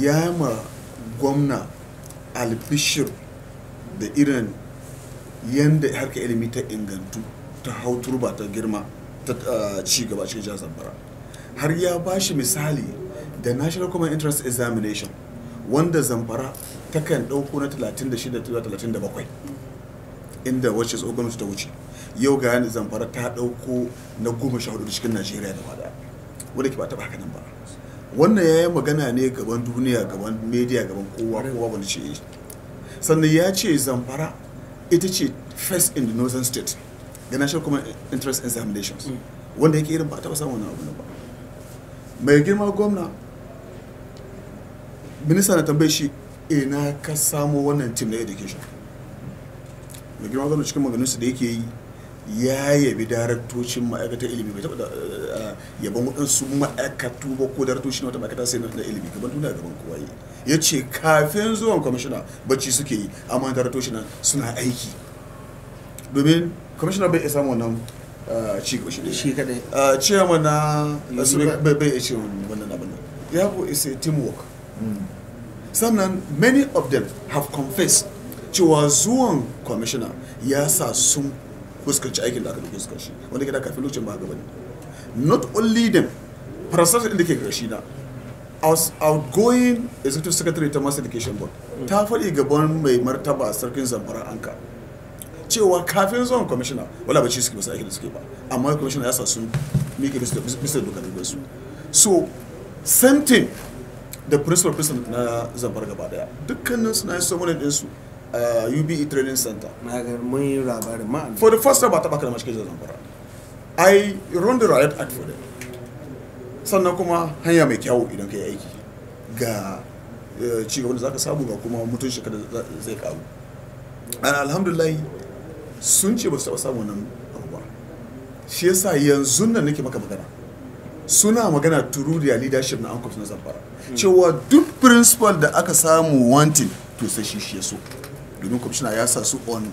D: ya ma gwamna albishir da irin yadda harka ilimi ta ingantu ta hau turba ta girma ta uh, ci gaba cikin jihar zamfara har ya ba shi misali da national common interest examination wanda zamfara takan ɗauko na 36-37 inda wacce tsohon ta wuce yau ga yanzu zamfara ta ɗauko na goma sha hudu cikin najeriya da wada wadda ke ba taɓa haka nan ba wannan ya yi magana ne gaban duniya gaban media gaban kowa kowa wani ce yi sannan ya ce zamfara ita ce first in the northern state the national common interest examinations mm. wanda yake irin ba taɓa samun wannan abu ba mai girma gwamna minista na tambaye shi ina ka samo wannan team na education mai girma gwamna cikin maganin su da yake yi ya yabi daraktocin ma'aikatar ilimi bai taɓa eh, yaban waɗansu ma'aikatu ba ko daraktocin wata ma'aikata sai na ilimi gaban duniya gaban kowa yi ya ce kafin zuwan kwamishina bacci suke yi amma daraktocin suna aiki domin kwamishina bai isa wannan eh, ci gaba shi kadai eh, ciyama na bai bai ce wannan abin ya a teamwork hmm. sannan many of them have confessed cewa zuwan kwamishina ya sa sun fuskanci aikin da aka dauke shi. kashi wanda ke da kafin lokacin ba gaba ne not only them process din da ke gashi na outgoing executive secretary ta mass education board ta faɗi gaban mai martaba sarkin zamfara anka cewa kafin zuwan commissioner wala ba ci suke basu aikin da suke ba amma commissioner ya sa sun mike bisa da su so same thing The principal president na zamfara gaba daya dukkanin suna yi somanin ɗinsu uh, UBE Training Center. For the first time ba taɓa kalmar cikin zamfara. I run the riot act for them. Sannan kuma hanya mai kyau idan ka yi aiki ga uh, ci gaban da za ka samu ga kuma mutum shi zai karu. And alhamdulillah sun ce ba su taɓa samu wannan abu ba. Shi yasa yanzu nan nake maka magana. suna magana turu da leadership na ankof na zamfara hmm. cewa duk principal da aka samu wanting to sai shi shi ya so domin kwamishina ya sa su on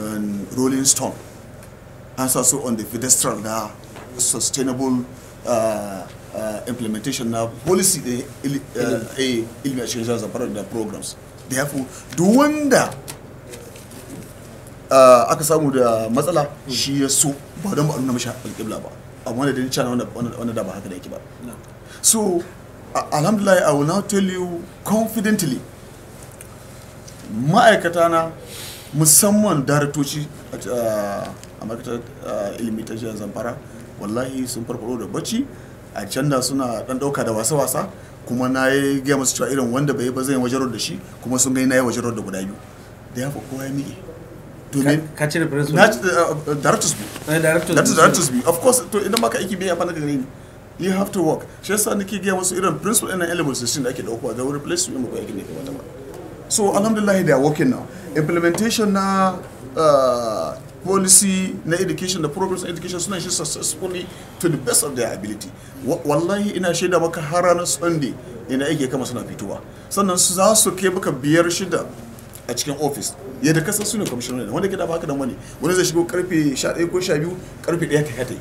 D: um, rolling stone an sa su on the pedestal na sustainable uh, uh, implementation na policy da ilmi uh, a cikin zamfara da programs therefore duk wanda uh, aka samu da matsala shi ya so ba don ba a nuna mashi alƙibla ba amma da dani cana wanda da ba haka da yake ba so alhamdulillah i will now tell you confidently ma'aikata na musamman daratoci a ma'aikatar ilimi ta jihar zamfara wallahi sun farfaro da bacci a can da suna dan dauka da wasa-wasa kuma na yi gaya masu cewa irin wanda bai ba zai wajen da shi kuma sun gani na yi wajen da guda biyu da ya fi kowa ya miƙe domin ka cire principal bi directors bi eh, of course to idan baka aiki bai ya fara daga you have to work shi yasa nake gaya masu irin principal ɗin na elements da ake daukowa da wani place su yi mako aiki ne kamata ba so alhamdulillah they are working now implementation na uh, policy na education da programs na education suna shi successfully to the best of their ability wallahi ina shaida maka har ranar sunday ina aiki kama suna fitowa sannan su za su kai maka biyar shida a cikin ofis yadda kasa su ne kwamishinan wanda ke da baka da wani wani zai shigo karfe 11 ko 12 karfe 1 ka hata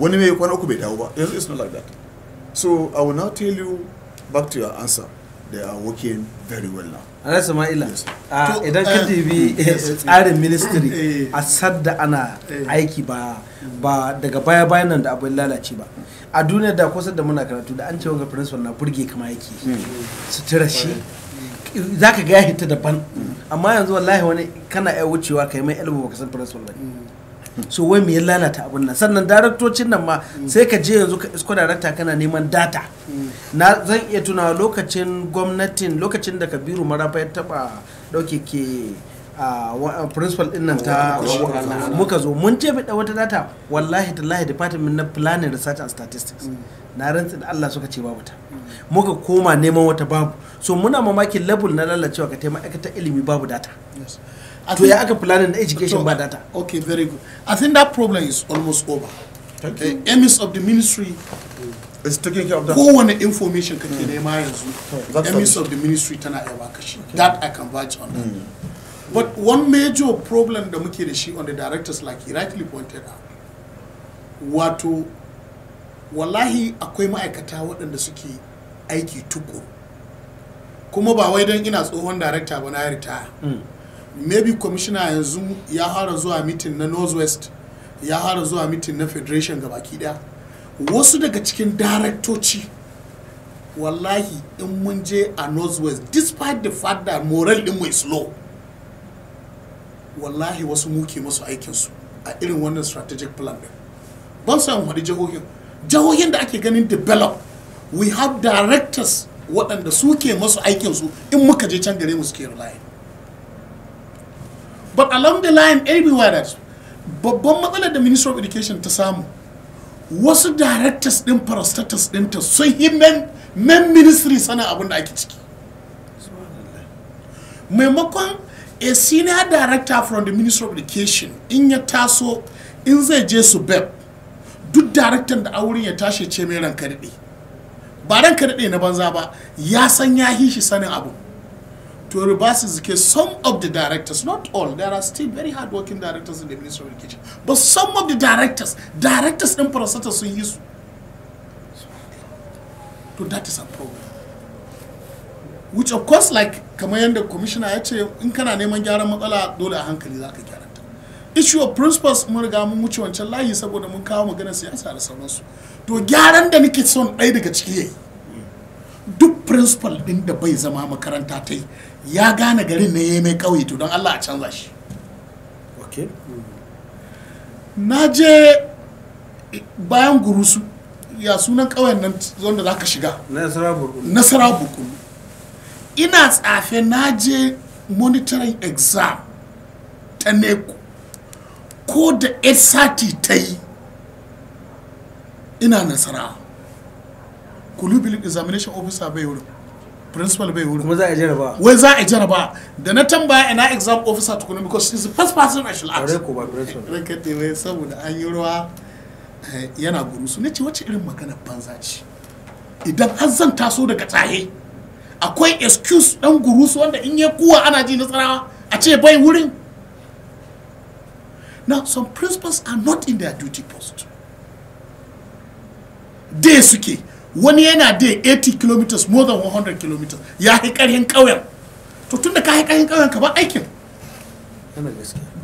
D: wani mai kwana uku bai dawo ba yanzu it's not like that so i will now tell you back to your answer they are working very well now.
C: Ana Sama'ila, ah, idan ka eh, dubi tsarin ministry eh, eh. a sadda ana aiki ba ba daga baya bayan nan da abin lalace ba. A duniya da kusa da muna karatu da an ce ga principal na burge kama yake hmm. sutura shi za ka ga ya hita daban amma yanzu wallahi wani kana ya wucewa kai mai elbow baka san principal ba. so wai me ya lalata abin nan sannan daraktocin nan ma sai ka je yanzu ka isko darakta kana neman data na zan iya tuna lokacin gwamnatin lokacin da kabiru marafa ya taba dauke ke a principal din nan ta muka zo mun ce da wata data wallahi tallahi department na planning research and statistics na rantsi da Allah suka ce babu ta muka koma neman wata babu so muna
A: mamakin level na lalacewa ka taimaka ta ilimi babu data I to ya aka planning education ba data okay very good i think that problem is almost over Thank you. the aims of the ministry
D: is taking care of
A: that kowane information kake hmm. nema
E: yanzu aims
A: of the ministry tana iya kashi. that i can vouch on that
E: hmm.
A: but one major problem da muke da shi on the directors like he rightly pointed out wato wallahi akwai ma'aikata waɗanda suke aiki tukuru kuma ba wai don ina tsohon director ba na ritaya maybe commissioner yanzu ya fara zuwa mitin na northwest ya fara zuwa mitin na federation ga baki daya wasu daga cikin daraktoci wallahi in mun je a northwest despite the fact that moral din mai slow wallahi wasu muke masu aikinsu a irin wannan strategic plan din ban samu faɗi jihohin jihohin da ake ganin develop we have directors waɗanda suke masu aikinsu in muka je can gare mu suke relying but along the line everywhere that babban matsalar da minister of education ta samu wasu directors din prostatus ta sun yi men ministry sana abin da ake ciki maimakon a senior director from the minister of education in ya taso in zai je su beb duk daraktan da auren ya tashi ce mai ranka ba ranka na banza ba ya san ya hishi sanin abu to reverse the case, some of the directors, not all, there are still very hardworking directors in the Ministry of Education, but some of the directors, directors ɗin farasata sun yi su. that is a problem. Which of course like kamar yadda commissioner ya ce in kana neman gyaran matsala dole a hankali za ka gyara ta. Issue of principles mun riga mun wuce wancan layi saboda mun kawo magana siyasa da sauransu. To gyaran da nake son ɗaya daga ciki yayi. Duk principal ɗin da bai zama makaranta ta yi ya gane garin ne ya mai ƙauye to don allah a canza shi na je bayan gurusu ya sunan ƙauyen nan da za ka shiga nasara bukulu ina tsafe na je monitoring exam ta neku ko da 8 sati ta yi ina nasara kulubil examination officer bai wurin principal bai wurin kuma za a jaraba wai za a jaraba da na tambaya ina exam officer tukuna because he's the first person I should ask ko ba principal Rake te mai saboda an yi ruwa eh, yana guru su ce wacce irin magana banza ce idan har zan taso daga tsaye akwai excuse dan gurusu wanda in ya kuwa ana ji na tsarawa a ce bai wurin now some principals are not in their duty post dai suke wani yana da 80 kilometers more than 100 kilometers ya yi karhin ƙauyen to tun da ka yi karhin ƙauyen ka ba aikin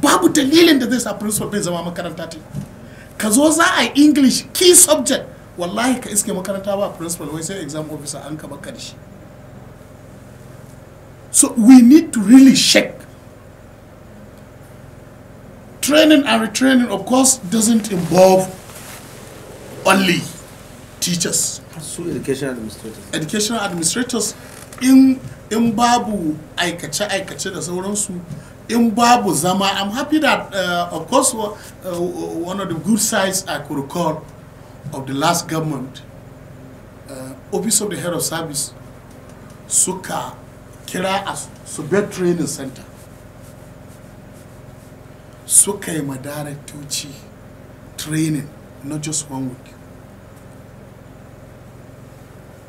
A: babu dalilin da zai sa principal bai zama makaranta ta ka zo za a yi english key subject wallahi ka iske makaranta ba principal wai sai exam officer an ka baka shi so we need to really check training and retraining of course doesn't involve only teachers su educational administrators administrators in in babu aikace-aikace da sauransu in babu zama i'm happy that uh, of course uh, uh one of the good sides i could recall of the last government uh, office of the head of service suka kira a subet training center suka yi training not just one week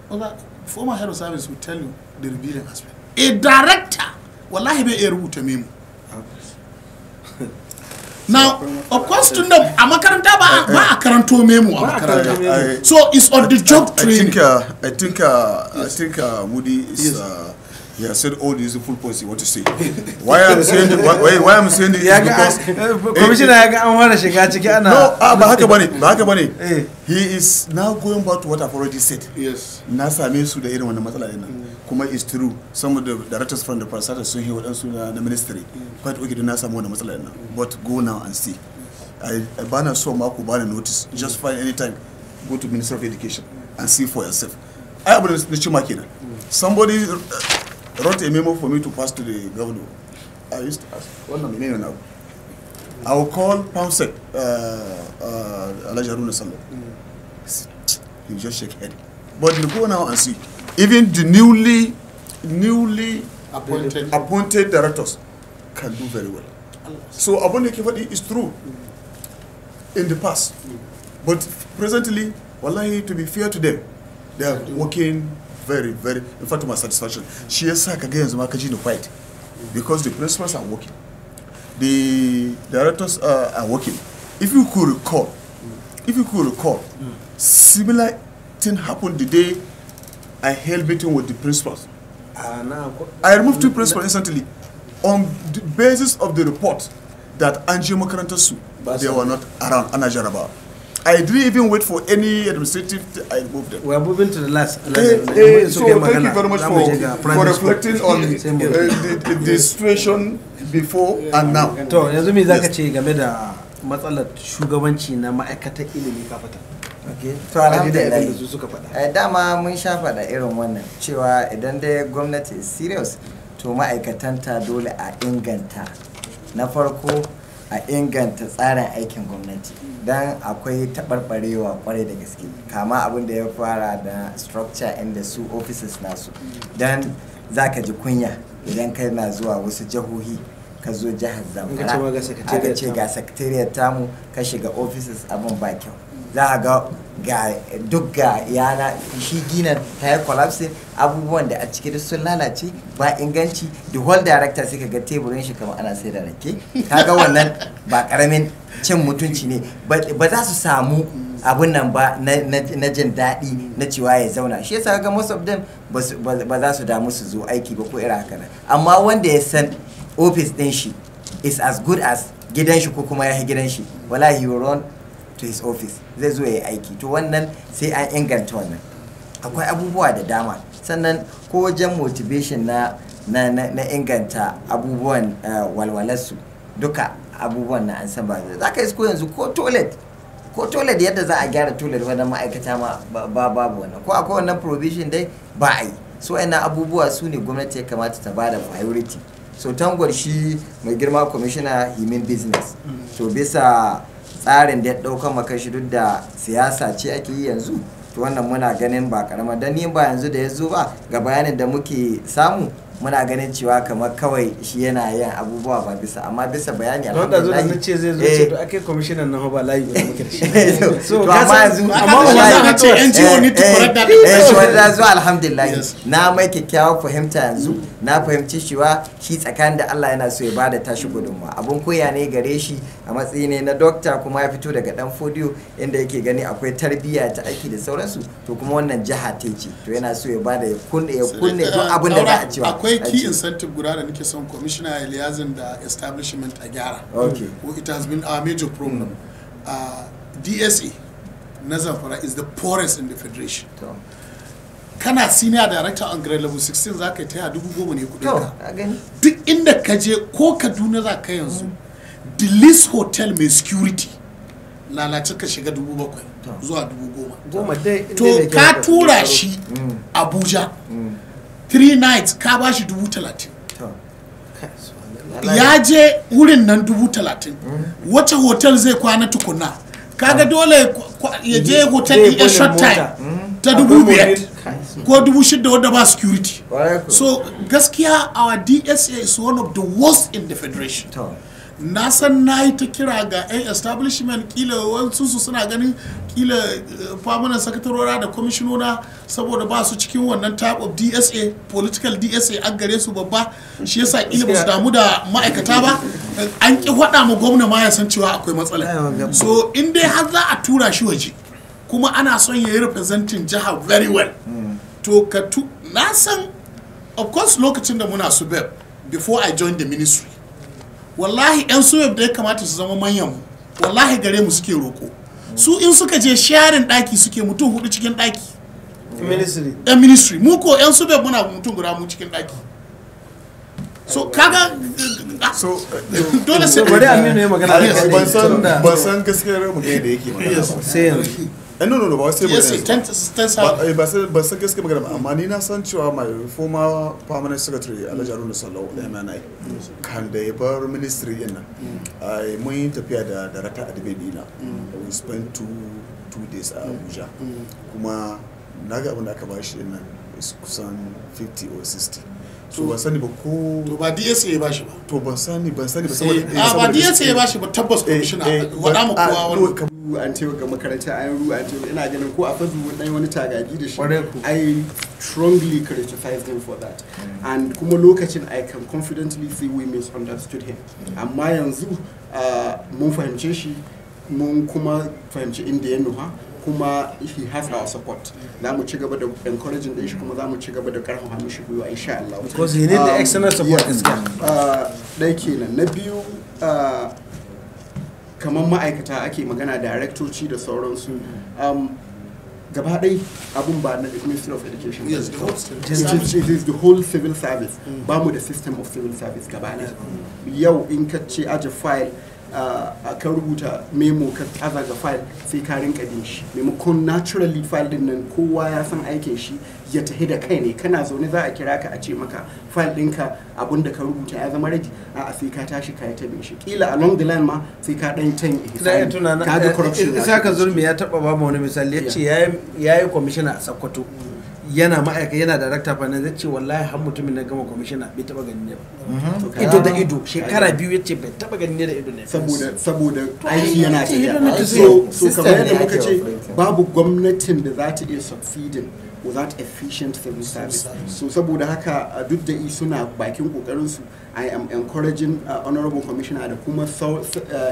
A: Oba, former head of service will tell you the revealing aspect. A director, wallahi bai iya rubuta me. Now, uh, of course, to know, I'm a current eh, eh. ba a karanto memo a
D: makaranta. So it's on the job training. Uh, I think, uh, I think, uh, yes. I think uh, Woody is. Yes. Uh, he has said all the useful points he want to say. Why I'm saying the, why, why I'm saying this is because eh, eh, Commissioner ya ga an fara shiga ciki ana No, ah, ba haka bane, ba haka bane. Eh. He is now going back to what I've already said. Yes. Na same su da irin wannan matsala din nan. Kuma is true some of the directors from the saying he yi wadansu na ministry. Quite okay da na samu the matsala din nan. But go now and see. I, I bana so mako bana notice. Just mm. find any time go to Minister of Education and see for yourself. I abu da ce ma kenan. Somebody uh, wrote a memo for me to pass to the governor. I used to ask, what nomination now? I will call Pamsek, uh, uh, Elijah Haruna Salo. Mm. He just shake head. But you go now and see. Even the newly, newly appointed, appointed directors can do very well. So Abone Kefadi is true mm. in the past. Mm. But presently, wallahi, to be fair to them, they are working very very in fact my satisfaction shi yasa ka ga yanzu ma ka ji ni quiet because the principals are working the directors are, uh, are working if you could recall if you could recall mm. similar thing happened the day I held meeting with the principals uh, I removed two principals instantly on the basis of the report that Angie su they were not around Anajaraba. I didn't even wait for any administrative. I moved them. We are moving to the last. Uh, uh, so okay, thank you very much for, for reflecting on uh, the, the situation before and now. To yanzu me zaka ce
C: game da matsalar shugabanci na ma'aikatar ilimi ka fata? To alhamdulillah. su
B: Dama mun sha faɗa irin wannan cewa idan dai gwamnati is serious to ma'aikatanta dole a inganta. Na farko a inganta tsarin aikin gwamnati don akwai taɓarɓarewa kwarai da gaske kama abin da ya fara da structure inda su offices nasu don za ka ji kunya idan kai na zuwa wasu jihohi ka zo jihar zamfara aka ce ga secretariat tamu ka shiga offices abin ba kyau za a ga duk ga yana shi ginan ta yi collapsing abubuwan da a ciki sun lalace ba inganci the whole director sai ka ga teburin shi kamar ana sai da rake ga wannan ba karamin cin mutunci ne ba za su samu abun nan ba na jin daɗi na cewa ya zauna shi yasa ga most of them ba za su damu su zo aiki ba ko irin haka amma wanda ya san office din shi is as good as gidan shi ko kuma ya gidan shi wallahi you run to his office zai zo ya yi aiki to wannan sai an inganta wannan akwai abubuwa da dama sannan ko wajen motivation na na, na, na inganta abubuwan uh, walwalarsu duka abubuwan na an san ba za ka isko yanzu ko toilet ko toilet yadda za a gyara toilet wannan ma'aikata ma ba babu wannan ko akwai wannan provision dai ba a yi so ina abubuwa su ne gwamnati ya kamata ta bada priority so tangwar shi mai girma commissioner himin business mm. to bisa tsarin da ya ɗauka maka shi duk da siyasa ce ake yi yanzu to wannan muna ganin ba karama don ni ba yanzu da ya zo ba ga bayanin da muke samu muna ganin cewa kamar kawai shi yana yin abubuwa ba bisa amma bisa bayani alhamdulillah wanda ce zai zo ce to eh. akai commissioner na hoba layi ba muke shi eh, so to amma yanzu amma wannan ce NGO ne to fara da wanda zo alhamdulillah na mai kyakkyawa fahimta yanzu na fahimci cewa shi tsakanin da Allah yana so ya bada tashi gudunmawa abun koya ne gare shi a matsayi ne na doctor kuma ya fito daga dan fodiyo inda yake gani akwai tarbiyya ta aiki da sauransu to kuma wannan jiha ce to yana so ya bada ya kunne ya kunne duk abin da za a cewa akwai key
A: incentive guda da nake son commissioner ya liyazin da establishment a gyara okay it has been a major problem uh, mm. dsa na zamfara is the poorest in the federation kana senior director on grade level 16 za ka yi taya dubu goma ne kudin ka duk inda ka je ko kaduna za ka yanzu mm. the least hotel mai security lalace ka shiga dubu bakwai zuwa dubu goma to ka tura shi mm. abuja three nights ka ba shi dubu talatin ya je wurin nan dubu talatin hmm. wace hotel zai kwana tukuna kaga hmm. dole ya je hotel ɗin short time
E: hmm. ta dubu biyar
A: ko dubu shida wadda ba security so gaskiya our dsa is one of the worst in the federation na san na yi ta kira ga 'yan establishment kila wasu su suna ganin kila famunan eh, sakatarora da kwamishinona saboda ba su cikin wannan type of dsa political dsa an gare su babba shi yasa kila ba su damu da ma'aikata ba an ki hada ma gwamna ma ya san cewa akwai matsala so in dai har za a tura shi waje kuma ana son ya yi representing jiha very well hmm. to ka na san of course lokacin da muna subeb before i join the ministry wallahi yan suweb da ya kamata su zama manyan wallahi gare mu suke roko su in suka je sharin daki suke mutum hudu cikin daki ministry yan eh, ministry mu ko yan suweb muna mutum guda mu cikin daki so kaga so dole sai bari aminu ya magana
D: ban san gaskiyar mu da yake magana sai yanzu eh no no no ba sai yes ten sa eh, ba sai ba sai gaske magana ba amma ni na san cewa my former permanent secretary Alhaji Haruna Sallau da MNI kan da ya bar ministry din nan ai mun yi tafiya da director Adibedi na we spent two two days a Abuja kuma na ga abin da aka bashi din nan kusan 50 or 60 to ban sani ba ko to ba DSA ya bashi ba to ban sani ban sani ba eh, saboda ah, a ba DSA ya bashi
A: ba tabbas
F: commissioner eh, eh, wada mu kowa wannan an ce ga makaranta an ru an ce ina ganin ko a fazu dan wani tagagi da shi i strongly criticize him for that and kuma lokacin i can confidently say we misunderstood him amma yanzu ah, mun fahimce shi mun kuma fahimci inda ya nufa kuma he has our support za mu ci gaba da encouraging din shi kuma za mu ci gaba da karfafa mishi gwiwa insha Allah because he need the um, external support is good dai kenan na biyu uh, kamar ma'aikata ake magana directoci da sauransu um, gaba ɗai abun ba na ministry of education yes, the whole it, is, it is the whole civil service ba mu da system of civil service gaba yau in ka ce aje file ka rubuta memo ka aza ga file sai ka rinka bin shi maimakon naturally file din nan kowa ya san aikin shi ya tahi da kai ne kana zaune za a kira ka a ce maka file ɗinka abun da ka rubuta ya zama ready a sai ka tashi ka yi ta bin shi kila along the line ma sai ka ɗan tan ka ga corruption isa eh, ka
C: ya taba ba wani misali ya ce ya yi kwamishina a sakkwato yana ma'aika yana darakta fana zai ce wallahi har mutumin na gama kwamishina bai taba gani ne ba mhm. ido da ido shekara biyu ya ce bai taba gani ne da ido ne saboda saboda aiki yana tafiya so so kamar yadda muka ce babu
F: gwamnatin da za ta iya succeeding without efficient civil service so saboda haka duk da suna bakin kokarin su i am encouraging uh, honorable commissioner da kuma uh,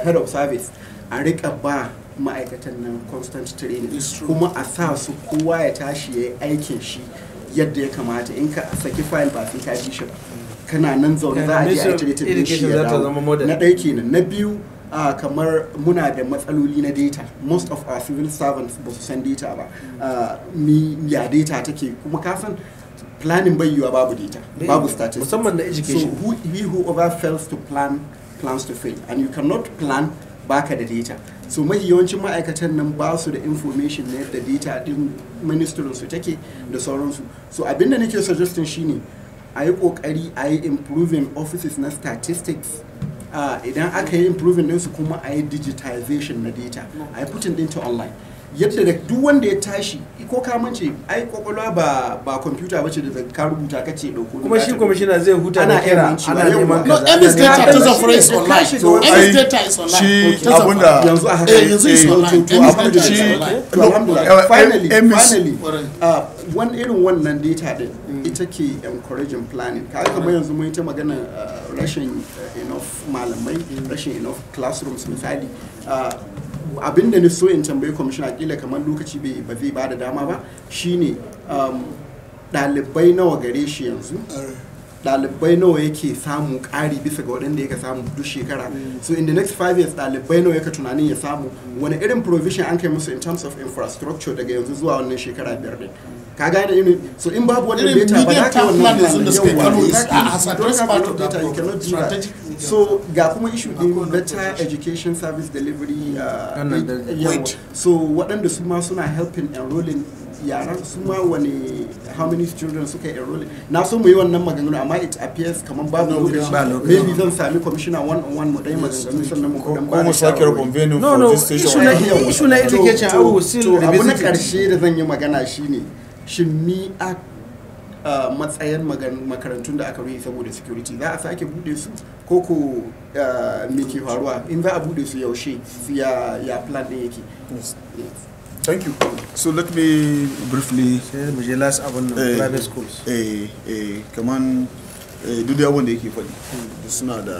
F: head of service a rika ba ma'aikatan nan constant training kuma a sa su kowa ya tashi ya yi aikin shi yadda ya kamata in ka saki file ba sai ka ji shi ba mm. kana nan zaune za a je a din shi ya dawo na ɗaya kenan na biyu a kamar muna da matsaloli na data most of our civil servants ba su san data ba mm. mi ya data take kuma kasan planning bai yiwa babu data babu statistics so who, who ever fails to plan plans to fail and you cannot plan baka da data so mafi yawancin ma'aikatan nan ba su da information na yadda data din ministrin su take da sauransu so abinda nake suggesting shine a yi kokari a yi improving offices na statistics ah, idan aka yi improving ɗinsu kuma a yi digitization na data a yi putin ɗinta online yadda da duk wanda ya tashi ko ka mace ai kwakwalwa ba ba kwamfuta bace da ka rubuta ka ce dauko kuma shi kwamishina zai huta ana kira ana neman kaza no MS data ta zafara is online so MS data
A: is online shi abunda yanzu a eh, haka yanzu is online to abunda shi eh, eh, finally finally
F: wani uh, irin wannan data din mm. ita ke encouraging planning ka kamar yanzu mun ta magana uh, rashin uh, enough malamai mm. rashin enough classrooms misali abin da na so in tambayi kwamishina kila kamar lokaci ba zai ba da dama ba shine um, ɗalibai nawa gare shi yanzu ɗalibai nawa yake samu ƙari bisa ga waɗanda yake samu duk shekara so in the next five years ɗalibai nawa yake tunanin ya samu wani irin provision an kai musu in terms of infrastructure daga yanzu zuwa wannan shekara biyar din ka gane irin so in babu wannan data ba za ka yi wannan yawa eh, eh, so ga kuma issue din better education service delivery uh, e, so waɗanda su ma suna helping enrolling yaran su ma wani how many children suka enroll na so mu yi wannan maganganu amma it appears kamar babu lokaci maybe zan sami commissioner one on one mu dai maganganu sannan mu kodan ba ko mu sake reconvene for this station no no issue na education I will still abu na karshe da zan yi magana shine shin ni a matsayin makarantun da aka rufe saboda security za a sake bude su ko ko me ke faruwa in za a bude su yaushe ya plan din yake
D: thank you so let me briefly mu je last abun eh, private schools eh eh kaman eh, duk da wanda yake faɗi hmm. suna da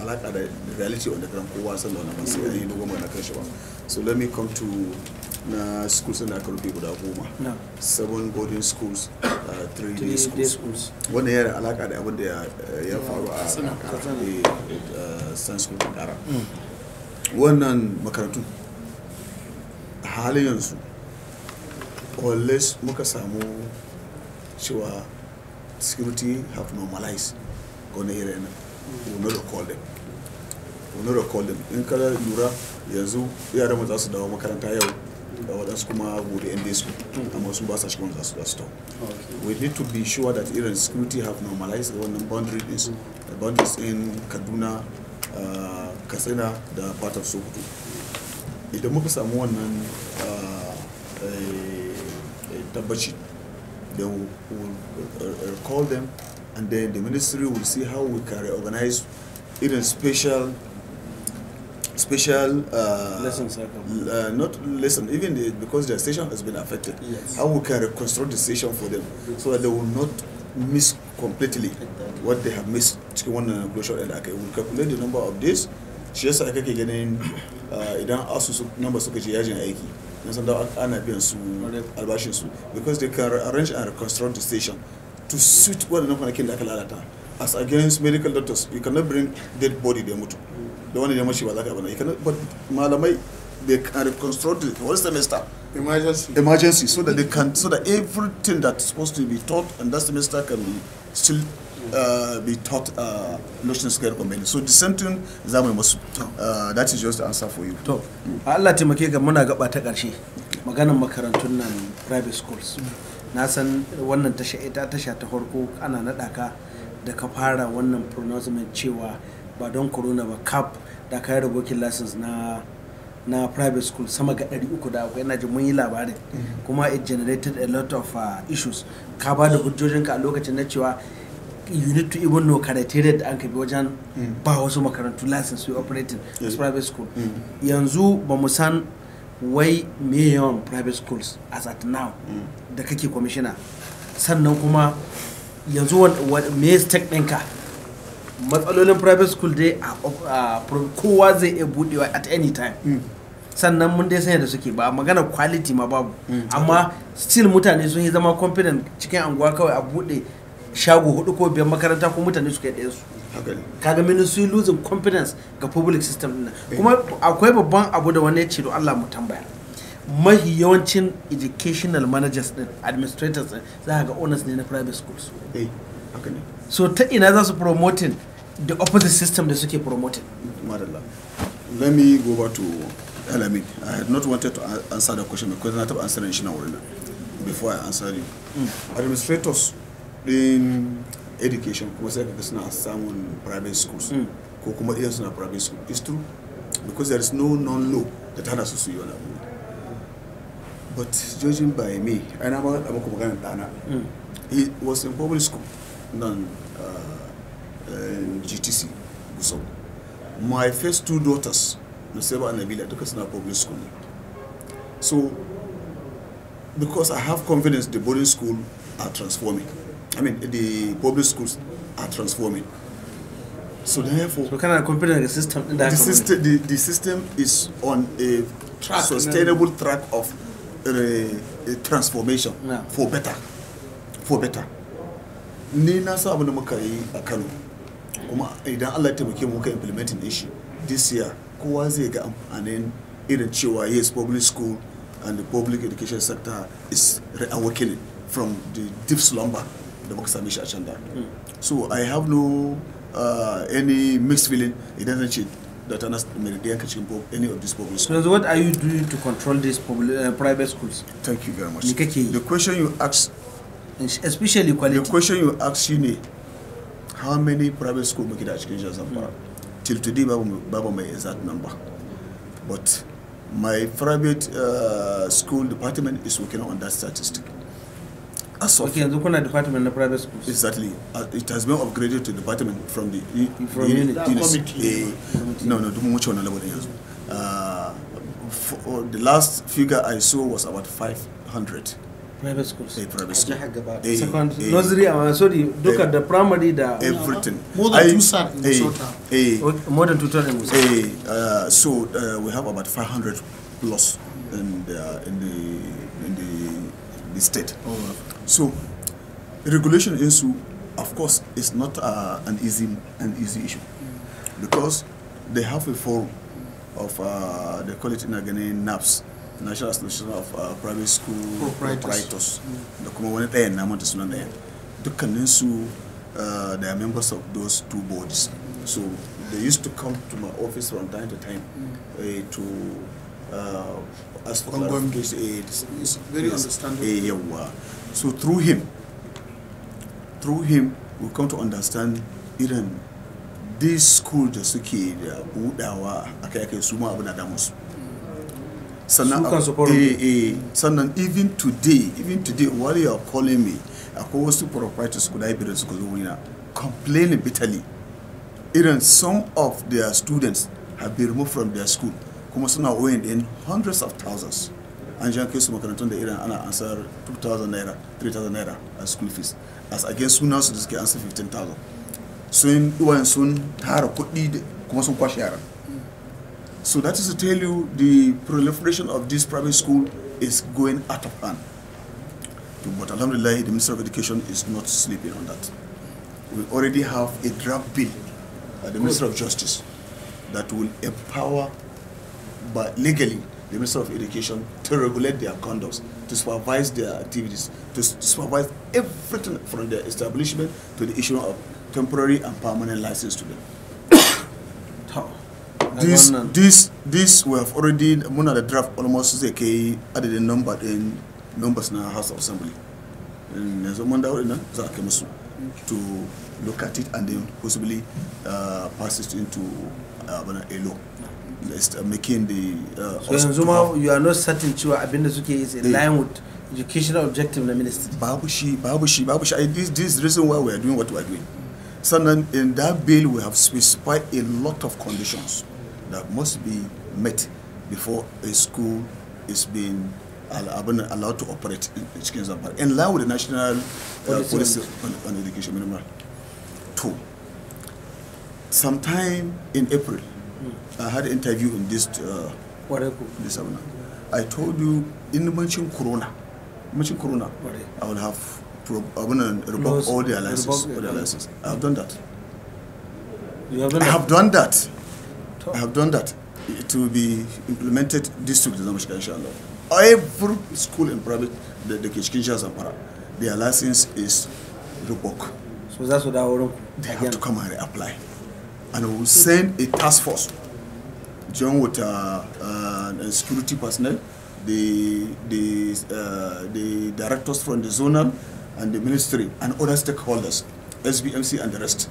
D: alaka da reality on the ground kowa san wannan ba sai so let me come to na schools da aka rufe guda goma seven boarding schools uh, three day schools wanda yana alaka da abin da ya faru a san eh, school kara hmm. wannan makarantun halin yanzu unless muka samu cewa security have normalized gona iri na wani recording wani recording in ka lura yanzu yare mu za su dawo makaranta yau da waɗansu kuma gobe yan desu amma su ba sa shi wanda su da su we need to be sure that irin security have normalized wannan boundary din the boundaries in kaduna uh, katsina da part of sokoto idan muka samu wannan ah, eh, eh, tabbaci they will, will uh, uh, call them and then the ministry will see how we can organize even special special uh, lessons um, uh, not lesson even the, because their station has been affected yes. how we can reconstruct the station for them so that they will not miss completely what they have missed One closure Okay, we calculate the number of days Just yasa getting. Ah, idan asus nan ba suka je yajin aiki na san da ana biyan su albashin su because they can arrange and reconstruct the station to suit na kwanakin da aka lalata as against medical doctors you cannot bring dead body da mutu da wani da mashi ba za ka bana you but malamai they can reconstruct the whole semester emergency emergency so that they can so that everything that's supposed to be taught and that semester can be still Uh, be taught uh, notion square comedy so the same thing za mu yi uh, that is just the answer for you to Allah taimake ga muna gaba ta karshe maganar makarantun nan private
C: schools na san wannan tasha ita tasha ta farko ana naɗa ka da ka fara wannan pronouncement cewa ba don corona ba cap da ka yi license na na private school sama ga 300 da akwai yana ji mun yi labarin mm-hmm. kuma it generated a lot of uh, issues ka ba da hujjojinka a lokacin na cewa unit to even know criteria da an bi wajen hmm. ba wasu makarantu license we operating as private school hmm. yanzu ba mu san wai me yawan private schools as at now hmm. da kake commissioner sannan kuma yanzu me stake ɗinka matsalolin private school dai kowa zai iya budewa at any time sannan mun dai sanya da suke ba magana quality ma babu amma still mutane sun yi zama confident cikin anguwa kawai a bude shago hudu ko biyar makaranta ko mutane su kai k'a kaga mini su losing confidence ga public system din kuma eh. akwai babban abu da wani ya ce Allah mu tambaya mahi yawancin educational managers din administrators din za ga owners ne na private schools eh, so ta ina za su promoting the opposite system da suke promoting
D: let me go back to Alamin. I had not wanted to answer the question because I not answering shi na wurin before I answer you. Mm. Administrators din education kuma sai kaga suna samun private schools hmm. ko kuma idan suna private school is true because there is no non law that tana su su yi wani abu but judging by me ana ma da muku magana dana hmm. he was in public school nan uh, GTC so my first two daughters Nusaiba and Nabila duka suna public school ne so because I have confidence the boarding school are transforming I mean, the public schools are transforming. So therefore,
C: so kind of confident the system in that the system,
D: the, the system is on a track, sustainable then, track of uh, transformation yeah. for better, for better. Ni na sa abu da muka akalu, a Kano, kuma idan Allah ya taimake mu muka implementing din this year, kowa zai ga amfanin irin cewa yes public school and the public education sector is reawakening from the deep slumber da muka same shi a can da so i have no uh, any mixed feeling idan zan ce da ta nas meridian ka cikin any of these public schools
C: so what are you doing to control these public, uh, private schools thank you very much the
D: question you ask especially quality the question you ask ne how many private schools muke da a cikin jihar zamfara hmm. till today babu mai exact number but my private uh, school department is working on that statistic as of okay, kuna department na private schools. Exactly, uh, it has been upgraded to department from the from the, the committee. Uh, no, no, duk wuce wannan level yanzu. Uh, oh, the last figure I saw was about 500. private schools eh, a private school a, eh, nursery uh, sorry look a, at the
C: primary the everything more than I, two
D: in more than two thousand. in uh, so uh, we have about 500 plus in the, uh, in the in the, in the state oh. So, regulation issue, of course, is not uh, an easy an easy issue because they have a forum of uh, they call it in Ghanaian NAPS, National Association of uh, Private School Proprietors. Proprietors. Mm. Da kuma uh, they are members of those two boards. So they used to come to my office from time to time mm. uh, to uh, ask for clarification. It's, it's very yes, understandable. Uh, eh, yeah, so through him through him we come to understand irin this school da suke da budawa akai-akai su ma abu na damus sannan eh, eh, sannan even today even today while you are calling me akwai wasu proprietors guda biyar da suka zo wurina complaining bitterly irin some of their students have been removed from their school kuma suna wayan in hundreds of thousands an jan kai su makarantun da irin ana ansar 2,000 naira 3,000 naira a school fees as against sunan su da suke ansar 15,000 sun uwayen sun tara kuɗi kuma sun kwashe yaran so that is to tell you the proliferation of this private school is going out of hand but alhamdulillah the minister of education is not sleeping on that we already have a draft bill at the minister of justice that will empower but legally the Minister of Education to regulate their conducts to supervise their activities, to supervise everything from their establishment to the issue of temporary and permanent license to them. this, this, this we have already, one of the draft almost zai added a number in numbers na House of Assembly. and there's za a kai musu to look at it and then possibly uh, pass it into uh, a law. making the uh, so yanzu ma
C: you are not certain cewa abinda suke is in eh. line with educational
D: objective na ministry babu shi babu shi babu shi this the reason why we are doing what we are doing sannan so in that bill we have specified a lot of conditions that must be met before a school is being allowed to operate in cikin zamfara in line with the national
B: uh,
D: policy on, on education Minimum, two sometime in april I had an interview in this uh, this seminar. I told you in the mention Corona, mention Corona, I will have pro- I will revoke all the alliances. All the alliances. I have done that. You have done I have done that. I have done that. It will be implemented this week, inshallah. Every school in private, the, the Kishkinsha Zampara, their license is revoked. So that's what I would They have to come and apply. and we will send a task force joined with uh, uh, security personnel, the, the, uh, the directors from the zonal and the ministry and other stakeholders, SBMC and the rest,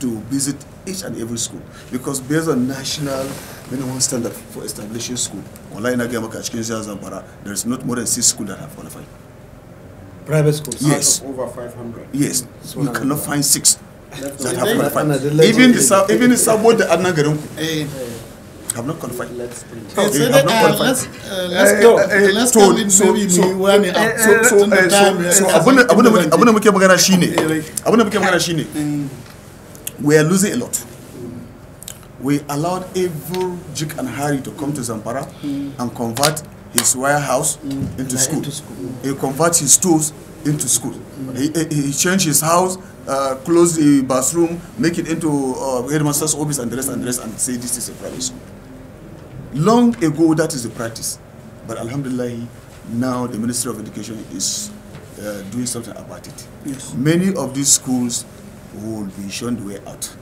D: to visit each and every school. Because based on national minimum standard for establishing school, online there is not more than six schools that have qualified. Private schools? Yes.
F: over 500?
C: Yes. So we cannot find
D: six. that have qualified. Even the even the Sabo the Adnan Garinku. Have not qualified.
E: Let's go. Let's go. Let's go.
D: So da da we allowed Abel, Jik and Harry to come to Zampara mm. and convert his warehouse mm. into school. Into school. He converts his stores into school. Mm. He, he changed his house Uh, close the bathroom, make it into uh, headmaster's office and dress and dress and say this is a private school. Long ago, that is the practice. But alhamdulillah, now the Ministry of Education is uh, doing something about it. Yes. Many of these schools will be shown the way out.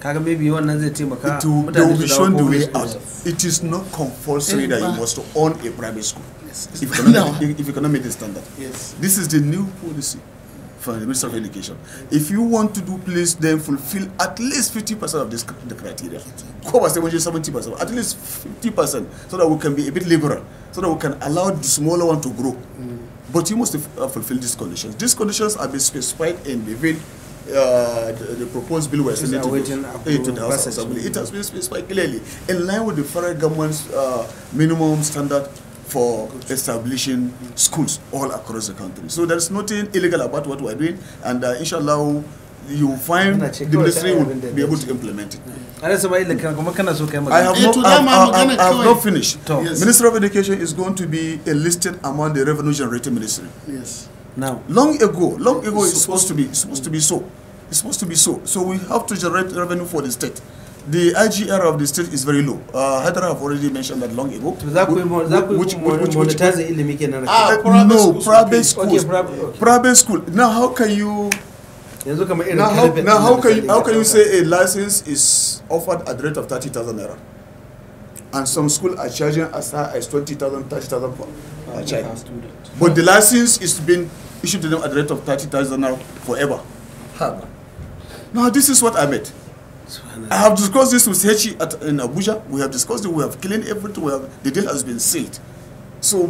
D: It will wannan zai taimaka mutane su It is not compulsory that you eh, must own a private school. Yes. If, you cannot, if you cannot meet the standard. Yes. This is the new policy from the Minister of Education. If you want to do please then fulfill at least 50% of this, the criteria. percent at least 50%, so that we can be a bit liberal, so that we can allow the smaller one to grow. Mm. But you must uh, fulfill these conditions. These conditions have been specified in the bill, uh, the, the, proposed bill we're sending to, uh, to the House Assembly. It has been specified clearly, in line with the federal government's uh, minimum standard for establishing schools all across the country. So there's nothing illegal about what we're doing, and uh, inshallah, you find the ministry will be able to implement it. I have not, not finished. Yes. of Education is going to be enlisted among the revenue generating ministry. Yes. Now, long ago, long ago, it's supposed to be supposed to be so. It's supposed to be so. So we have to generate revenue for the state the IGR of the state is very low. Uh, Hydra have already mentioned that long ago. Which, which, which, which, which ah, private no, private schools. Private school. Now, how can you now, how, now how can you how can you say a license is offered at the rate of thirty thousand naira, and some schools are charging as high as twenty thousand, thirty thousand for uh, child, but the license is being issued to them at the rate of thirty thousand naira forever. Now, this is what I meant. I have discussed this with Hechi at, in Abuja. We have discussed it. We have cleaned everything. We have, the deal has been sealed. So,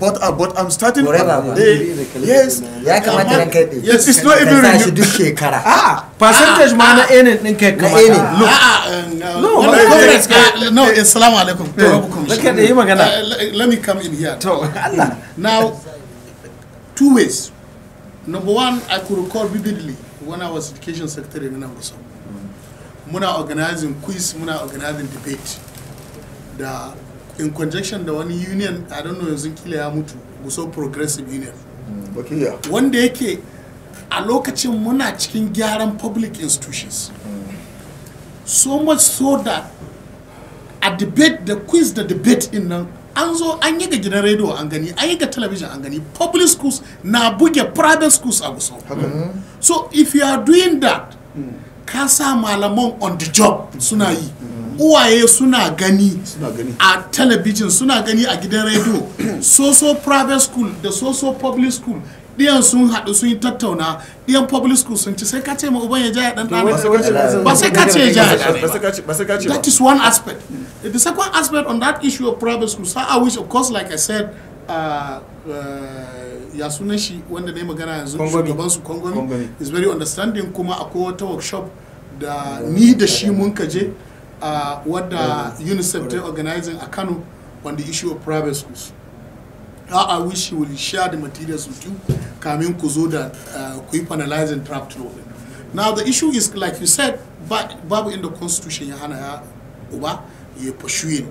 D: but uh, but I'm starting. Forever, they, yes. Yes, it's not even renewed.
A: Ah, ah, percentage ma na enin Look. Ah, ah, uh, no. No, uh, No, assalamu alaikum. To rabbukum. Uh, let me come in here. To Now, two ways. Number one, I could recall vividly when I was education secretary in Nangosom. muna organizing quiz muna organizing debate da in conjunction da wani union i don't know yanzu kila ya mutu guso progressive union
D: hmm.
A: wanda yake a lokacin muna cikin gyaran public institutions hmm. so much so that a debate da quiz da debate in nan an zo an yi ga gidan rediyo an gani an yi ga television an gani public schools na buge private schools a guso so if you are doing that hmm. ka sa malaman on the job suna yi uwaye suna gani a talabijin suna gani a gidan rediyo soso private school da soso public school ɗiyan sun haɗu sun yi tattauna ɗiyan public school sun ci sai ka ce ma uban ya ja ya ɗan ɗan ba sai ka ce ya ja ya ɗan that is one aspect the second aspect on that issue of private school schools I wish of course like I said uh, uh, ya sunan shi wanda ne magana yanzu shugaban su kongomi is very understanding kuma akwai wata workshop da ni da shi mun kaje a wadda unicef ta organizing a kano on the issue of private schools I wish you will share the materials with you kamin ku zo da ku yi panelizing trap law now the issue is like you said babu inda constitution ya hana ya uba ya fashuyin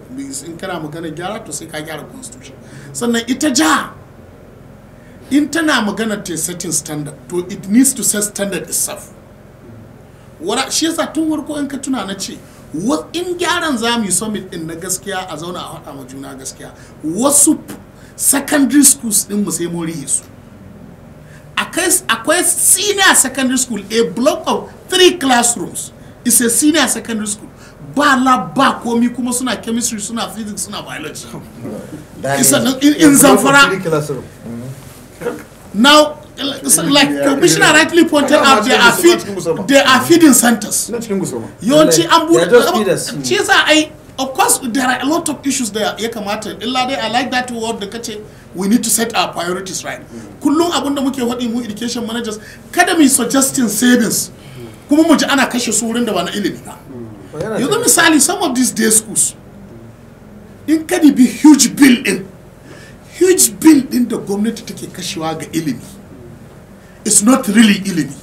A: in kana magana gyara to sai ka gyara constitution sannan ita ja. in tana magana ta setting standard to it needs to set standard itself wara shi yasa tun warko in ka tuna na ce in gyaran za mu yi summit din na gaskiya a zauna a haɗa ma juna gaskiya wasu secondary schools din mu sai mori su akwai senior secondary school a block of three classrooms is a senior secondary school ba lab ba komi kuma suna chemistry suna physics suna biology in zamfara now like commissioner rightly pointed out they are feed they are feeding centers yawanci an bude mm. shi yasa ai of course there are a lot of issues there ya kamata illa dai i like that word da kace we need to set our priorities right mm. kullum abun da muke faɗi mu education managers kada mu suggesting savings kuma mu ji ana kashe su wurin da ba na ilimi ba mm. yanzu misali some of these day schools in ka be huge bill din huge bill din da gwamnati take kashewa ga ilimi is not really ilimi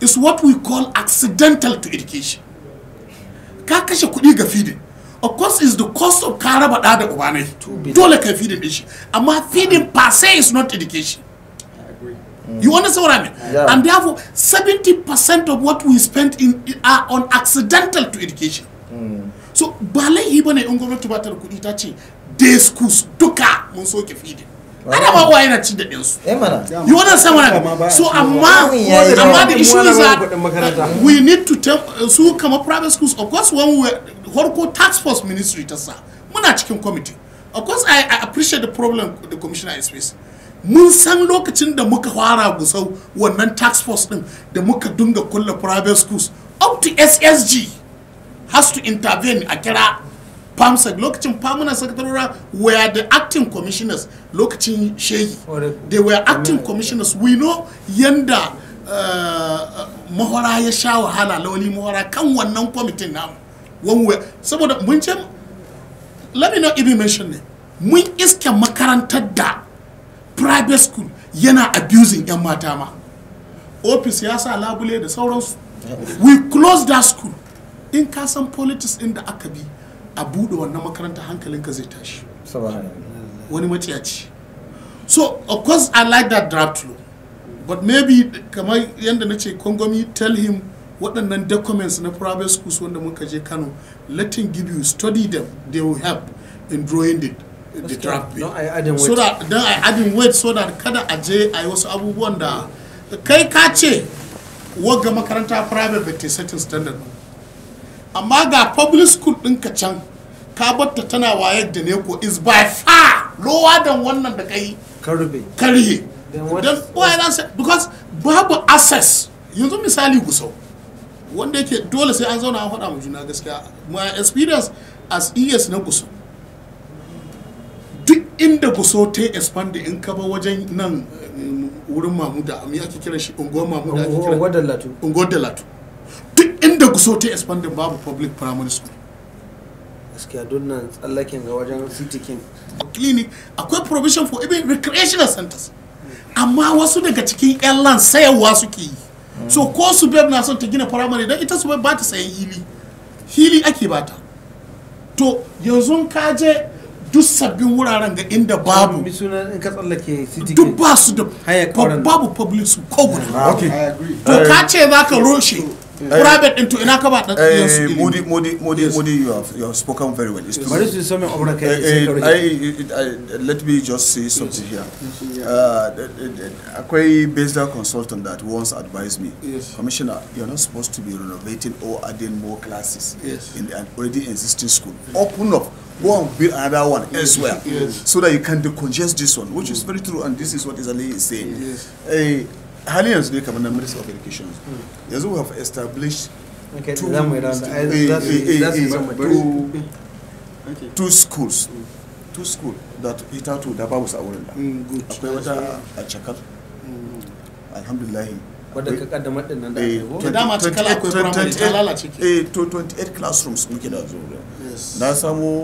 A: it's what we call accidental to education ka kashe kuɗi ga feeding of course is the cost of ka raba da ne dole ka feeding din shi amma feeding per se is not education
E: You understand what I mean? Yeah. And
A: therefore, 70% of what we spend in are on accidental to education. Mm. So, ba laihi ne in gwamnati ba ta da kuɗi ta ce day schools duka mun soke feeding ana ma wa yana cin da ɗinsu eh yi wannan sama so amma amma the issue is that we need to tell uh, su kama private schools of course when we horko tax force ministry ta sa muna cikin committee of course I, I appreciate the problem the commissioner is facing mun san lokacin da muka fara gusau wannan tax force din da muka dunga kulle private schools up to ssg has to intervene a kira famsec lokacin permanent secretariat were the acting commissioners lokacin shehi they were acting commissioners we know yanda uh, uh, mahora ya sha wahala lauli mahora kan wannan kwamitin namu wanwe saboda mun ce let me not even mention ne mun iske makarantar da private school yana abusing yan mata ma office ya sa labule da sauransu we close that school in kasan politics inda aka bi a buɗe wannan makaranta hankalinka zai tashi wani matiyaci so of course i like that draft law but maybe kamar yadda na ce kongomi tell him waɗannan documents na private schools wanda muka je kano let him give you study them they will help in drawing it the, the draft bill no, so that then i add in weight so that kada a je a yi wasu abubuwan da kai ka ce wagga makaranta private bai te setting standard ba amma ga public school ɗinka can ka batta tana wayar da ne ko is by far lower than wannan da kai karbe karhe don why na say because babu access yanzu misali gusau wanda yake dole sai an zauna an faɗa mu juna gaskiya my experience as years na gusau duk inda guso ta expand in ka ba wajen nan eh, wurin mamuda me ake kira shi unguwar mamuda ake kira unguwar dalatu duk inda so ta expanding babu public primary school gaskiya nan tsallaken ga wajen city king clinic akwai provision for even recreational centers amma wasu daga cikin yan lan sayarwa suke yi so ko su bai na son ta gina primary dan ita su bai ba ta sayan hili hili ake bata to yanzu ka je duk sabbin wuraren ga inda babu duk ba su da babu public su ko guda to ka ce za ka rushe.
D: Eh, private into ina ka ba ɗan eh, su modi modi modi modi you have you have spoken very well bari su sami obra kai eh, let me just say something here uh, akwai uh, based consultant that once advised me yes. commissioner you're not supposed to be renovating or adding more classes yes. in the already existing school open up go and build another one elsewhere yes. so that you can decongest this one which is very true and this is what Isali is saying uh, hali yanzu dai kamar na ministry of education
E: hmm.
D: yanzu we have established eh, eh, eh, two schools hmm. two school that ita to da babu a wurin da hmm, akwai wata a cakar alhamdulahi wadda ka kaddamar din nan da ake dama cakar akwai primary ta lalace ke 28 classrooms muke da zuwa na samu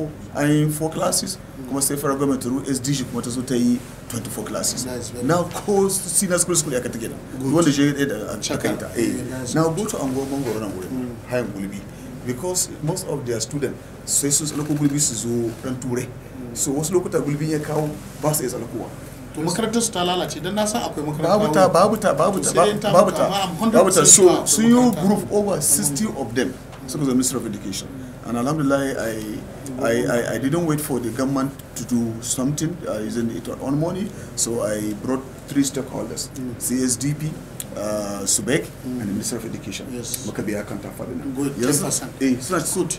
D: an yi 4 classes kuma sai fara gwamnati turu sdg kuma ta zo ta yi 24 classes na ko senior school school ya ka take nan wanda shi ya da aka yi ta eh, eh, na go to an gwamnan nan wurin hayan hmm. gulbi because most of their students sai su tsalako gulbi su zo dan turai hmm. so wasu lokuta gulbin ya kawo ba su iya tsalakowa makarantar
A: su ta lalace dan na san akwai makarantar babu
D: ta babu ta babu ta babu ta babu ta so sun yi group over 60 hmm. of them suka zo minister of education and alhamdulillah i I, I, I, didn't wait for the government to do something, uh, isn't it on money? So I brought three stakeholders, mm. CSDP, uh, SUBEC, mm. and the Minister of Education. Yes. Makabiya Kanta Good, yes. Eh, so good.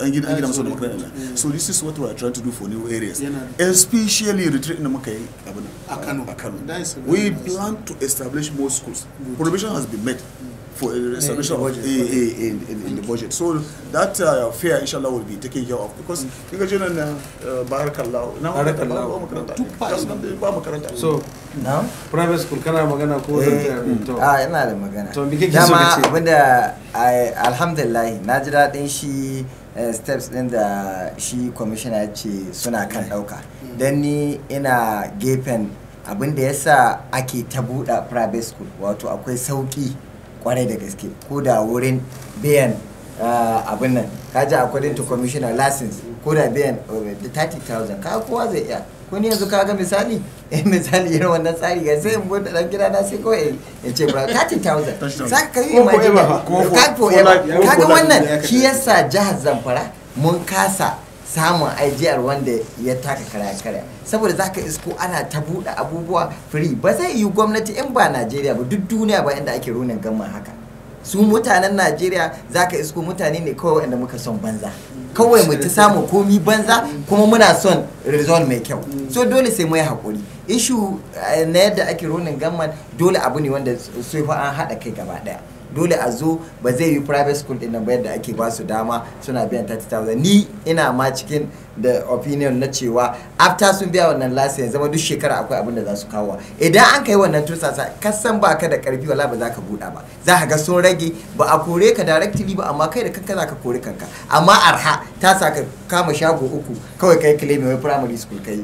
D: I, mm. so, this is what we are trying to do for new areas. Yeah, no. Especially retreat in Makai, Akano.
A: Akano.
E: We
D: plan to establish more schools. Good. has been met. Mm. for the uh, resolution in, the budget, in, in, in, the budget. So that uh, fair, inshallah, will be taken care of because mm -hmm. nan uh, barakallahu na barakallahu ba so
C: now private school kana magana ko eh, to a ah,
B: ina da magana to bike ki when the abinda alhamdulillah na ji dadin shi eh, steps in da shi commissioner ya ce suna kan dauka mm. mm. dan ni ina gefen abin da yasa ake ta buɗe private school wato akwai sauki kwarai da gaske ko da wurin biyan ah, abin nan kaji according to commissioner license ko da biyan 30,000 ka kowa zai iya kun yanzu ka ga misali eh misali irin wannan tsari ga sai mun da gida na sai kawai ya ce bra 30000 sai ka yi imagine ka ko ka ga wannan shi yasa jihar Zamfara mun kasa samun IGR wanda ya taka kara kara saboda za ka isko ana ta buɗe abubuwa firi ba zai yi gwamnati in ba najeriya ba duk duniya ba inda ake runin gama haka su mutanen najeriya za ka isko mutane ne kawai wanda muka son banza kawai mu ta samu komi banza kuma muna son rizon mai kyau so dole sai mai haƙuri ishu eh, na yadda ake runin gama dole abu ne wanda sai fa an haɗa kai gaba ɗaya dole a zo ba zai yi private school din nan ba yadda ake ba su dama suna biyan 30,000 ni ina ma cikin da opinion na cewa after sun biya wannan lasa zama duk shekara akwai abin da za su kawo idan an kai wannan tursasa kasan ba ka da karfi wala ba za ka buɗa ba za ka ga sun rage ba a kore ka directly ba amma kai da kanka za ka kore kanka amma arha ta sa kama shago uku kawai kai claim wai primary school kai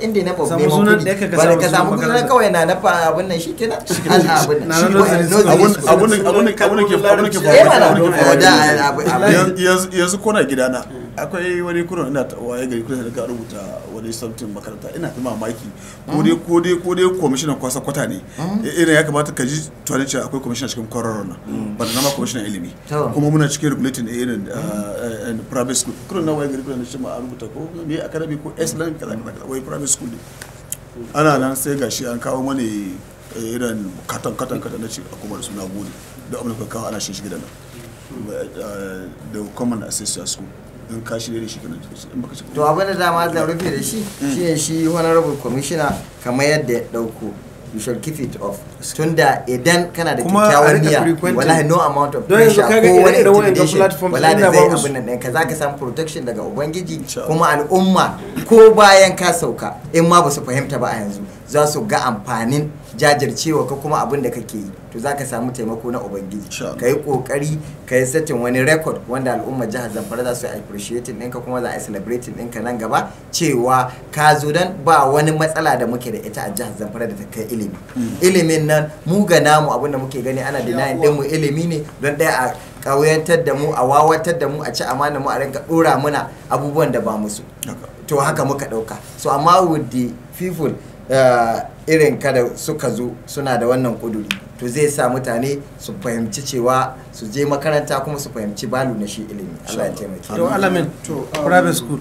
B: inda na babu neman kudi ba da ka samu na kawai na na fa abin nan shi kenan an abin nan abin nan abin nan ke ke faruwa yanzu
D: ko na gidana akwai wani kuna ina waye gari kuna da ka rubuta wani something makaranta ina ta mamaki ko dai ko dai ko dai commissioner kwasa kwata ne hmm? eh, ina ya kamata ka ji tunanin cewa akwai commissioner cikin kwararon nan ba da nama commissioner ilimi kuma muna cikin regulating irin uh, hmm. uh, private school kuna na waye gari kuna da shi ma a rubuta ko me academy ko islam kaza kaza waye private school ne ana nan sai gashi an kawo mana eh, irin katon katon katon na ci a kuma da suna gode da amurka kawo ana shi shi gidan nan da hmm. uh, common assessor school in ka shirya da shi kana in baka to abin da dama da rufe da shi
B: mm. shine shi honorable commissioner kamar yadda ya dauko you shall keep it off tunda idan kana da kyakkyawan niyya no amount of pressure ko wani intimidation wallahi da zai abin nan ka zaka samu protection daga ubangiji kuma al'umma ko bayan ka sauka in ma ba su fahimta ba a yanzu za su ga amfanin jajircewa ka kuma abin da kake yi to za ka samu taimako na ubangiji ka yi kokari ka yi satin wani record wanda al'ummar jihar zamfara za su yi appreciating ɗinka kuma za a yi celebrating ɗinka nan gaba cewa ka zo don ba wani matsala da muke da ita a jihar zamfara da ta kai ilimi mm. ilimin nan mu ga namu abin da muke gani ana denying ɗin mu ilimi ne don ɗaya a ƙauyantar da mu a wawatar da mu a ci amana mu a rinka ɗora muna abubuwan da ba musu to haka muka ɗauka so amma with the people Eh, irin kada suka zo suna da wannan kuduri to zai sa mutane su fahimci cewa su je makaranta kuma su fahimci balu na shi ilimi Allah ya taimake to alamin to um, uh, private school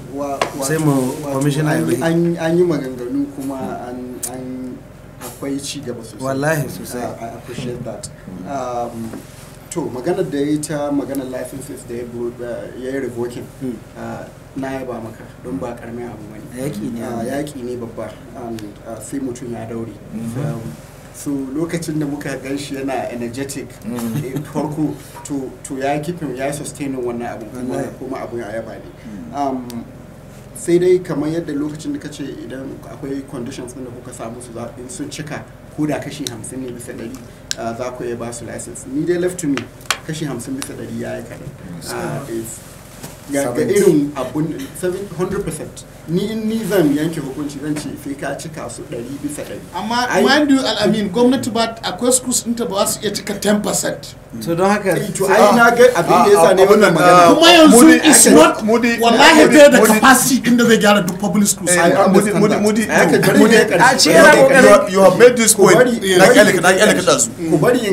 B: sai mu commissioner
F: an an yi maganganu kuma an an akwai ci gaba sosai wallahi sosai i appreciate that um, to maganar da ya ta maganar licenses da uh, ya yi revoking hmm. uh, na yaba maka don ba karmi abu bane yaki ne yaki ne babba uh, sai mutum ya daure mm-hmm. um, so lokacin da muka gan shi yana energetic mm. eh, farko to ya kifin ya sustaining wannan abu kuma abu ya yaba ne mm. um, sai dai kamar yadda lokacin da kace idan akwai conditions da kuka samu su in sun cika ko da kashi hamsin ne bisa dari uh, za ku iya ba su license ni dai left to me kashi hamsin bisa dari ya yi kaɗai. ga irin abun 700%
A: ni in zan yanke hukunci zan ce sai ka cika su 100 bisa 100 amma mind you al'amin gwamnati ba akwai schools ta ba su iya cika 10% mm. to don haka eh, to ai na ga ah, abin da yasa ah, ne wannan magana ah, kuma yanzu is not wallahi bai da capacity
D: din da zai gyara duk public schools eh, mudi mudi mudi mudi a ce yana kokari you have made this point na kyalika na kyalika da su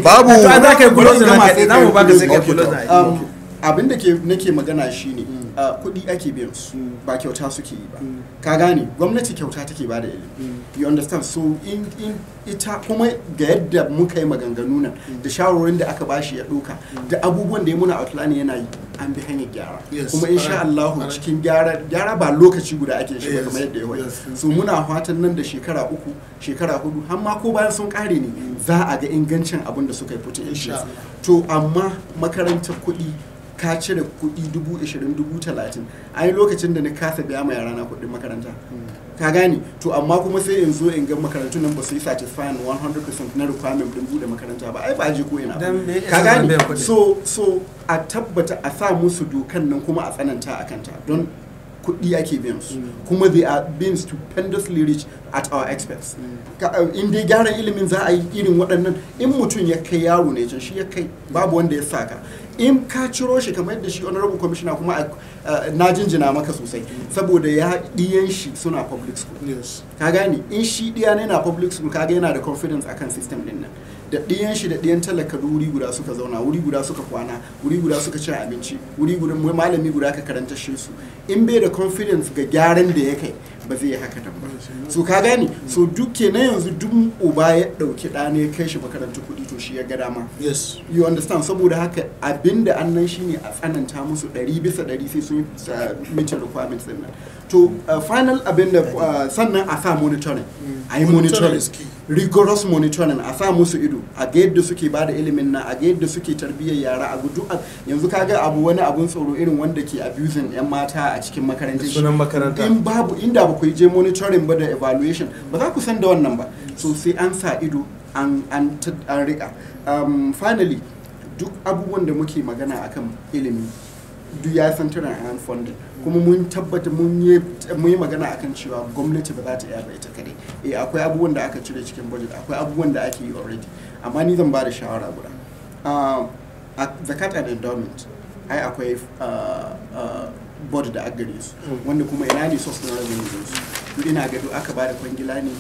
D: babu to za ka yi bulldozer na kai za mu sai
F: ka abin da nake magana shine mm. kuɗi ake biyan su mm. ba kyauta suke yi ba mm. ka gane gwamnati kyauta take ba da ilimi you understand so in in ita kuma ga yadda muka yi maganganu nan da shawarorin da aka bashi ya ɗauka da abubuwan da ya muna outline yana yi an bi hanyar gyara kuma insha Allah cikin gyara gyara ba lokaci guda ake shi ba kamar yadda ya so muna fatan nan da shekara uku shekara hudu har ma ko bayan sun kare ne za a ga ingancin abin da suka yi fitin to amma makarantar kuɗi ka cire kuɗi dubu ishirin dubu talatin a yi lokacin da na kasa biya ma na kuɗin makaranta hmm. ka gane to amma kuma sai in zo in ga makarantun nan ba su yi satisfying 100% na requirement din bude makaranta ba ai ba je ko ina ka gane so a tabbata a sa musu dokan nan kuma a tsananta a kanta don kuɗi ake biyan su kuma they are being stupendously rich at our expense uh, in dai gyaran ilimin za a yi irin waɗannan in mutum ya kai yaro ne can shi ya kai babu wanda ya sa ka in ka ciro shi kamar yadda shi honorable commissioner kuma uh, na jinjina maka sosai saboda ya ɗiyan shi suna public school ka gane in shi ɗiya ne na public school ka kaga yana da confidence akan system din nan da ɗiyan shi da ɗiyan talaka wuri guda suka zauna wuri guda suka kwana wuri guda suka ci abinci wuri guda malami guda ka karanta shi su in bai da confidence ga gyaran da ya kai ba zai yi haka ba so ka gane so duk na yanzu duk uba ya ɗauki ɗa ne kai shi makaranta kuɗi to shi ya ga dama yes you understand saboda haka abinda annan shine a tsananta musu ɗari bisa ɗari sai sun yi uh, meet requirements din nan to uh, final abin da uh, sannan a sa monitoring
E: mm. a yi monitoring
F: rigorous monitoring a sa musu ido a ga yadda suke bada ilimin na a ga yadda suke tarbiyyar yara a gudu yanzu kaga abu wani abun tsoro irin wanda ke abusing yan mata a cikin makarantar sunan in babu inda ba ku je monitoring ba da evaluation ba za ku san da wannan ba so sai an sa ido an an rika um, finally duk abubuwan da muke magana akan ilimi duk ya san an funding kuma mun tabbata mun yi magana akan cewa gwamnati ba za ta iya ba ita kadai eh akwai abubuwan da aka cire cikin budget akwai abubuwan da ake yi already amma ni zan ba da shawara guda ah, a zakat and endowment ai akwai ah, ah, board da aka gare su wanda kuma ina ne source na revenue su ina gado aka ba da kwangila ne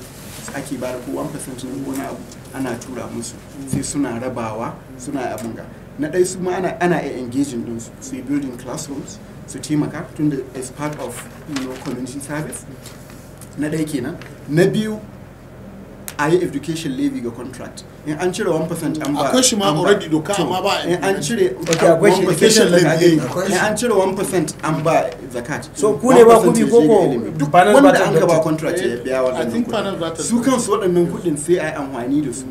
F: ake ba da ko 1% na wani abu ana tura musu sai suna rabawa suna abunga na ɗai su ma ana ana engaging din su su building classrooms su taimaka tun da as part of you know, community service na ɗaya kenan na biyu a yi education levy ga contract in an cire 1% an ba akwai shi ma already doka amma ba in an cire levy in an cire 1% an ba zakat so ku ne ba ku bi koko duk wanda an ka ba contract ya biya eh, wannan kuɗin su kansu waɗannan kuɗin sai a yi amfani da su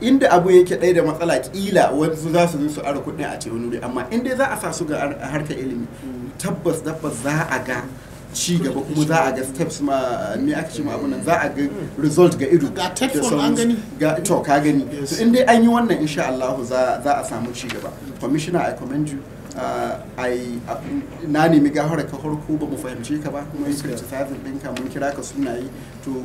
F: inda abu yake ɗaya da matsala kila wasu za su zo su ara kuɗin a ce wani wuri amma in dai za a sa su ga harkar ilimi tabbas tabbas za a ga ci gaba kuma za a ga steps ma me aka ce ma abun nan za a ga result ga ido ga telephone an gani ga to ka gani to in dai an yi wannan insha Allah za a samu ci gaba commissioner i commend you Ah, a na nemi gahara ka farko ba mu fahimce ka ba mun criticizing ɗinka mun kira ka sunaye to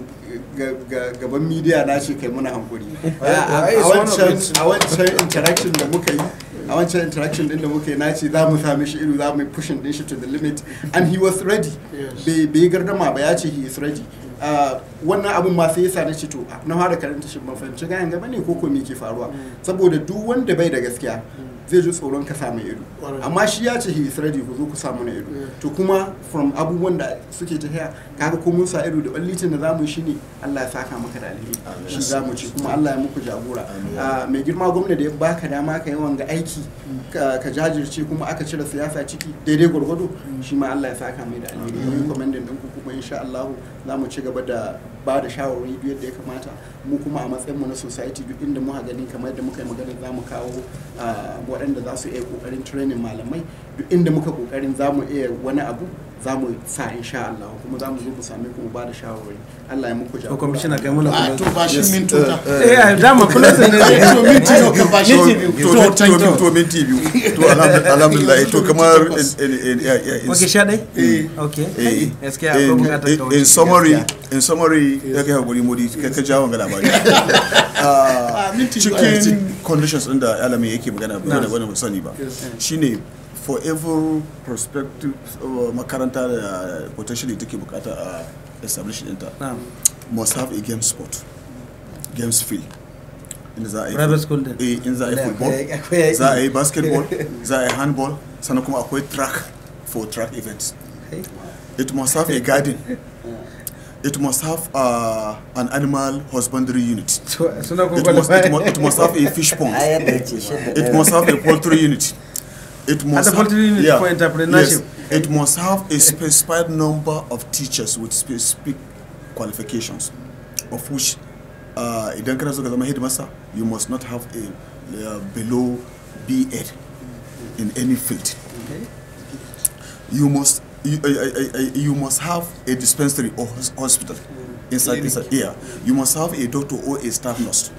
F: gaban media na ce kai muna hankuri a wancan interaction da muka yi a wancan interaction din da muka yi na ce za mu sami shi ido za mu pushing din shi to the limit and he was ready bai gardama ba ya ce he is ready ah, wannan abun ma sai yasa na ce to ah, na fara karanta shi ban fahimci gayan gaba ne ko ko me ke faruwa mm. saboda duk wanda bai da gaskiya mm. zai ji tsoron ka samu ido amma shi ya ce he's ready ku zo ku samu na ido to kuma from abubuwan da suke tafiya kaga ko mun sa ido da ballitin da zamu shi ne Allah ya saka maka da alheri shi zamu ci kuma Allah ya muku jagora ah, mai girma gwamna da ya baka dama ka yawan ga aiki mm. ka jajirce kuma aka cire siyasa ciki daidai gwargwado mm. shi ma Allah ya saka mai da alheri recommended din ku kuma insha Allah za mu ci gaba da ba da shawarwari duk yadda ya kamata mu kuma a matsayin mu na society duk inda muka gani kamar yadda muka yi magana za mu kawo ah, waɗanda za su iya ƙoƙarin training malamai duk inda muka ƙoƙarin za mu iya wani abu za mu sa insha Allah kuma za mu zo mu same ku ba da shawarwari Allah ya muku jagora commissioner kai mula ah, kuma to ba shi min to
A: eh da mu kula da ne to min ti eh, no ba shi to to to to min ti biyu to
D: alhamdulillah to kamar in in okay sha dai eh. Eh. okay gaskiya akwai bukatar to in summary in summary ya kai hakuri modi kai ka jawo ga labari ah, ah cikin conditions din da alamin yake magana ba da wani sani ba shine for every prospective uh, makaranta da potentially take bukata a establish ɗinta must have a game spot, games field in za a yi in za a yi football eh, za a basketball za a handball sannan kuma akwai track for track events it must have a garden it must have uh, an animal husbandry unit it must, it, must, it must have a fish pond it must have a poultry unit it must have, yeah, for entrepreneurship. Yes, it must have a specified number of teachers with specific qualifications, of which uh, idan kana so ka zama headmaster, you must not have a uh, below B.Ed in any field. Okay. You must you, uh, uh, uh, uh you must have a dispensary or hospital mm. inside inside. Yeah, you must have a doctor or a staff nurse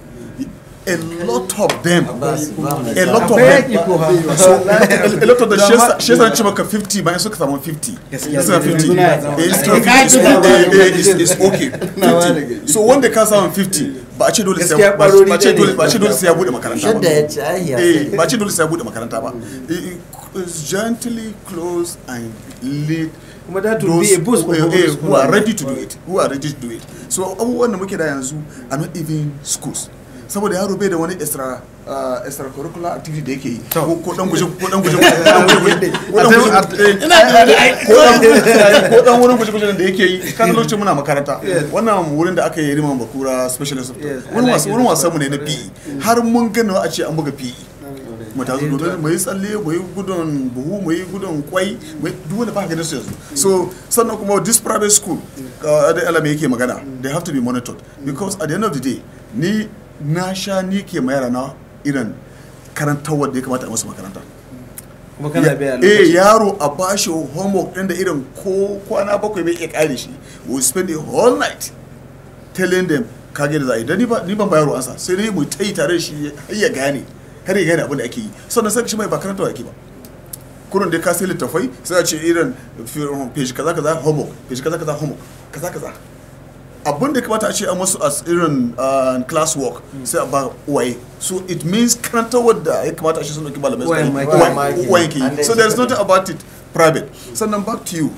D: a lot of them a lot of them so a lot of the shares are ce maka 50 bayan suka samu 50 suna 50 is okay 50 so wanda ka samu 50 ba a ce dole sai ba a ce dole ba a ce dole sai ya bude makaranta ba eh ba a ce dole sai ya bude makaranta ba gently close and lead kuma that will be a boost who, uh, who are ready to do it who are ready to do it so abubuwan da muke da yanzu are not even schools saboda yaro bai da wani extra uh, extracurricular activity da yake yi ko dan guje ko dan guje ko dan guje ko dan wurin guje guje da yake yi kan lokaci muna makaranta wannan wurin da aka yi riman bakura specialist wurin wasan wurin wasan mu ne na PE har mun gano a ce an buga PE mu tazo mai tsalle mai gudun buhu mai gudun kwai mai duk wanda ba ka ganin su yanzu so sannan kuma this private school uh, da alama yake magana they have to be monitored because at the end of the day ni na sha ni ke ma na irin karantarwar da ya kamata a masu makaranta eh yaro a bashi homework ɗin da irin ko kwana bakwai bai iya kare shi we spend the whole night telling them kage da za a yi don ni ban bayarwa ansa sai dai mu ta yi tare shi har ya gane har ya gane abin da ake yi sannan sai shi mai ba karantarwa ake ba kurun da ka sai littafai sai a ce irin um, page kaza kaza homework page kaza kaza homework kaza kaza abin da kamata a ce a musu as irin ah, class work mm. sai a ba waye so it means karanta wadda ya kamata a ce sun dauki malamai waye ke yi so there is nothing about it private mm. sannan back to you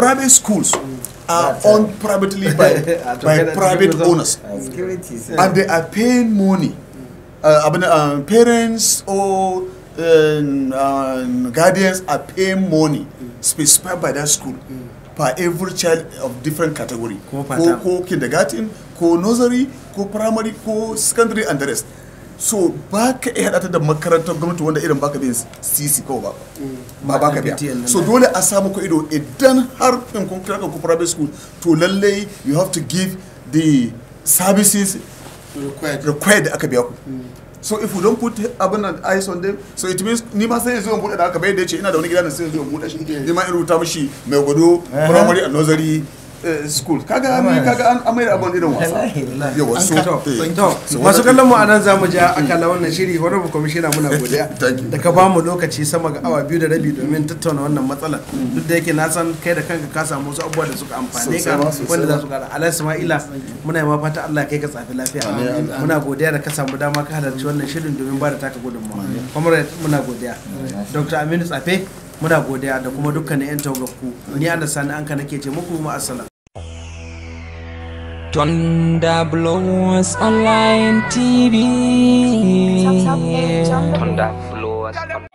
D: private schools mm. are owned privately by, by private owners
B: ah, and
D: they are paying money uh, uh, parents or um, uh, guardians are paying money specified by that school per every child of different category ko ko kindergarten ko nursery ko primary ko secondary and the rest so ba ka iya haɗa da makarantar gwamnati wanda irin baka bin cc ko mm.
E: ba ba ka biya so dole
D: a samu ko ido idan har in kun kira ka school to lallai you have to give the services required aka biya ku mm. so if we don't put abin nan ice on them so it means ni ma sai yanzu bude da haka bai da yace ina da wani gida na sai yanzu bude shi ni ma in rubuta mishi mai gudu primary and nursery school kaga an kaga an amai abun irin wasa yawa so to
E: masu
C: kallon mu anan zamu ja akalla wannan shiri komishin commissioner muna godiya da ka bamu lokaci sama ga awa biyu da rabi domin tattauna wannan matsalar duk da yake na san kai da kanka ka samu wasu abubuwa da suka amfane ka wanda za su gara alai ismaila muna yi ma fata Allah kai ka tsafi lafiya muna godiya da ka samu dama ka halarci wannan shirin domin ba da taka gudunmawa kuma muna godiya dr aminu tsafe muna godiya da kuma dukkanin 'yan tawagar ku ni an da sani an ka nake ce muku ma'asala
A: Thunderblowers
B: Online TV. Thunder Blowers